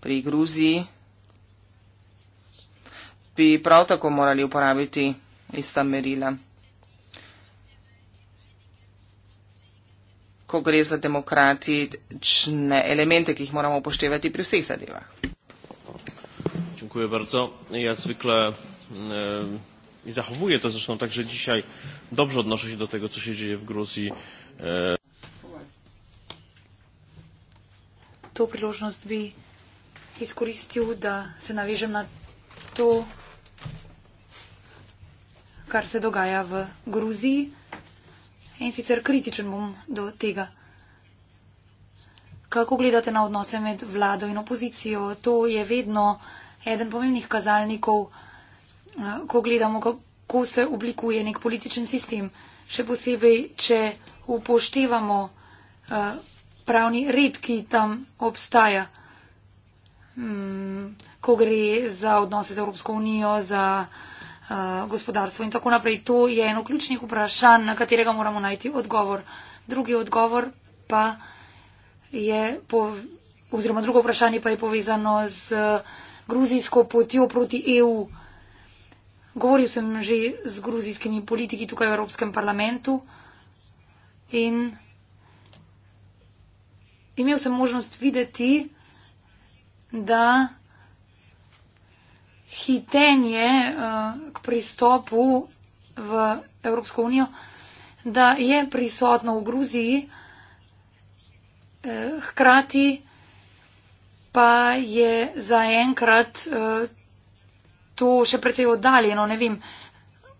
Pri Gruziji bi prav tako morali uporabiti ista merila. ko gre za demokratične elemente, ki jih moramo upoštevati pri vseh zadevah. Dziękuję bardzo. Ja zwykle e, zachowuję to zresztą także dzisiaj dobrze odnoszę się do tego, co się dzieje w Gruzji. E... Tu przyłożność by skorzystił, da się nawierzę na to, kar se dogaja w Gruzji. E, In sicer kritičen bom do tega. Kako gledate na odnose med vlado in opozicijo? To je vedno eden pomembnih kazalnikov, eh, ko gledamo, kako se oblikuje nek političen sistem. Še posebej, če upoštevamo eh, pravni red, ki tam obstaja. Hmm, ko gre za odnose z Evropsko unijo, za Eh, gospodarstvo in tako naprej. To je eno ključnih vprašanj, na katerega moramo najti odgovor. Drugi odgovor pa je, pov, oziroma drugo vprašanje pa je povezano z gruzijsko potjo proti EU. Govoril sem že z gruzijskimi politiki tukaj v Evropskem parlamentu in imel sem možnost videti, da hitenje uh, k pristopu v Evropsko unijo, da je prisotno v Gruziji, eh, hkrati pa je zaenkrat eh, to še precej oddaljeno. Ne vem,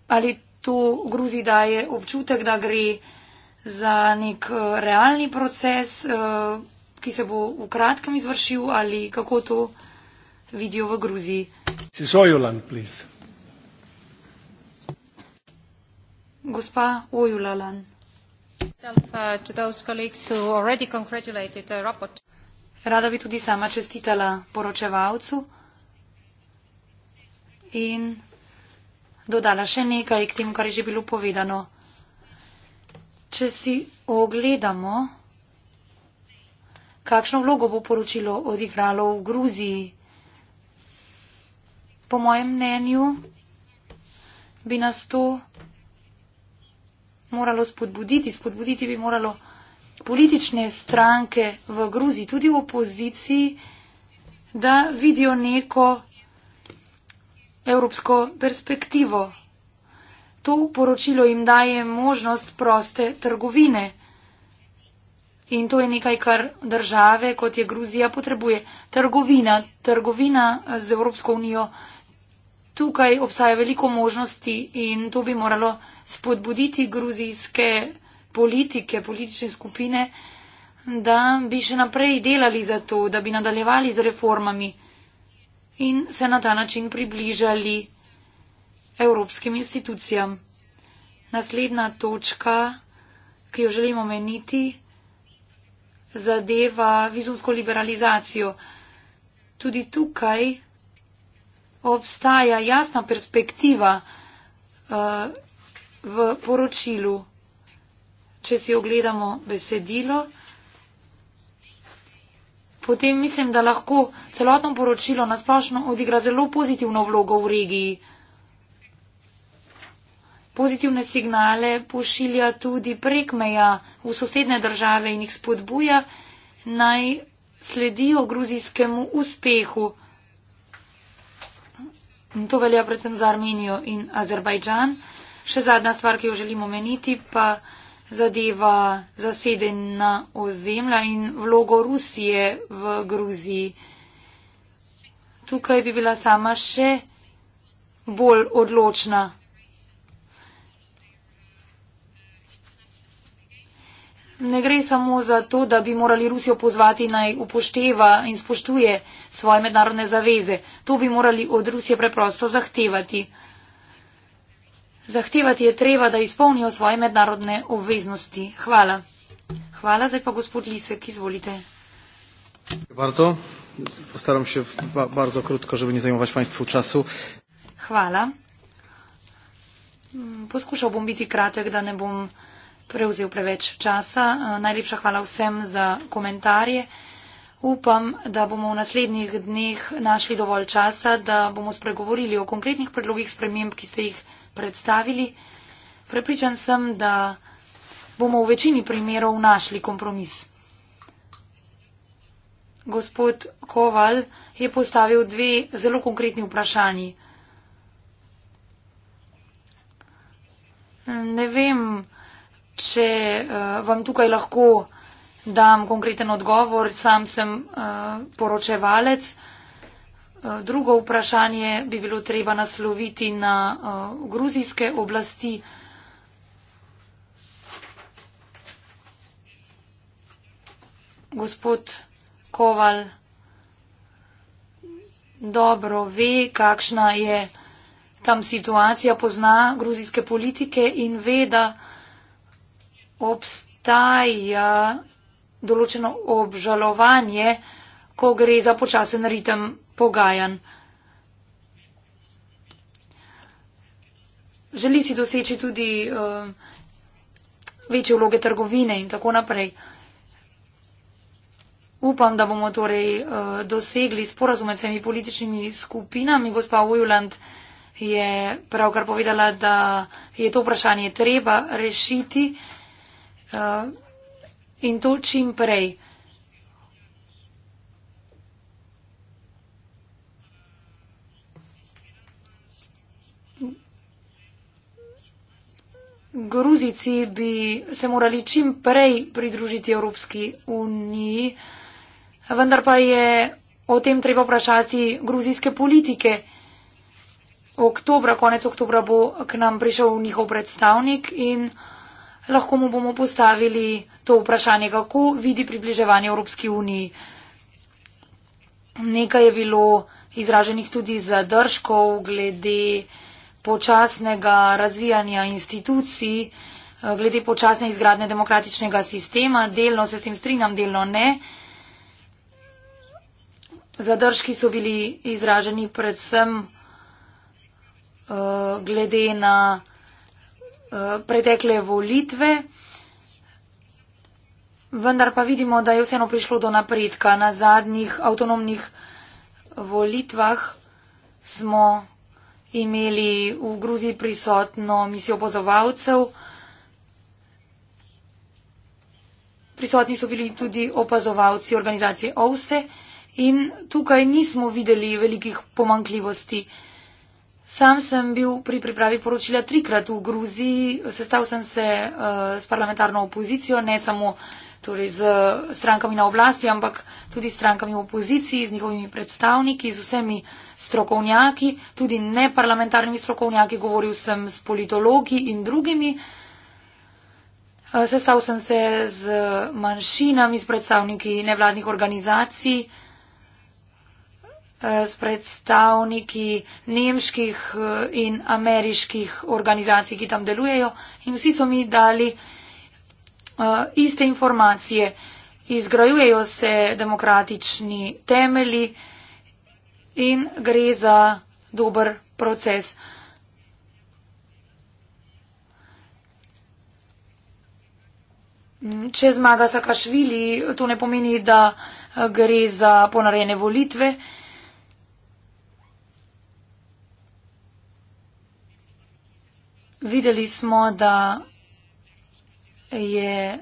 ali to v Gruziji daje občutek, da gre za nek eh, realni proces, eh, ki se bo v kratkem izvršil, ali kako to vidijo v Gruziji. Sisojulan, please. Gospa Ojulalan. Uh, Rada bi tudi sama čestitala poročevalcu in dodala še nekaj k temu, kar je že bilo povedano. Če si ogledamo, kakšno vlogo bo poročilo odigralo v Gruziji, po mojem mnenju, bi nas to moralo spodbuditi. Spodbuditi bi moralo politične stranke v Gruziji, tudi v opoziciji, da vidijo neko evropsko perspektivo. To poročilo jim daje možnost proste trgovine. In to je nekaj, kar države, kot je Gruzija, potrebuje. Trgovina, trgovina z Evropsko unijo tukaj obstaja veliko možnosti in to bi moralo spodbuditi gruzijske politike, politične skupine, da bi še naprej delali za to, da bi nadaljevali z reformami in se na ta način približali evropskim institucijam. Naslednja točka, ki jo želimo meniti, zadeva vizumsko liberalizacijo. Tudi tukaj obstaja jasna perspektiva uh, v poročilu. Če si ogledamo besedilo, potem mislim, da lahko celotno poročilo nasplošno odigra zelo pozitivno vlogo v regiji. Pozitivne signale pošilja tudi prek meja v sosedne države in jih spodbuja naj sledijo gruzijskemu uspehu. In to velja predvsem za Armenijo in Azerbajdžan. Še zadnja stvar, ki jo želimo meniti, pa zadeva zasedena ozemlja in vlogo Rusije v Gruziji. Tukaj bi bila sama še bolj odločna. Ne gre samo za to, da bi morali Rusijo pozvati naj upošteva in spoštuje svoje mednarodne zaveze. To bi morali od Rusije preprosto zahtevati. Zahtevati je treba, da izpolnijo svoje mednarodne obveznosti. Hvala. Hvala, zdaj pa gospod Lisek, izvolite. Bardzo. Postaram se ba, bardzo krutko, da bi ne zajemovati vašemu času. Hvala. Mm, poskušal bom biti kratek, da ne bom prevzel preveč časa. Eh, najlepša hvala vsem za komentarje. Upam, da bomo v naslednjih dneh našli dovolj časa, da bomo spregovorili o konkretnih predlogih sprememb, ki ste jih predstavili. Prepričan sem, da bomo v večini primerov našli kompromis. Gospod Koval je postavil dve zelo konkretni vprašanji. Ne vem, če uh, vam tukaj lahko dam konkreten odgovor, sam sem uh, poročevalec. Uh, drugo vprašanje bi bilo treba nasloviti na uh, gruzijske oblasti. Gospod Koval dobro ve, kakšna je tam situacija, pozna gruzijske politike in ve, da obstaja določeno obžalovanje, ko gre za počasen ritem pogajanj. Želi si doseči tudi uh, večje vloge trgovine in tako naprej. Upam, da bomo torej uh, dosegli sporazume s temi političnimi skupinami. Gospa Ujuland je pravkar povedala, da je to vprašanje treba rešiti uh, in to čim prej. Gruzici bi se morali čim prej pridružiti Evropski uniji, vendar pa je o tem treba vprašati gruzijske politike. Oktobra, konec oktobra bo k nam prišel njihov predstavnik in uh, lahko mu bomo postavili to vprašanje, kako vidi približevanje Evropski uniji. Nekaj je bilo izraženih tudi zadržkov glede počasnega razvijanja institucij, eh, glede počasne izgradne demokratičnega sistema. Delno se s tem strinjam, delno ne. Zadržki so bili izraženi predvsem uh, glede na Eh, pretekle volitve, vendar pa vidimo, da je vseeno prišlo do napredka. Na zadnjih avtonomnih volitvah smo imeli v Gruziji prisotno misijo opazovalcev. Prisotni so bili tudi opazovalci organizacije OVSE in tukaj nismo videli velikih pomankljivosti. Sam sem bil pri pripravi poročila trikrat v Gruziji, sestal sem se uh, s parlamentarno opozicijo, ne samo torej, z eh, strankami na oblasti, ampak tudi s strankami v opoziciji, z njihovimi predstavniki, z vsemi strokovnjaki, tudi neparlamentarnimi strokovnjaki, govoril sem s politologi in drugimi. Eh, sestal sem se z manjšinami, s predstavniki nevladnih organizacij, uh, Eh, s predstavniki nemških eh, in ameriških organizacij, ki tam delujejo in vsi so mi dali eh, iste informacije. Izgrajujejo se demokratični temeli in gre za dober proces. Mm, če zmaga Sakašvili, to ne pomeni, da gre za ponarejene volitve. videli smo, da je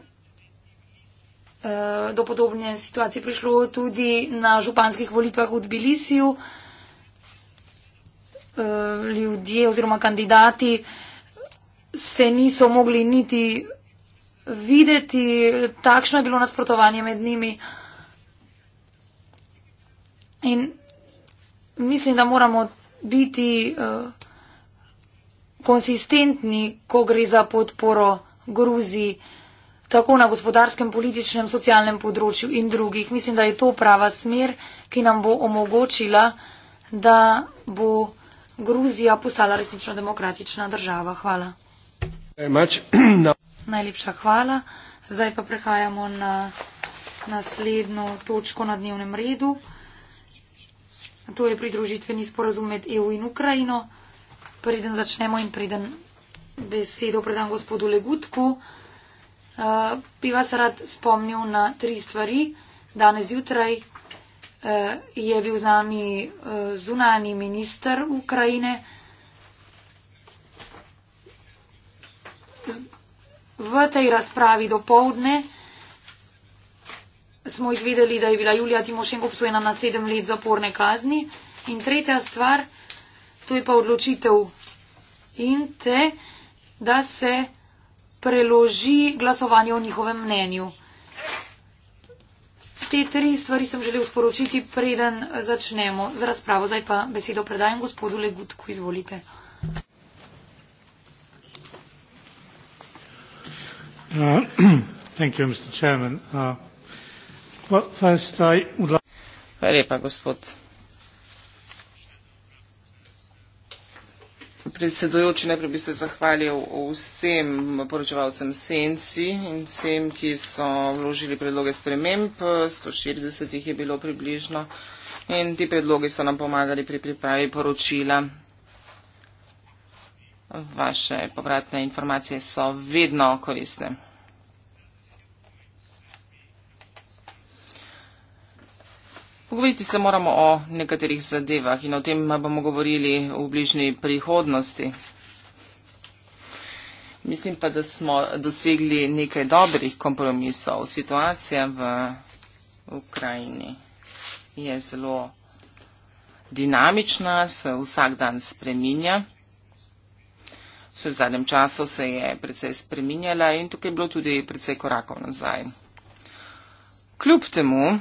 eh, do podobne situacije prišlo tudi na županskih volitvah v Tbilisiju. Eh, ljudje oziroma kandidati se niso mogli niti videti, takšno je bilo nasprotovanje med njimi. In mislim, da moramo biti eh, konsistentni, ko gre za podporo Gruziji, tako na gospodarskem, političnem, socialnem področju in drugih. Mislim, da je to prava smer, ki nam bo omogočila, da bo Gruzija postala resnično demokratična država. Hvala. Najlepša hvala. Zdaj pa prehajamo na naslednjo točko na dnevnem redu. To je pridružitveni sporazum med EU in Ukrajino preden začnemo in preden besedo predam gospodu Legutku, eh, bi vas rad spomnil na tri stvari. Danes jutraj eh, je bil z nami eh, zunani minister Ukrajine. V tej razpravi do povdne smo izvedeli, da je bila Julija Timošenko obsojena na sedem let zaporne kazni. In tretja stvar, to je pa odločitev in te, da se preloži glasovanje o njihovem mnenju. Te tri stvari sem želel sporočiti, preden začnemo z razpravo. Zdaj pa besedo predajem gospodu Legutku. Izvolite. Uh, [CLEARS THROAT] uh, Hvala lepa, gospod predsedujoči, najprej bi se zahvalil vsem poročevalcem Senci in vsem, ki so vložili predloge sprememb. 140 jih je bilo približno in ti predlogi so nam pomagali pri pripravi poročila. Vaše povratne informacije so vedno koristne. Pogovoriti se moramo o nekaterih zadevah in o tem bomo govorili v bližnji prihodnosti. Mislim pa, da smo dosegli nekaj dobrih kompromisov. Situacija v Ukrajini je zelo dinamična, se vsak dan spreminja. Vse v zadnjem času se je precej spreminjala in tukaj je bilo tudi precej korakov nazaj. Kljub temu,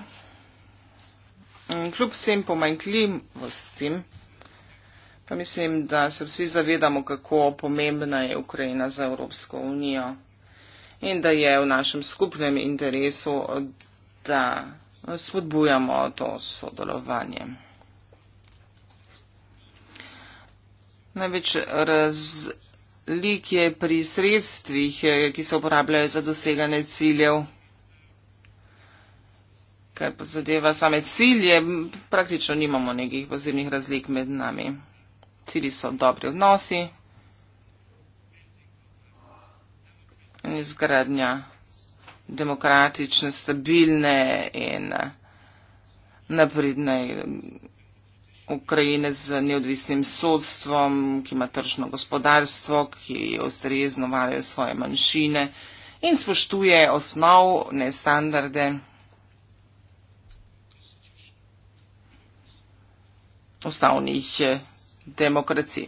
Mm, kljub vsem pomankljivostim, pa mislim, da se vsi zavedamo, kako pomembna je Ukrajina za Evropsko unijo in da je v našem skupnem interesu, da spodbujamo to sodelovanje. Največ razlik je pri sredstvih, ki se uporabljajo za doseganje ciljev. Kar pa zadeva same cilje, praktično nimamo nekih pozivnih razlik med nami. Cili so dobri odnosi in izgradnja demokratične, stabilne in eh, napredne Ukrajine z neodvisnim sodstvom, ki ima tržno gospodarstvo, ki ustrezno varuje svoje manjšine in spoštuje osnovne standarde. ustavnih eh, demokracij.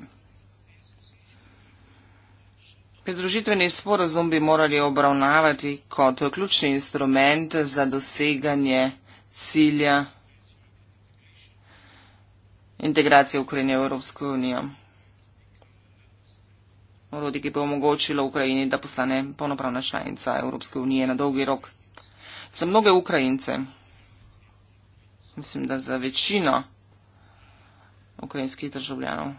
Pridružitveni sporozum bi morali obravnavati kot ključni instrument za doseganje cilja integracije Ukrajine v Evropsko unijo. Orodje, ki bi omogočilo Ukrajini, da postane polnopravna članica Evropske unije na dolgi rok. Za mnoge Ukrajince, mislim, da za večino ukrajinskih državljanov.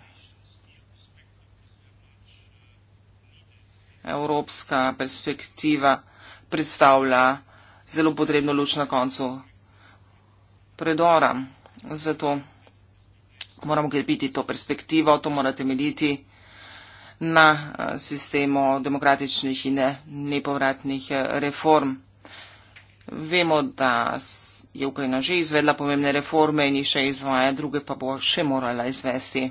Evropska perspektiva predstavlja zelo potrebno luč na koncu predora. Zato moramo krepiti to perspektivo, to mora temeljiti na eh, sistemu demokratičnih in nepovratnih eh, reform. Vemo, da je Ukrajina že izvedla pomembne reforme in jih še izvaja, druge pa bo še morala izvesti.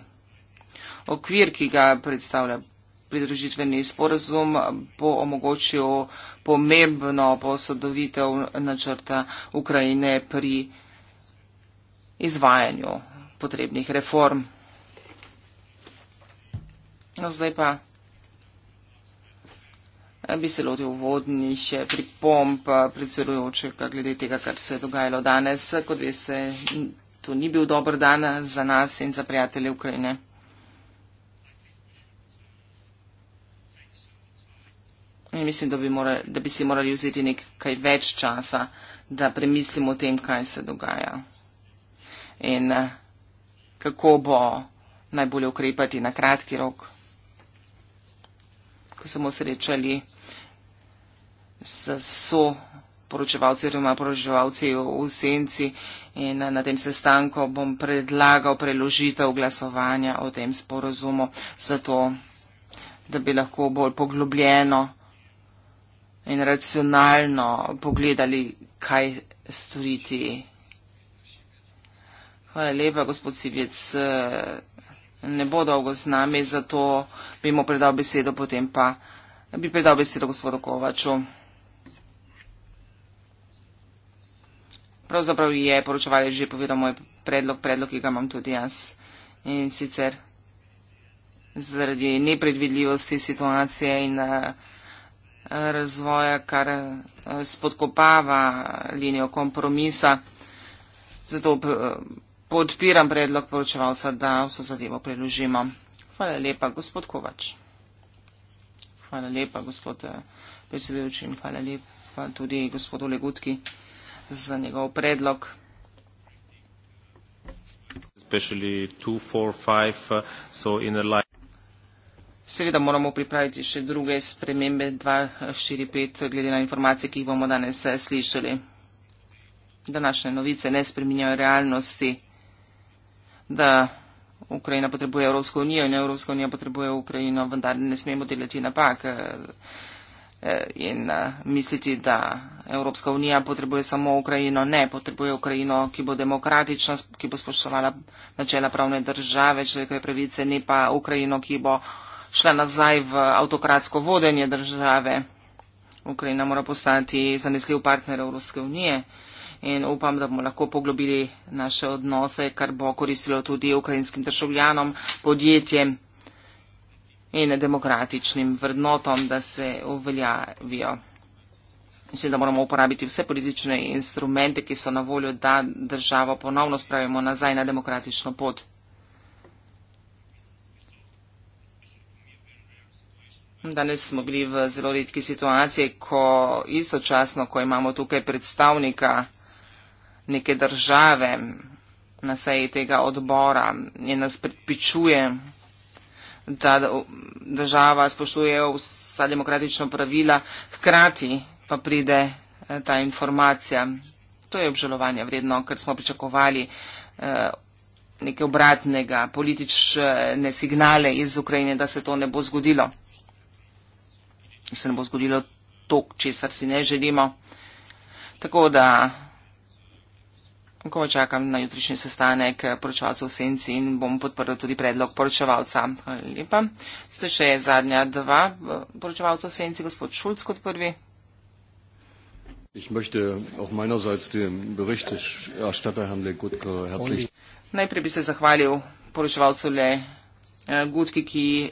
Okvir, ki ga predstavlja pridružitveni sporazum, bo omogočil pomembno posodovitev načrta Ukrajine pri izvajanju potrebnih reform. No, zdaj pa bi se lotil vodnih pripomp eh, predsedujočega glede tega, kar se je dogajalo danes. Kot veste, to ni bil dober dan za nas in za prijatelje Ukrajine. In mislim, da bi, morali, da bi si morali vzeti nekaj več časa, da premislimo o tem, kaj se dogaja in eh, kako bo najbolje ukrepati na kratki rok. Ko smo srečali so poročevalci oziroma poročevalci v senci in na tem sestanku bom predlagal preložitev glasovanja o tem sporozumu, zato da bi lahko bolj poglobljeno in racionalno pogledali, kaj storiti. Hvala lepa, gospod Sivjec. Ne bo dolgo z nami, zato bi mu predal besedo potem pa. Bi predal besedo gospodu Kovaču. pravzaprav je poročevalec že povedal moj predlog, predlog, ki ga imam tudi jaz. In sicer zaradi nepredvidljivosti situacije in eh, razvoja, kar eh, spodkopava linijo kompromisa. Zato eh, podpiram predlog poročevalca, da vso zadevo preložimo. Hvala lepa, gospod Kovač. Hvala lepa, gospod predsedujoči in hvala lepa tudi gospodu Legutki za njegov predlog. Uh, Seveda moramo pripraviti še druge spremembe 245, glede na informacije, ki jih bomo danes eh, slišali. Današnje novice ne spreminjajo realnosti, da Ukrajina potrebuje Evropsko unijo in Evropska unija potrebuje Ukrajino, vendar ne smemo delati napak eh, eh, in misliti, da. Evropska unija potrebuje samo Ukrajino, ne potrebuje Ukrajino, ki bo demokratična, ki bo spoštovala načela pravne države, človekove pravice, ne pa Ukrajino, ki bo šla nazaj v avtokratsko vodenje države. Ukrajina mora postati zanesljiv partner Evropske unije in upam, da bomo lahko poglobili naše odnose, kar bo koristilo tudi ukrajinskim državljanom, podjetjem in demokratičnim vrednotom, da se uveljavijo. Mislim, da moramo uporabiti vse politične instrumente, ki so na voljo, da državo ponovno spravimo nazaj na demokratično pot. Danes smo bili v zelo redki situaciji, ko istočasno, ko imamo tukaj predstavnika neke države na seji tega odbora in nas predpičuje, da država spoštuje vsa demokratična pravila, hkrati pa pride eh, ta informacija. To je obžalovanje vredno, ker smo pričakovali eh, neke obratnega politične signale iz Ukrajine, da se to ne bo zgodilo. Se ne bo zgodilo to, česar si ne želimo. Tako da, ko čakam na jutrišnji sestanek eh, poročevalcev v Senci in bom podprl tudi predlog poročevalca. Hvala lepa. Ste še zadnja dva poročevalca v Senci, gospod Šulc kot prvi. Ich möchte auch meinerseits dem Berichterstatter Herrn Le Gutke herzlich. Najprej bi se zahvalil poročevalcu Le eh, Gutke, ki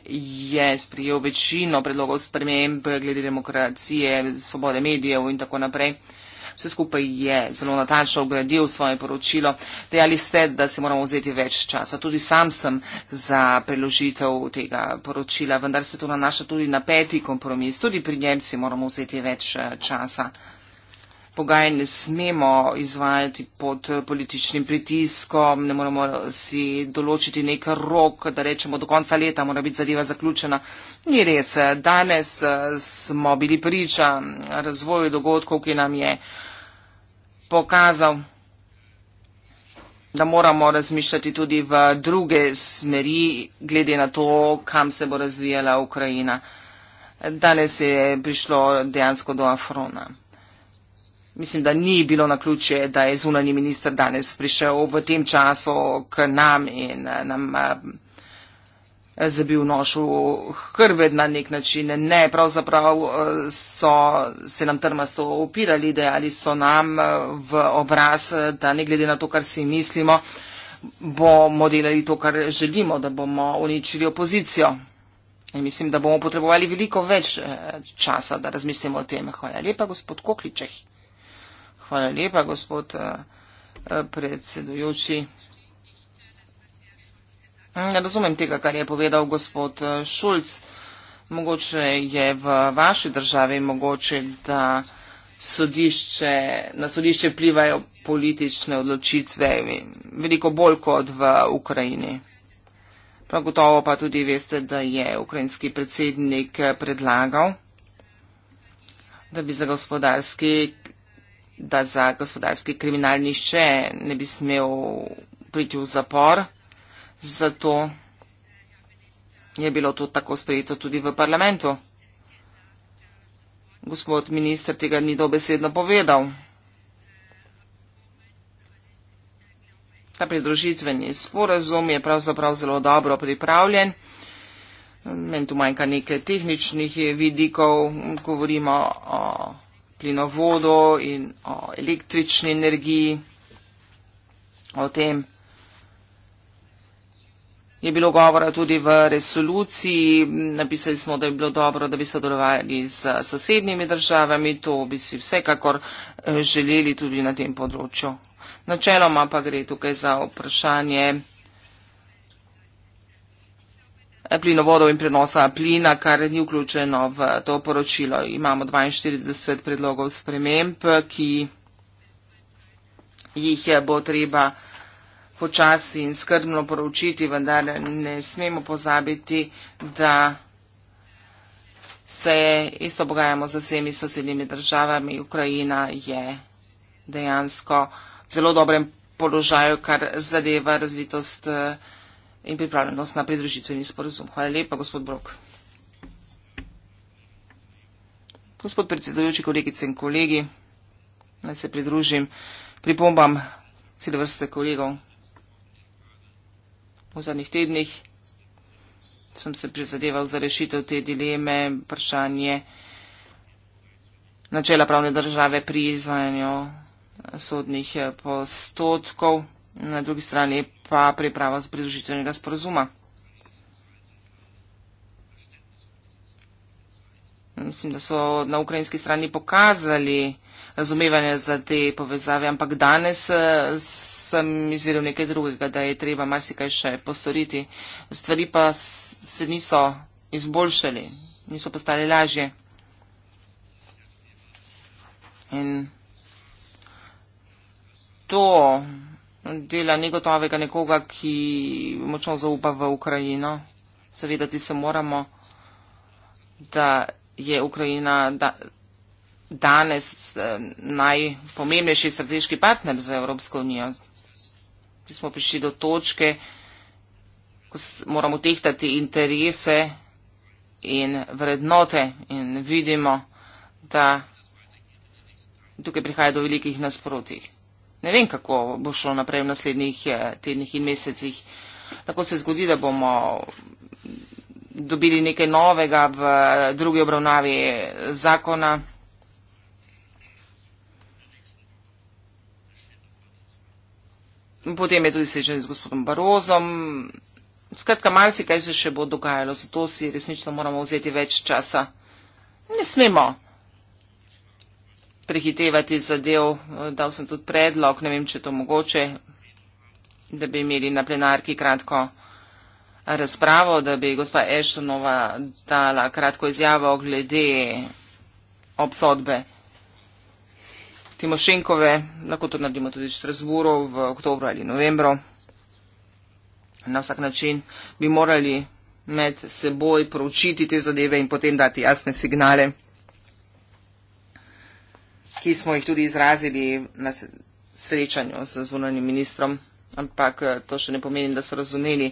je sprijel večino predlogov sprememb glede demokracije, svobode medijev in tako naprej. Vse skupaj je zelo natančno ugradil svoje poročilo. Dejali ste, da si moramo vzeti več časa. Tudi sam sem za preložitev tega poročila, vendar se to nanaša tudi na peti kompromis. Tudi pri njem si moramo vzeti več eh, časa pogaj ne smemo izvajati pod eh, političnim pritiskom, ne moremo si določiti neka rok, da rečemo do konca leta mora biti zadeva zaključena. Ni res. Danes eh, smo bili priča razvoju dogodkov, ki nam je pokazal da moramo razmišljati tudi v druge smeri, glede na to, kam se bo razvijala Ukrajina. Danes je prišlo dejansko do afrona. Mislim, da ni bilo na ključje, da je zunani minister danes prišel v tem času k nam in eh, nam eh, zabil nož v hrbet na nek način. Ne, pravzaprav eh, so se nam trmasto upirali, dejali so nam v obraz, da ne glede na to, kar si mislimo, bomo delali to, kar želimo, da bomo uničili opozicijo. In mislim, da bomo potrebovali veliko več časa, da razmislimo o tem. Hvala lepa, gospod Kokličeh. Hvala lepa, gospod eh, predsedujoči. Ne mm, razumem tega, kar je povedal gospod eh, Šulc. Mogoče je v vaši državi mogoče, da sodišče, na sodišče plivajo politične odločitve, veliko bolj kot v Ukrajini. Prav gotovo pa tudi veste, da je ukrajinski predsednik eh, predlagal, da bi za gospodarski da za gospodarski kriminal nišče ne bi smel priti v zapor. Zato je bilo to tako sprejeto tudi v parlamentu. Gospod minister tega ni dobesedno povedal. Ta pridružitveni sporazum je pravzaprav zelo dobro pripravljen. Meni tu manjka nekaj tehničnih vidikov, govorimo o plinovodu in o električni energiji, o tem je bilo govora tudi v resoluciji. Napisali smo, da bi bilo dobro, da bi sodelovali z sosednjimi državami. To bi si vsekakor eh, želeli tudi na tem področju. Načeloma pa gre tukaj za vprašanje plinovodov in prenosa plina, kar ni vključeno v to poročilo. Imamo 42 predlogov sprememb, ki jih bo treba počasi in skrbno poročiti, vendar ne smemo pozabiti, da se isto pogajamo z vsemi sosednjimi državami. Ukrajina je dejansko v zelo dobrem položaju, kar zadeva razvitost. Uh, in pripravljenost na pridružitveni sporozum. Hvala lepa, gospod Brok. Gospod predsedujoči, kolegice in kolegi, naj se pridružim pripombam cele vrste kolegov. V zadnjih tednih sem se prizadeval za rešitev te dileme, vprašanje načela pravne države pri izvajanju sodnih postotkov na drugi strani pa priprava z pridružitvenega sporazuma. Mislim, da so na ukrajinski strani pokazali razumevanje za te povezave, ampak danes eh, sem izvedel nekaj drugega, da je treba marsikaj še postoriti. Stvari pa se niso izboljšali, niso postale lažje. In to dela negotovega nekoga, ki močno zaupa v Ukrajino. Zavedati se moramo, da je Ukrajina da, danes eh, najpomembnejši strateški partner za Evropsko unijo. Ti smo prišli do točke, ko moramo tehtati interese in vrednote in vidimo, da tukaj prihaja do velikih nasprotij ne vem, kako bo šlo naprej v naslednjih eh, tednih in mesecih. Lahko se zgodi, da bomo dobili nekaj novega v eh, drugi obravnavi eh, zakona. Potem je tudi srečen z gospodom Barozom. Skratka, malce kaj se še bo dogajalo, zato si resnično moramo vzeti več časa. Ne smemo prehitevati zadev. Dal sem tudi predlog, ne vem, če je to mogoče, da bi imeli na plenarki kratko razpravo, da bi gospa Eštonova dala kratko izjavo glede obsodbe Timošenkove. Lahko to naredimo tudi v Štrasburu v oktobru ali novembru. Na vsak način bi morali med seboj proučiti te zadeve in potem dati jasne signale ki smo jih tudi izrazili na srečanju z zunanjim ministrom, ampak eh, to še ne pomeni, da so razumeli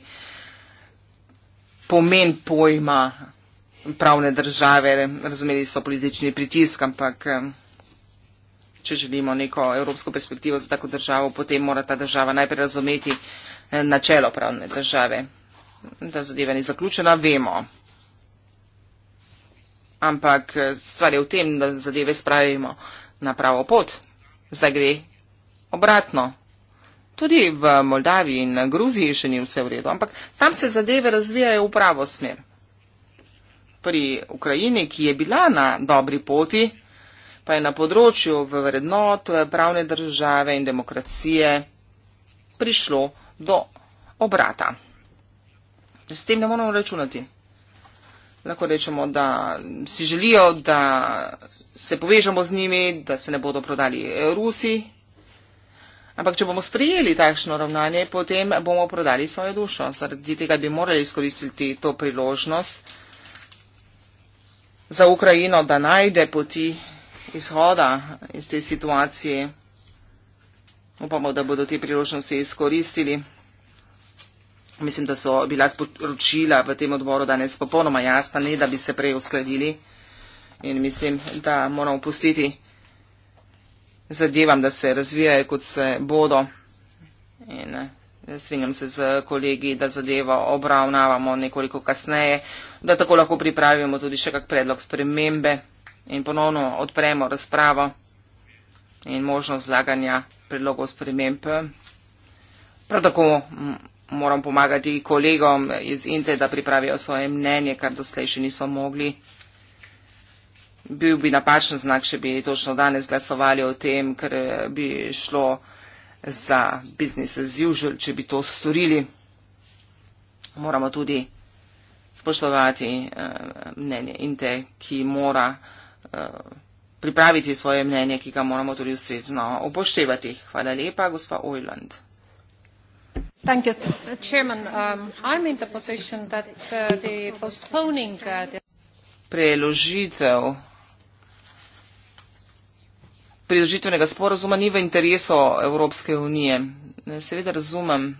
pomen pojma pravne države, razumeli so politični pritisk, ampak eh, če želimo neko evropsko perspektivo za tako državo, potem mora ta država najprej razumeti eh, načelo pravne države. Da zadeva ni zaključena, vemo. Ampak stvar je v tem, da zadeve spravimo na pravo pot. Zdaj gre obratno. Tudi v Moldaviji in Gruziji še ni vse v redu, ampak tam se zadeve razvijajo v pravo smer. Pri Ukrajini, ki je bila na dobri poti, pa je na področju vrednot pravne države in demokracije prišlo do obrata. S tem ne moramo računati lahko rečemo, da si želijo, da se povežemo z njimi, da se ne bodo prodali Rusi. Ampak, če bomo sprejeli takšno ravnanje, potem bomo prodali svojo dušo. Zaradi tega bi morali izkoristiti to priložnost za Ukrajino, da najde poti izhoda iz te situacije. Upamo, da bodo te priložnosti izkoristili mislim, da so bila sporočila v tem odboru danes popolnoma jasna, ne da bi se prej uskladili. In mislim, da moramo pustiti zadevam, da se razvijajo, kot se bodo. In eh, strinjam se z kolegi, da zadevo obravnavamo nekoliko kasneje, da tako lahko pripravimo tudi še kak predlog spremembe in ponovno odpremo razpravo in možnost vlaganja predlogov sprememb. Prav tako moram pomagati kolegom iz Inte, da pripravijo svoje mnenje, kar doslej še niso mogli. Bil bi napačen znak, če bi točno danes glasovali o tem, ker eh, bi šlo za business as usual, če bi to storili. Moramo tudi spoštovati eh, mnenje Inte, ki mora eh, pripraviti svoje mnenje, ki ga moramo tudi ustrezno upoštevati. Hvala lepa, gospa Ojland. Thank you, Chairman. Um, I'm in the position that uh, the postponing uh, the preložitev preložitvenega sporazuma ni v interesu Evropske unije. Seveda razumem,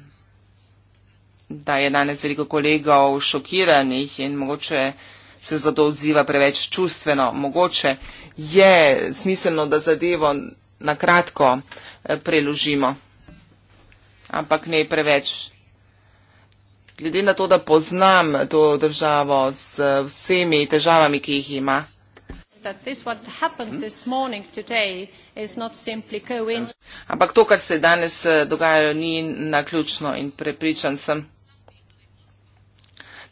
da je danes veliko kolegov šokiranih in mogoče se zato odziva preveč čustveno. Mogoče je smiselno, da zadevo na kratko eh, preložimo ampak ne preveč. Glede na to, da poznam to državo z vsemi težavami, ki jih ima. Ampak to, kar se danes eh, dogaja, ni naključno in prepričan sem,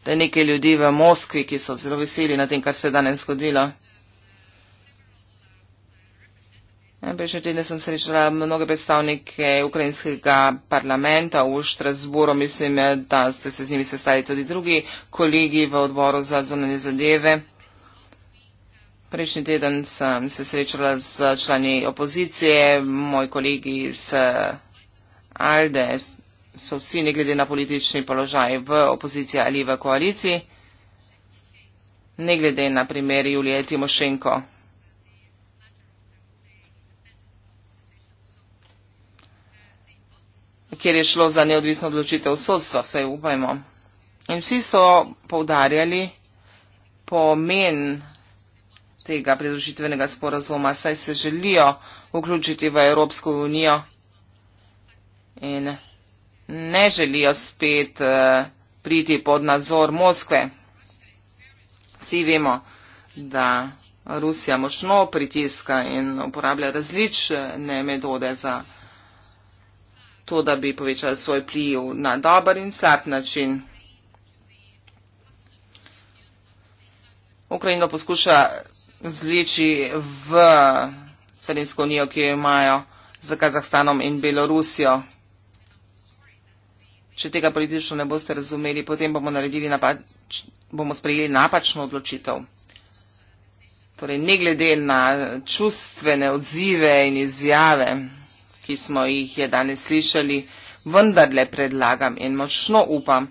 da nekaj ljudi v Moskvi, ki so zelo veseli na tem, kar se je danes zgodilo, Prejšnji teden sem srečala mnoge predstavnike ukrajinskega parlamenta v Štrasburu, mislim, da ste se z njimi sestali tudi drugi kolegi v odboru za zunanje zadeve. Prejšnji teden sem se srečala z člani opozicije, moji kolegi iz Alde so vsi, ne glede na politični položaj, v opoziciji ali v koaliciji, ne glede na primer Julije Timošenko. kjer je šlo za neodvisno odločitev sodstva, vse upajmo. In vsi so povdarjali pomen tega predružitvenega sporazuma, saj se želijo vključiti v Evropsko unijo in ne želijo spet eh, priti pod nadzor Moskve. Vsi vemo, da Rusija močno pritiska in uporablja različne metode za vsega to, da bi povečali svoj pliv na dober in slab način. Ukrajina poskuša zleči v carinsko unijo, ki jo imajo z Kazahstanom in Belorusijo. Če tega politično ne boste razumeli, potem bomo, naredili napač, bomo sprejeli napačno odločitev. Torej, ne glede na čustvene odzive in izjave ki smo jih je danes slišali, vendarle predlagam in močno upam,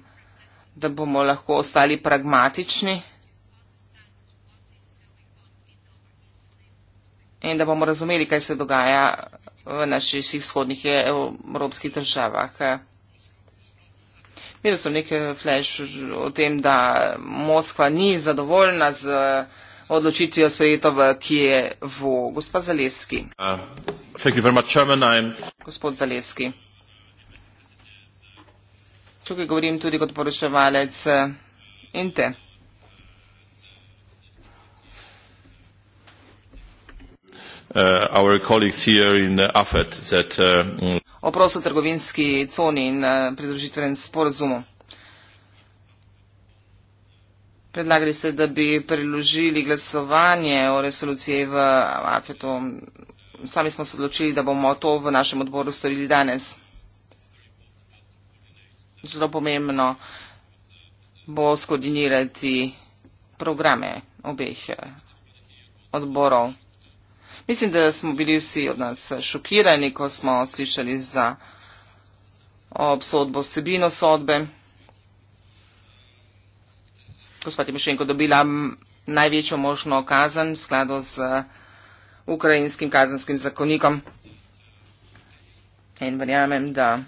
da bomo lahko ostali pragmatični in da bomo razumeli, kaj se dogaja v naših vzhodnih evropskih državah. Imel sem nekaj flash o tem, da Moskva ni zadovoljna z odločitvijo sprejeto v Kijevu. Gospa Zalevski. Uh. Thank you very much, Chairman. I'm... Gospod Zalevski. Tukaj govorim tudi kot poroševalec eh, INTE. Uh, our colleagues here in uh, AFET that... Uh, mm. O trgovinski coni in uh, pridružitvenem sporazumu. Predlagali ste, da bi priložili glasovanje o resoluciji v AFETu sami smo se odločili, da bomo to v našem odboru storili danes. Zelo pomembno bo skoordinirati programe obeh eh, odborov. Mislim, da smo bili vsi od nas šokirani, ko smo slišali za obsodbo vsebino sodbe. Gospod Timošenko dobila največjo možno kazen v skladu z ukrajinskim kazenskim zakonikom. In verjamem, da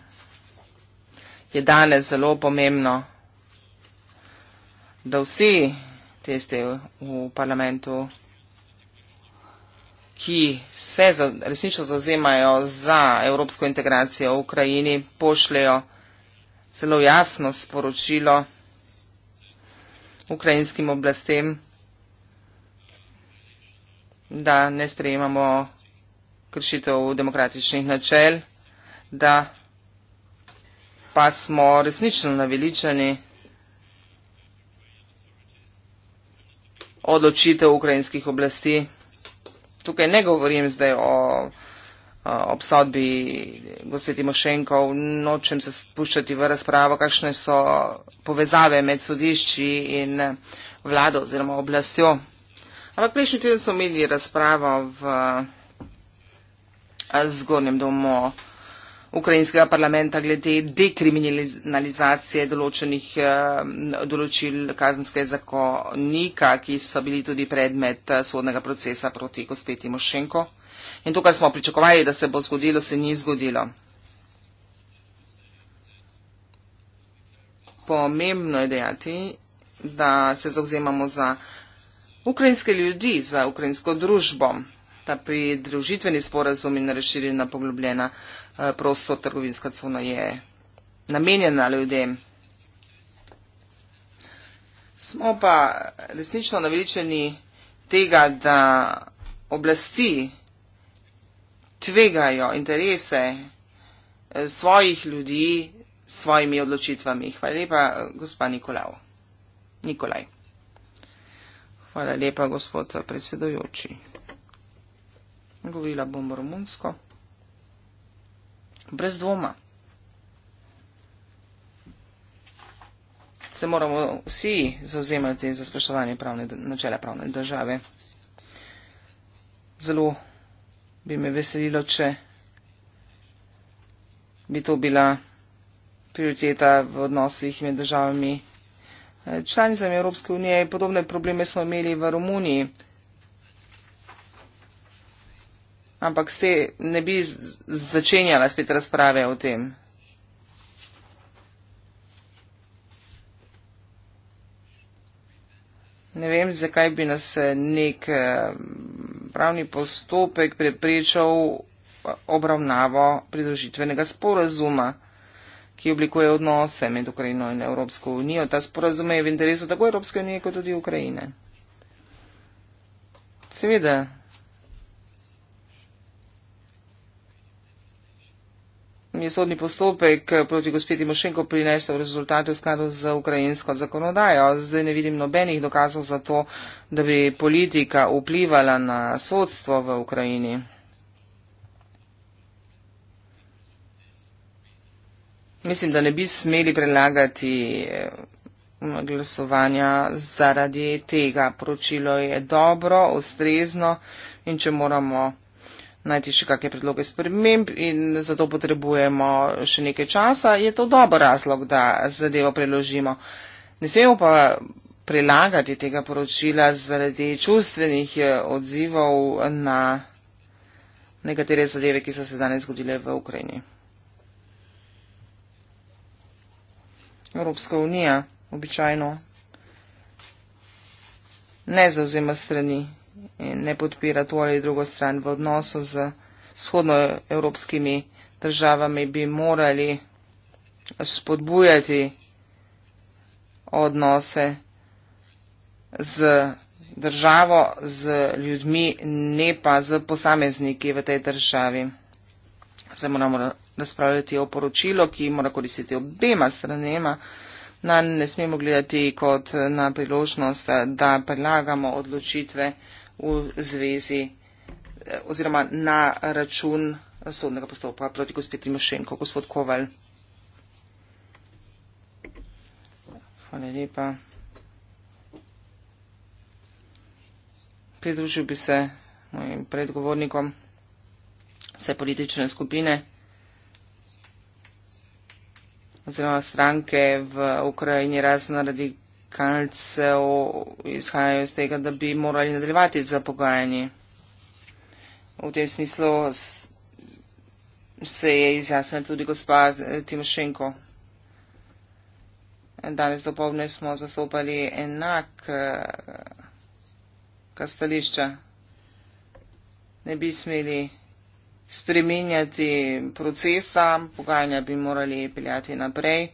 je danes zelo pomembno, da vsi tisti v parlamentu, ki se za, resnično zauzemajo za evropsko integracijo v Ukrajini, pošljajo zelo jasno sporočilo ukrajinskim oblastem, da ne sprejemamo kršitev demokratičnih načel, da pa smo resnično naveličani odločitev ukrajinskih oblasti. Tukaj ne govorim zdaj o obsodbi gospe Timošenko, nočem se spuščati v razpravo, kakšne so povezave med sodišči in vlado oziroma oblastjo. Ampak prejšnji teden smo imeli razpravo v zgornjem domu ukrajinskega parlamenta glede dekriminalizacije določenih določil kazenskega zakonika, ki so bili tudi predmet sodnega procesa proti gospeti Mošenko. In to, kar smo pričakovali, da se bo zgodilo, se ni zgodilo. Pomembno je dejati, da se zauzemamo za ukrajinske ljudi, za ukrajinsko družbo. Ta pridružitveni sporazum in razširjena poglobljena eh, prostotrgovinska cuna je namenjena ljudem. Smo pa resnično naveličeni tega, da oblasti tvegajo interese eh, svojih ljudi s svojimi odločitvami. Hvala lepa, gospa Nikolaj. Nikolaj. Hvala lepa, gospod predsedojoči. Govorila bom romunsko. Brez dvoma. Se moramo vsi zauzemati za spraševanje pravne, načela pravne države. Zelo bi me veselilo, če bi to bila prioriteta v odnosih med državami članicami Evropske unije. Podobne probleme smo imeli v Romuniji. Ampak ste ne bi začenjala spet razprave o tem. Ne vem, zakaj bi nas eh, nek eh, pravni postopek preprečal obravnavo pridružitvenega sporazuma ki oblikuje odnose med Ukrajino in Evropsko unijo. Ta sporazum je v interesu tako Evropske unije kot tudi Ukrajine. Seveda. Je sodni postopek proti gospodi Mošenko prinesel rezultate v skladu z ukrajinsko zakonodajo. Zdaj ne vidim nobenih dokazov za to, da bi politika vplivala na sodstvo v Ukrajini. Mislim, da ne bi smeli prelagati eh, glasovanja zaradi tega. Poročilo je dobro, ustrezno in če moramo najti še kakšne predloge sprememb in zato potrebujemo še nekaj časa, je to dober razlog, da zadevo preložimo. Ne smemo pa prelagati tega poročila zaradi čustvenih eh, odzivov na nekatere zadeve, ki so se danes zgodile v Ukrajini. Evropska unija običajno ne zauzema strani in ne podpira to ali drugo stran v odnosu z vzhodnoevropskimi državami, bi morali spodbujati odnose z državo, z ljudmi, ne pa z posamezniki v tej državi. Se moramo razpravljati o poročilu, ki mora koristiti obema stranema. Na ne smemo gledati kot na priložnost, da predlagamo odločitve v zvezi oziroma na račun sodnega postopka proti gospodu Timošenko. Gospod Koval. Hvala lepa. Pridružil bi se mojim predgovornikom vse politične skupine oziroma stranke v Ukrajini razen radikalcev izhajajo iz tega, da bi morali nadaljevati za pogajanji. V tem smislu se je izjasnila tudi gospa Timošenko. Danes dopolne smo zastopali enak eh, kastališča. Ne bi smeli spremenjati procesa, pogajanja bi morali peljati naprej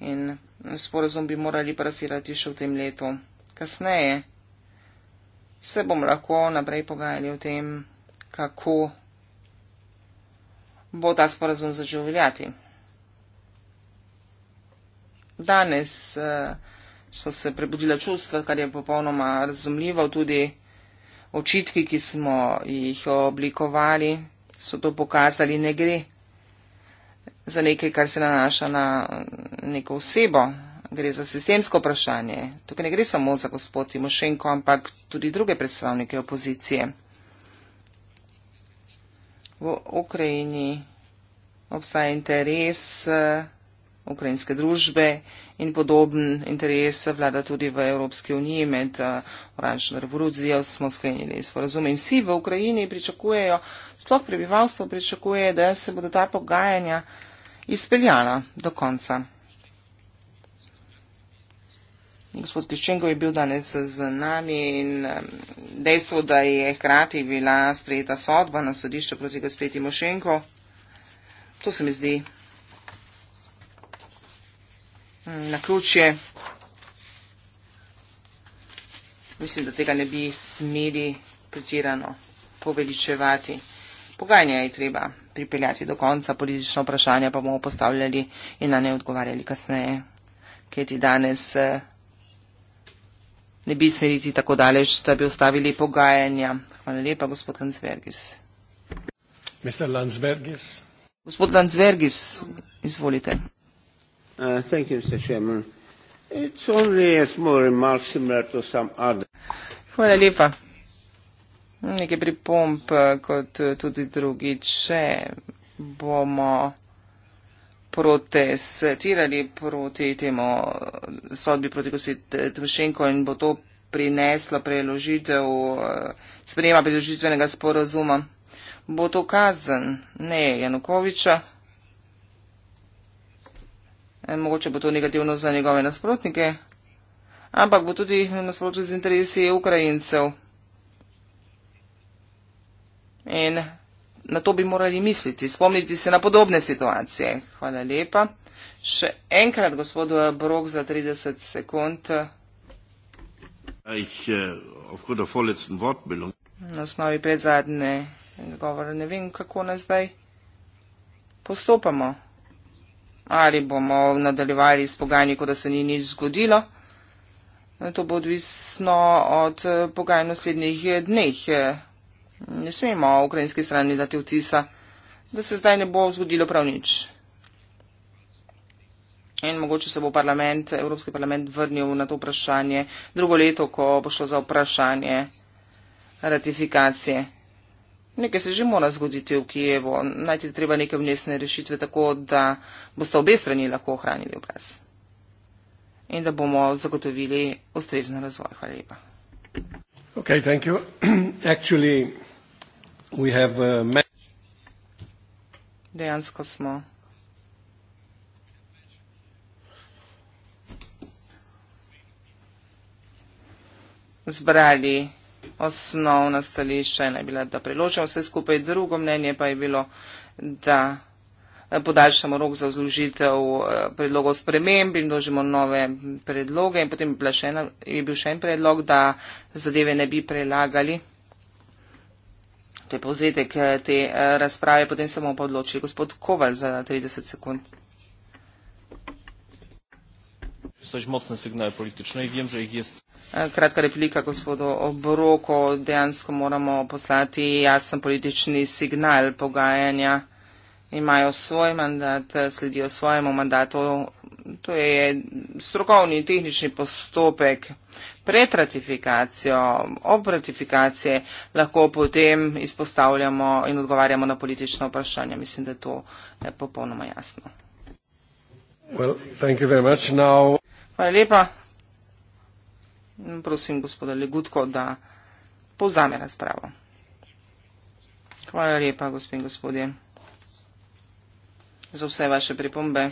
in sporozum bi morali parafirati še v tem letu. Kasneje se bom lahko naprej pogajali o tem, kako bo ta sporozum začel veljati. Danes eh, so se prebudila čustva, kar je popolnoma razumljivo, tudi očitki, ki smo jih oblikovali, so to pokazali, ne gre za nekaj, kar se nanaša na neko osebo. Gre za sistemsko vprašanje. Tukaj ne gre samo za gospod Timošenko, ampak tudi druge predstavnike opozicije. V Ukrajini obstaja interes eh, ukrajinske družbe in podoben interes vlada tudi v Evropski uniji med eh, oranžno revolucijo, smo sklenili sporozum. In vsi v Ukrajini pričakujejo, sploh prebivalstvo pričakuje, da se bodo ta pogajanja izpeljala do konca. Gospod Kriščenko je bil danes z nami in dejstvo, da je hkrati bila sprejeta sodba na sodišče proti gospodi Mošenko, to se mi zdi na ključje. Mislim, da tega ne bi smeli pretirano poveličevati. Pogajanja je treba pripeljati do konca, politično vprašanje pa bomo postavljali in na ne odgovarjali kasneje, ker ti danes eh, ne bi smeliti tako daleč, da bi ostavili pogajanja. Hvala lepa, gospod Lanzvergis. Mr. Lanzvergis. Gospod Lanzvergis, izvolite. Uh, thank you, Mr. Chairman. It's only a small remark similar to some other. Hvala lepa. Nekaj pripomp, uh, kot uh, tudi drugi, če bomo protestirali proti temu sodbi proti gospod eh, Tvšenko in bo to prineslo preložitev, sprejema preložitvenega sporozuma. Bo to kazen? Ne, Janukoviča. Eh, mogoče bo to negativno za njegove nasprotnike, ampak bo tudi nasprotno z interesi Ukrajincev. In na to bi morali misliti, spomniti se na podobne situacije. Hvala lepa. Še enkrat, gospod Brok, za 30 sekund. Ich, uh, na osnovi predzadnje govora ne vem, kako nas zdaj postopamo ali bomo nadaljevali s pogajanji, kot da se ni nič zgodilo. To bo odvisno od eh, pogajanj naslednjih eh, dneh. Eh, ne smemo ukrajinski strani dati vtisa, da se zdaj ne bo zgodilo prav nič. In mogoče se bo parlament, Evropski parlament vrnil na to vprašanje drugo leto, ko bo šlo za vprašanje ratifikacije. Nekaj se že mora zgoditi v Kijevu, najti treba neke mnesne rešitve tako, da boste obe strani lahko ohranili obraz in da bomo zagotovili ustrezen razvoj. Hvala lepa. Okay, thank you. [CLEARS THROAT] Actually, we have, uh, Dejansko smo. Zbrali osnovna stališča je bila, da preložimo vse skupaj. Drugo mnenje pa je bilo, da eh, podaljšamo rok za zložitev eh, predlogov sprememb in dožimo nove predloge. In potem je bil še en predlog, da zadeve ne bi prelagali. To je povzetek eh, te razprave, potem se bomo pa odločili. Gospod Koval za 30 sekund dosyć mocne sygnały polityczne i wiem, że ich jest. E, kratka replika gospodu Obroko. Dejansko moramo poslati jasen politični signal pogajanja. Imajo svoj mandat, sledijo svojemu mandatu. To je strokovni in tehnični postopek pred ratifikacijo, ob ratifikacije lahko potem izpostavljamo in odgovarjamo na politično vprašanje. Mislim, da to je eh, popolnoma jasno. Well, Hvala lepa. Prosim gospoda Legutko, da povzame razpravo. Hvala lepa, gospod in gospodje, za vse vaše pripombe,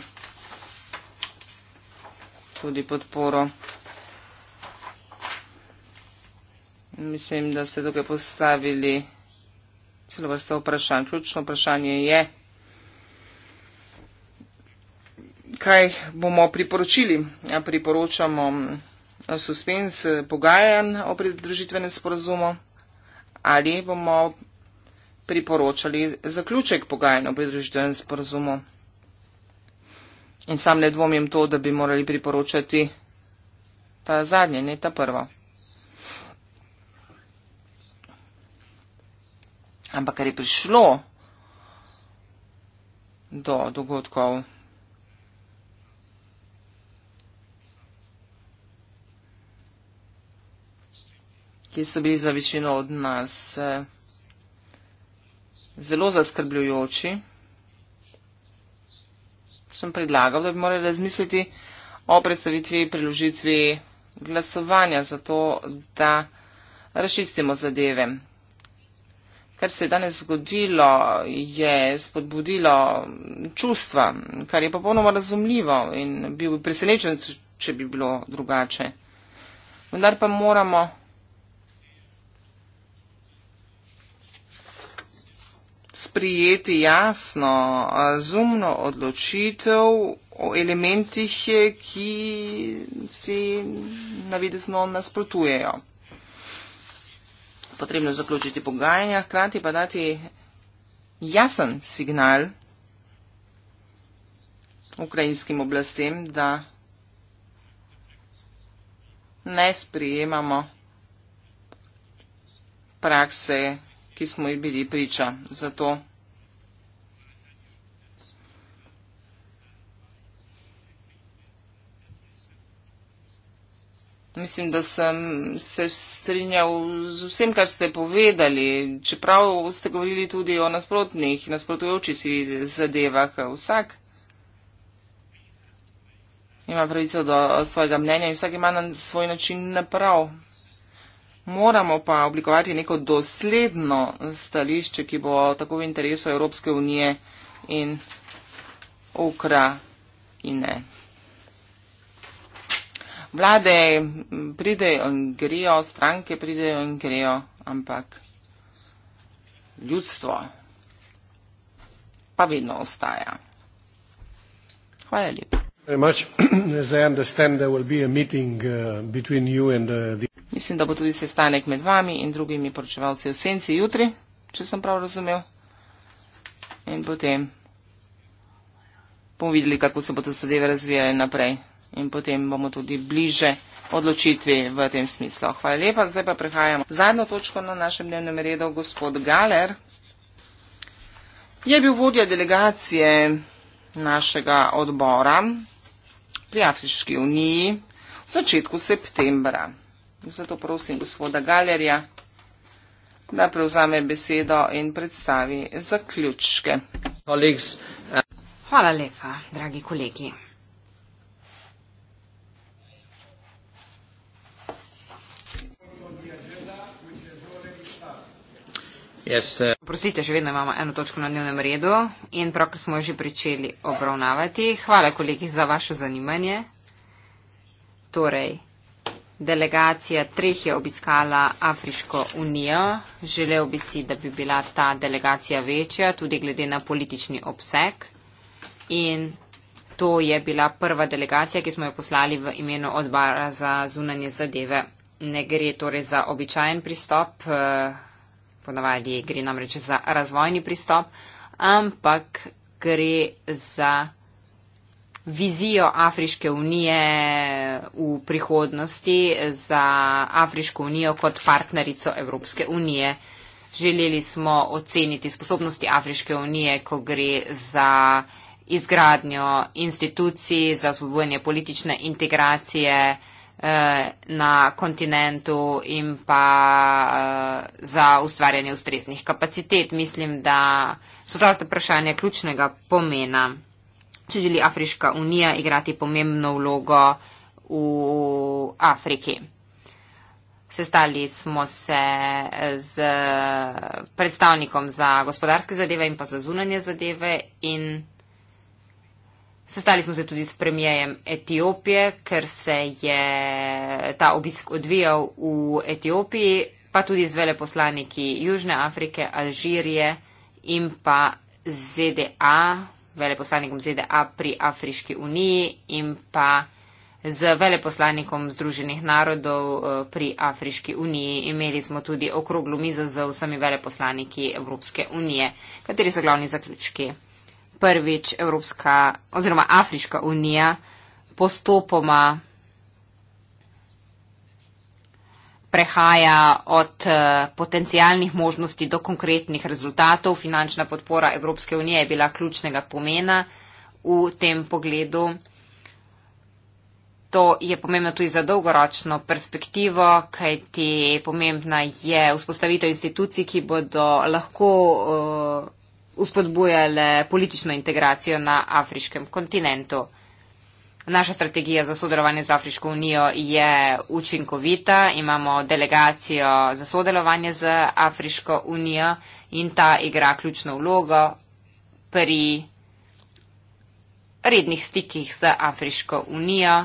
tudi podporo. Mislim, da ste tukaj postavili celo vrsto vprašanj. Ključno vprašanje je, kaj bomo priporočili. Ja, priporočamo mm, suspens eh, pogajanj o pridružitvenem sporazumu ali bomo priporočali zaključek pogajanj o pridružitvenem sporazumu. In sam ne dvomim to, da bi morali priporočati ta zadnje, ne ta prvo. Ampak kar je prišlo do dogodkov ki so bili za večino od nas eh, zelo zaskrbljujoči, sem predlagal, da bi morali razmisliti o predstavitvi in priložitvi glasovanja za to, da rašistimo zadeve. Kar se je danes zgodilo, je spodbudilo čustva, kar je popolnoma razumljivo in bil bi presenečen, če bi bilo drugače. Vendar pa moramo sprijeti jasno, razumno odločitev o elementih, ki si navidezno nasprotujejo. Potrebno je zaključiti pogajanja, hkrati pa dati jasen signal ukrajinskim oblastem, da ne sprijemamo prakse ki smo ji bili priča. Zato mislim, da sem se strinjal z vsem, kar ste povedali, čeprav ste govorili tudi o nasprotnih, nasprotujočih si zadevah vsak. Ima pravico do svojega mnenja in vsak ima na svoj način naprav. Moramo pa oblikovati neko dosledno stališče, ki bo tako v interesu Evropske unije in okra in ne. Vlade pridejo in grejo, stranke pridejo in grejo, ampak ljudstvo pa vedno ostaja. Hvala lepa very much [CLEARS THROAT] as I understand there will be a meeting uh, between you and uh, the Mislim, da bo tudi sestanek med vami in drugimi poročevalci v senci jutri, če sem prav razumel. In potem bomo videli, kako se bodo zadeve razvijale naprej. In potem bomo tudi bliže odločitvi v tem smislu. Hvala lepa, zdaj pa prehajamo. Zadnjo točko na našem dnevnem redu, gospod Galer, je bil vodja delegacije našega odbora pri Afriški uniji v začetku septembra. Zato prosim gospoda Galerja, da prevzame besedo in predstavi zaključke. Eh. Hvala lepa, dragi kolegi. Yes, uh... Prosite, še vedno imamo eno točko na dnevnem redu in pravkar smo jo že pričeli obravnavati. Hvala, kolegi, za vašo zanimanje. Torej, delegacija treh je obiskala Afriško unijo. Želel bi si, da bi bila ta delegacija večja, tudi glede na politični obseg. In to je bila prva delegacija, ki smo jo poslali v imenu odbora za zunanje zadeve. Ne gre torej za običajen pristop. Uh, ponavadi gre namreč za razvojni pristop, ampak gre za vizijo Afriške unije v prihodnosti, za Afriško unijo kot partnerico Evropske unije. Želeli smo oceniti sposobnosti Afriške unije, ko gre za izgradnjo institucij, za spodbojanje politične integracije, Eh, na kontinentu in pa uh, za ustvarjanje ustreznih kapacitet. Mislim, da so ta vprašanja ključnega pomena, če želi Afriška unija igrati pomembno vlogo v Afriki. Sestali smo se eh, z predstavnikom za gospodarske zadeve in pa za zunanje zadeve in. Sestali smo se tudi s premijejem Etiopije, ker se je ta obisk odvijal v Etiopiji, pa tudi z veleposlaniki Južne Afrike, Alžirije in pa ZDA, veleposlanikom ZDA pri Afriški uniji in pa z veleposlanikom Združenih narodov eh, pri Afriški uniji. Imeli smo tudi okroglo mizo z vsemi veleposlaniki Evropske unije. Kateri so glavni zaključki? prvič Evropska oziroma Afriška unija postopoma prehaja od eh, potencijalnih možnosti do konkretnih rezultatov. Finančna podpora Evropske unije je bila ključnega pomena v tem pogledu. To je pomembno tudi za dolgoročno perspektivo, kajti pomembna je vzpostavitev institucij, ki bodo lahko uh, uspodbujale politično integracijo na afriškem kontinentu. Naša strategija za sodelovanje z Afriško unijo je učinkovita, imamo delegacijo za sodelovanje z Afriško unijo in ta igra ključno vlogo pri rednih stikih z Afriško unijo.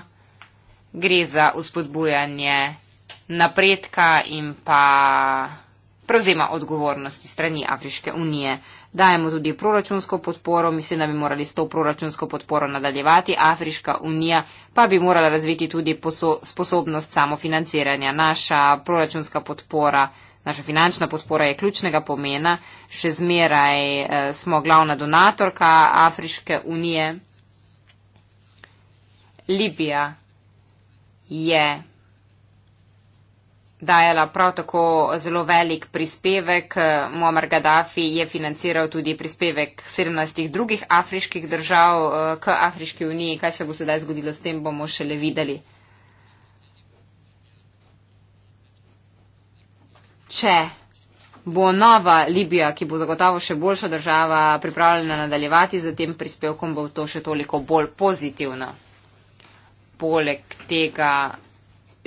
Gre za uspodbujanje napredka in pa prevzema odgovornosti strani Afriške unije. Dajemo tudi proračunsko podporo, mislim, da bi morali s to proračunsko podporo nadaljevati. Afriška unija pa bi morala razviti tudi sposobnost samofinanciranja. Naša proračunska podpora, naša finančna podpora je ključnega pomena. Še zmeraj eh, smo glavna donatorka Afriške unije. Libija je dajala prav tako zelo velik prispevek. Muammar Gaddafi je financiral tudi prispevek 17 drugih afriških držav eh, k Afriški uniji. Kaj se bo sedaj zgodilo s tem, bomo šele videli. Če bo nova Libija, ki bo zagotovo še boljša država, pripravljena nadaljevati z tem prispevkom, bo to še toliko bolj pozitivno. Poleg tega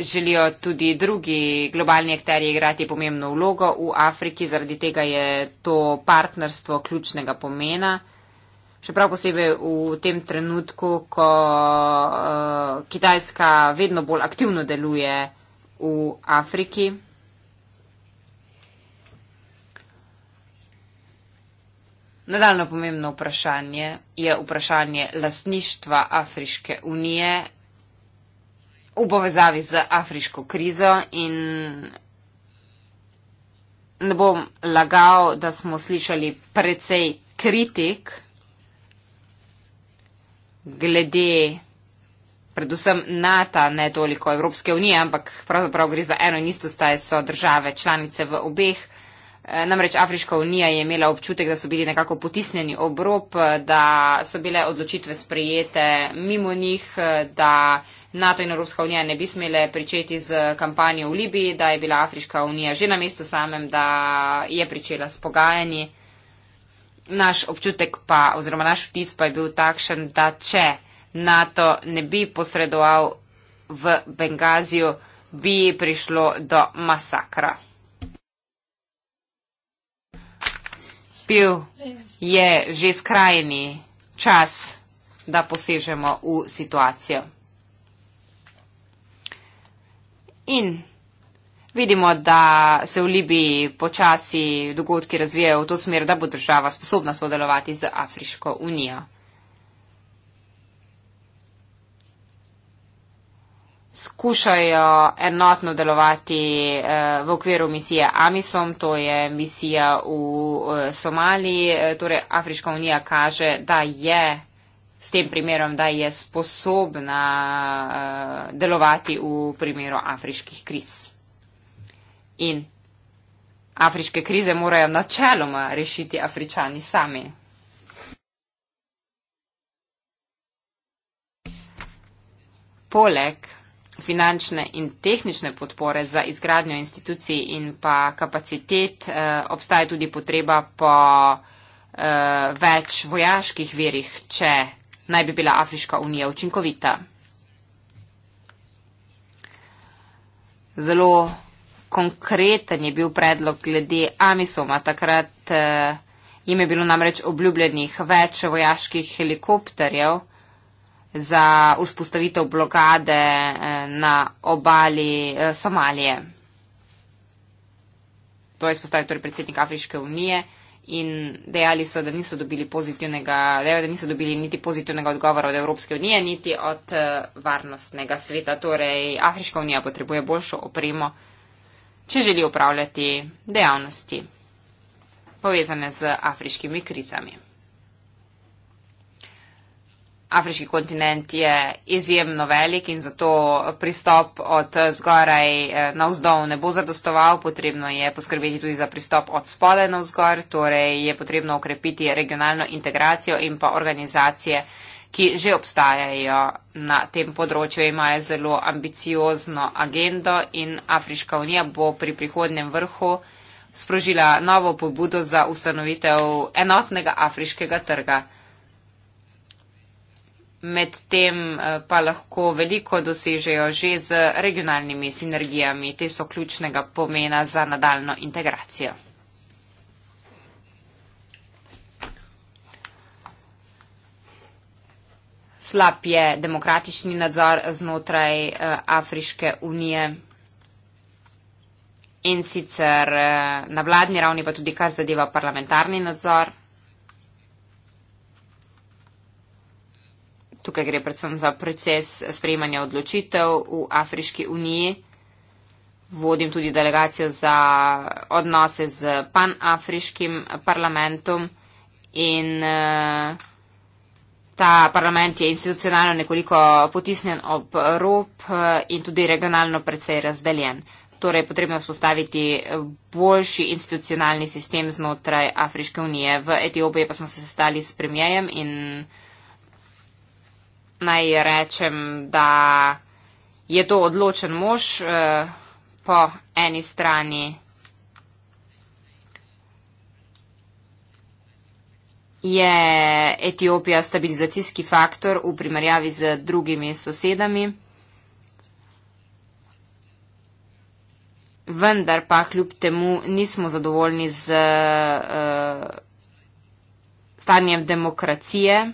želijo tudi drugi globalni akteri igrati pomembno vlogo v Afriki, zaradi tega je to partnerstvo ključnega pomena. Še prav posebej v tem trenutku, ko uh, Kitajska vedno bolj aktivno deluje v Afriki. Nadaljno pomembno vprašanje je vprašanje lasništva Afriške unije v povezavi z afriško krizo in ne bom lagal, da smo slišali precej kritik glede predvsem NATO, ne toliko Evropske unije, ampak pravzaprav gre za eno in isto staj so države članice v obeh Eh, namreč Afriška unija je imela občutek, da so bili nekako potisnjeni ob rob, eh, da so bile odločitve sprejete mimo njih, eh, da NATO in Evropska unija ne bi smele pričeti z kampanjo v Libiji, da je bila Afriška unija že na mestu samem, da je pričela s pogajanji. Naš občutek pa, oziroma naš vtis pa je bil takšen, da če NATO ne bi posredoval v Bengaziju, bi prišlo do masakra. prispel, je že skrajni čas, da posežemo v situacijo. In vidimo, da se v Libiji počasi dogodki razvijajo v to smer, da bo država sposobna sodelovati z Afriško unijo. skušajo enotno delovati eh, v okviru misije Amisom, to je misija v eh, Somaliji, eh, torej Afriška unija kaže, da je s tem primerom, da je sposobna delovati v primeru afriških kriz. In afriške krize morajo načeloma rešiti afričani sami. Poleg finančne in tehnične podpore za izgradnjo institucij in pa kapacitet, eh, obstaja tudi potreba po eh, več vojaških verih, če naj bi bila Afriška unija učinkovita. Zelo konkreten je bil predlog glede Amisoma. Takrat eh, jim je bilo namreč obljubljenih več vojaških helikopterjev za vzpostavitev blokade eh, na obali eh, Somalije. To je izpostavil torej predsednik Afriške unije in dejali so, da niso dobili pozitivnega, dejali, da niso dobili niti pozitivnega odgovora od Evropske unije, niti od eh, varnostnega sveta. Torej, Afriška unija potrebuje boljšo opremo, če želi upravljati dejavnosti povezane z afriškimi krizami afriški kontinent je izjemno velik in zato pristop od zgoraj eh, navzdol ne bo zadostoval, potrebno je poskrbeti tudi za pristop od spodaj navzgor, torej je potrebno okrepiti regionalno integracijo in pa organizacije, ki že obstajajo na tem področju, imajo zelo ambiciozno agendo in Afriška unija bo pri prihodnem vrhu sprožila novo pobudo za ustanovitev enotnega afriškega trga medtem eh, pa lahko veliko dosežejo že z regionalnimi sinergijami. Te so ključnega pomena za nadaljno integracijo. Slab je demokratični nadzor znotraj eh, Afriške unije in sicer eh, na vladni ravni, pa tudi kar zadeva parlamentarni nadzor. tukaj gre predvsem za proces sprejemanja odločitev v Afriški uniji. Vodim tudi delegacijo za odnose z panafriškim parlamentom in eh, ta parlament je institucionalno nekoliko potisnjen ob rob eh, in tudi regionalno precej razdeljen. Torej, potrebno je spostaviti eh, boljši institucionalni sistem znotraj Afriške unije. V Etiopiji pa smo se sestali s premijejem in naj rečem, da je to odločen mož eh, po eni strani. Je Etiopija stabilizacijski faktor v primerjavi z drugimi sosedami, vendar pa kljub temu nismo zadovoljni z uh, stanjem demokracije.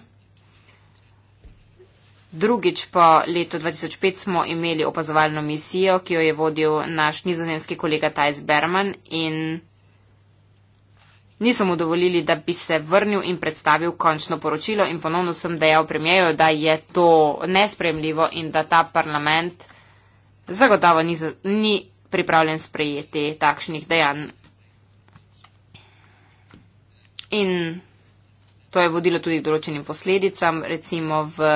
Drugič po letu 2005 smo imeli opazovalno misijo, ki jo je vodil naš nizozemski kolega Tajs Berman in niso mu dovolili, da bi se vrnil in predstavil končno poročilo in ponovno sem dejal premijeju, da je to nespremljivo in da ta parlament zagotovo ni, ni pripravljen sprejeti takšnih dejanj. In to je vodilo tudi k določenim posledicam, recimo v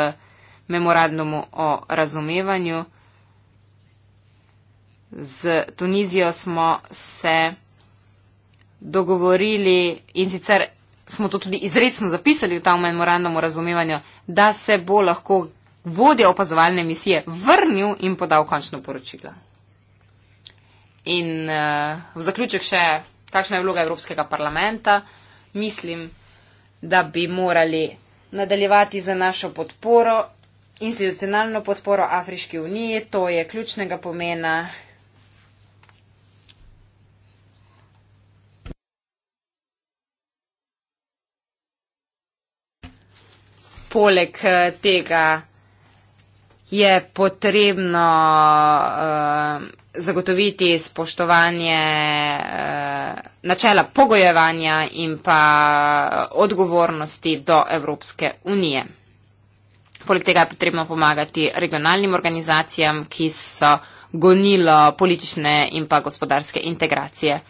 memorandumu o razumevanju. Z Tunizijo smo se dogovorili in sicer smo to tudi izredno zapisali v ta memorandum o razumevanju, da se bo lahko vodja opazovalne misije vrnil in podal končno poročilo. In uh, v zaključek še, kakšna je vloga Evropskega parlamenta. Mislim, da bi morali nadaljevati za našo podporo institucionalno podporo Afriški uniji, to je ključnega pomena. Poleg eh, tega je potrebno uh, zagotoviti spoštovanje uh, načela pogojevanja in pa odgovornosti do Evropske unije. Poleg tega je potrebno pomagati regionalnim organizacijam, ki so gonilo politične in pa gospodarske integracije.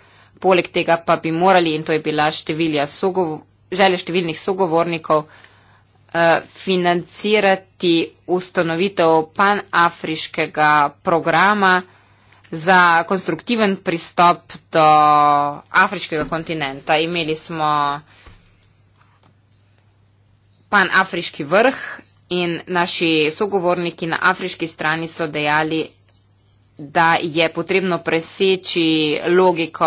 Poleg tega pa bi morali, in to je bila sogov, želja številnih sogovornikov, eh, financirati ustanovitev panafriškega programa za konstruktiven pristop do afriškega kontinenta. Imeli smo panafriški vrh In naši sogovorniki na afriški strani so dejali, da je potrebno preseči logiko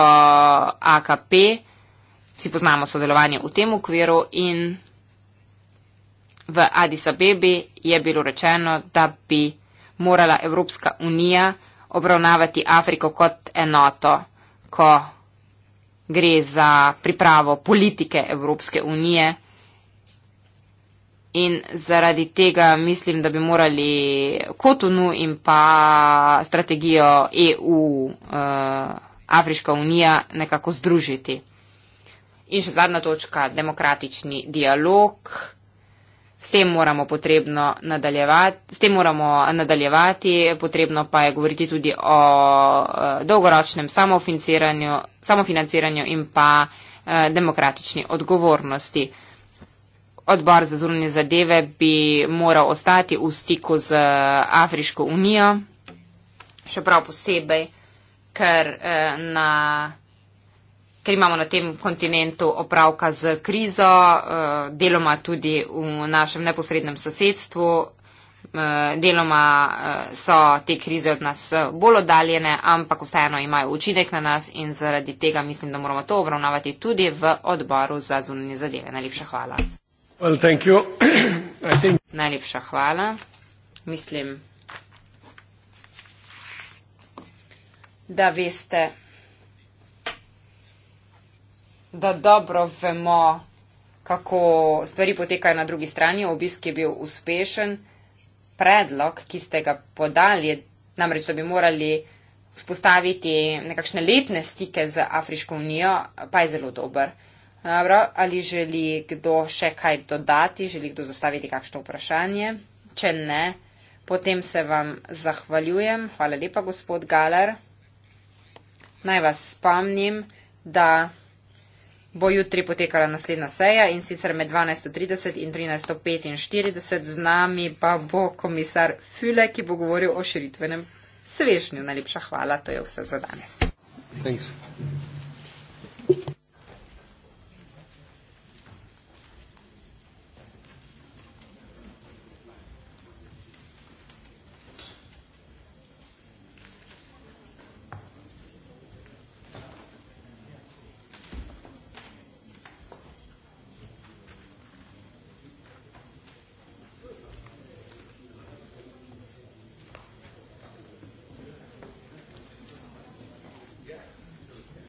AKP, vsi poznamo sodelovanje v tem okviru in v Addis Abebi je bilo rečeno, da bi morala Evropska unija obravnavati Afriko kot enoto, ko gre za pripravo politike Evropske unije. In zaradi tega mislim, da bi morali Kotonu in pa strategijo EU, eh, Afriška unija, nekako združiti. In še zadnja točka, demokratični dialog. S tem moramo, potrebno nadaljevati, s tem moramo nadaljevati, potrebno pa je govoriti tudi o eh, dolgoročnem samofinanciranju in pa eh, demokratični odgovornosti odbor za zunanje zadeve bi moral ostati v stiku z eh, Afriško unijo, še prav posebej, ker, eh, na, ker imamo na tem kontinentu opravka z krizo, eh, deloma tudi v našem neposrednem sosedstvu, eh, deloma eh, so te krize od nas eh, bolj oddaljene, ampak vseeno imajo učinek na nas in zaradi tega mislim, da moramo to obravnavati tudi v odboru za zunanje zadeve. Najlepša hvala. Well, thank you. [CLEARS THROAT] I think... Najlepša hvala. Mislim, da veste, da dobro vemo, kako stvari potekajo na drugi strani. Obisk je bil uspešen. Predlog, ki ste ga podali, namreč, da bi morali spostaviti nekakšne letne stike z Afriško unijo, pa je zelo dober. Dobro, ali želi kdo še kaj dodati, želi kdo zastaviti kakšno vprašanje? Če ne, potem se vam zahvaljujem. Hvala lepa, gospod Galar. Naj vas spomnim, da bo jutri potekala naslednja seja in sicer med 12.30 in 13.45 z nami pa bo komisar Füle, ki bo govoril o širitvenem svežnju. Najlepša hvala, to je vse za danes. Thanks.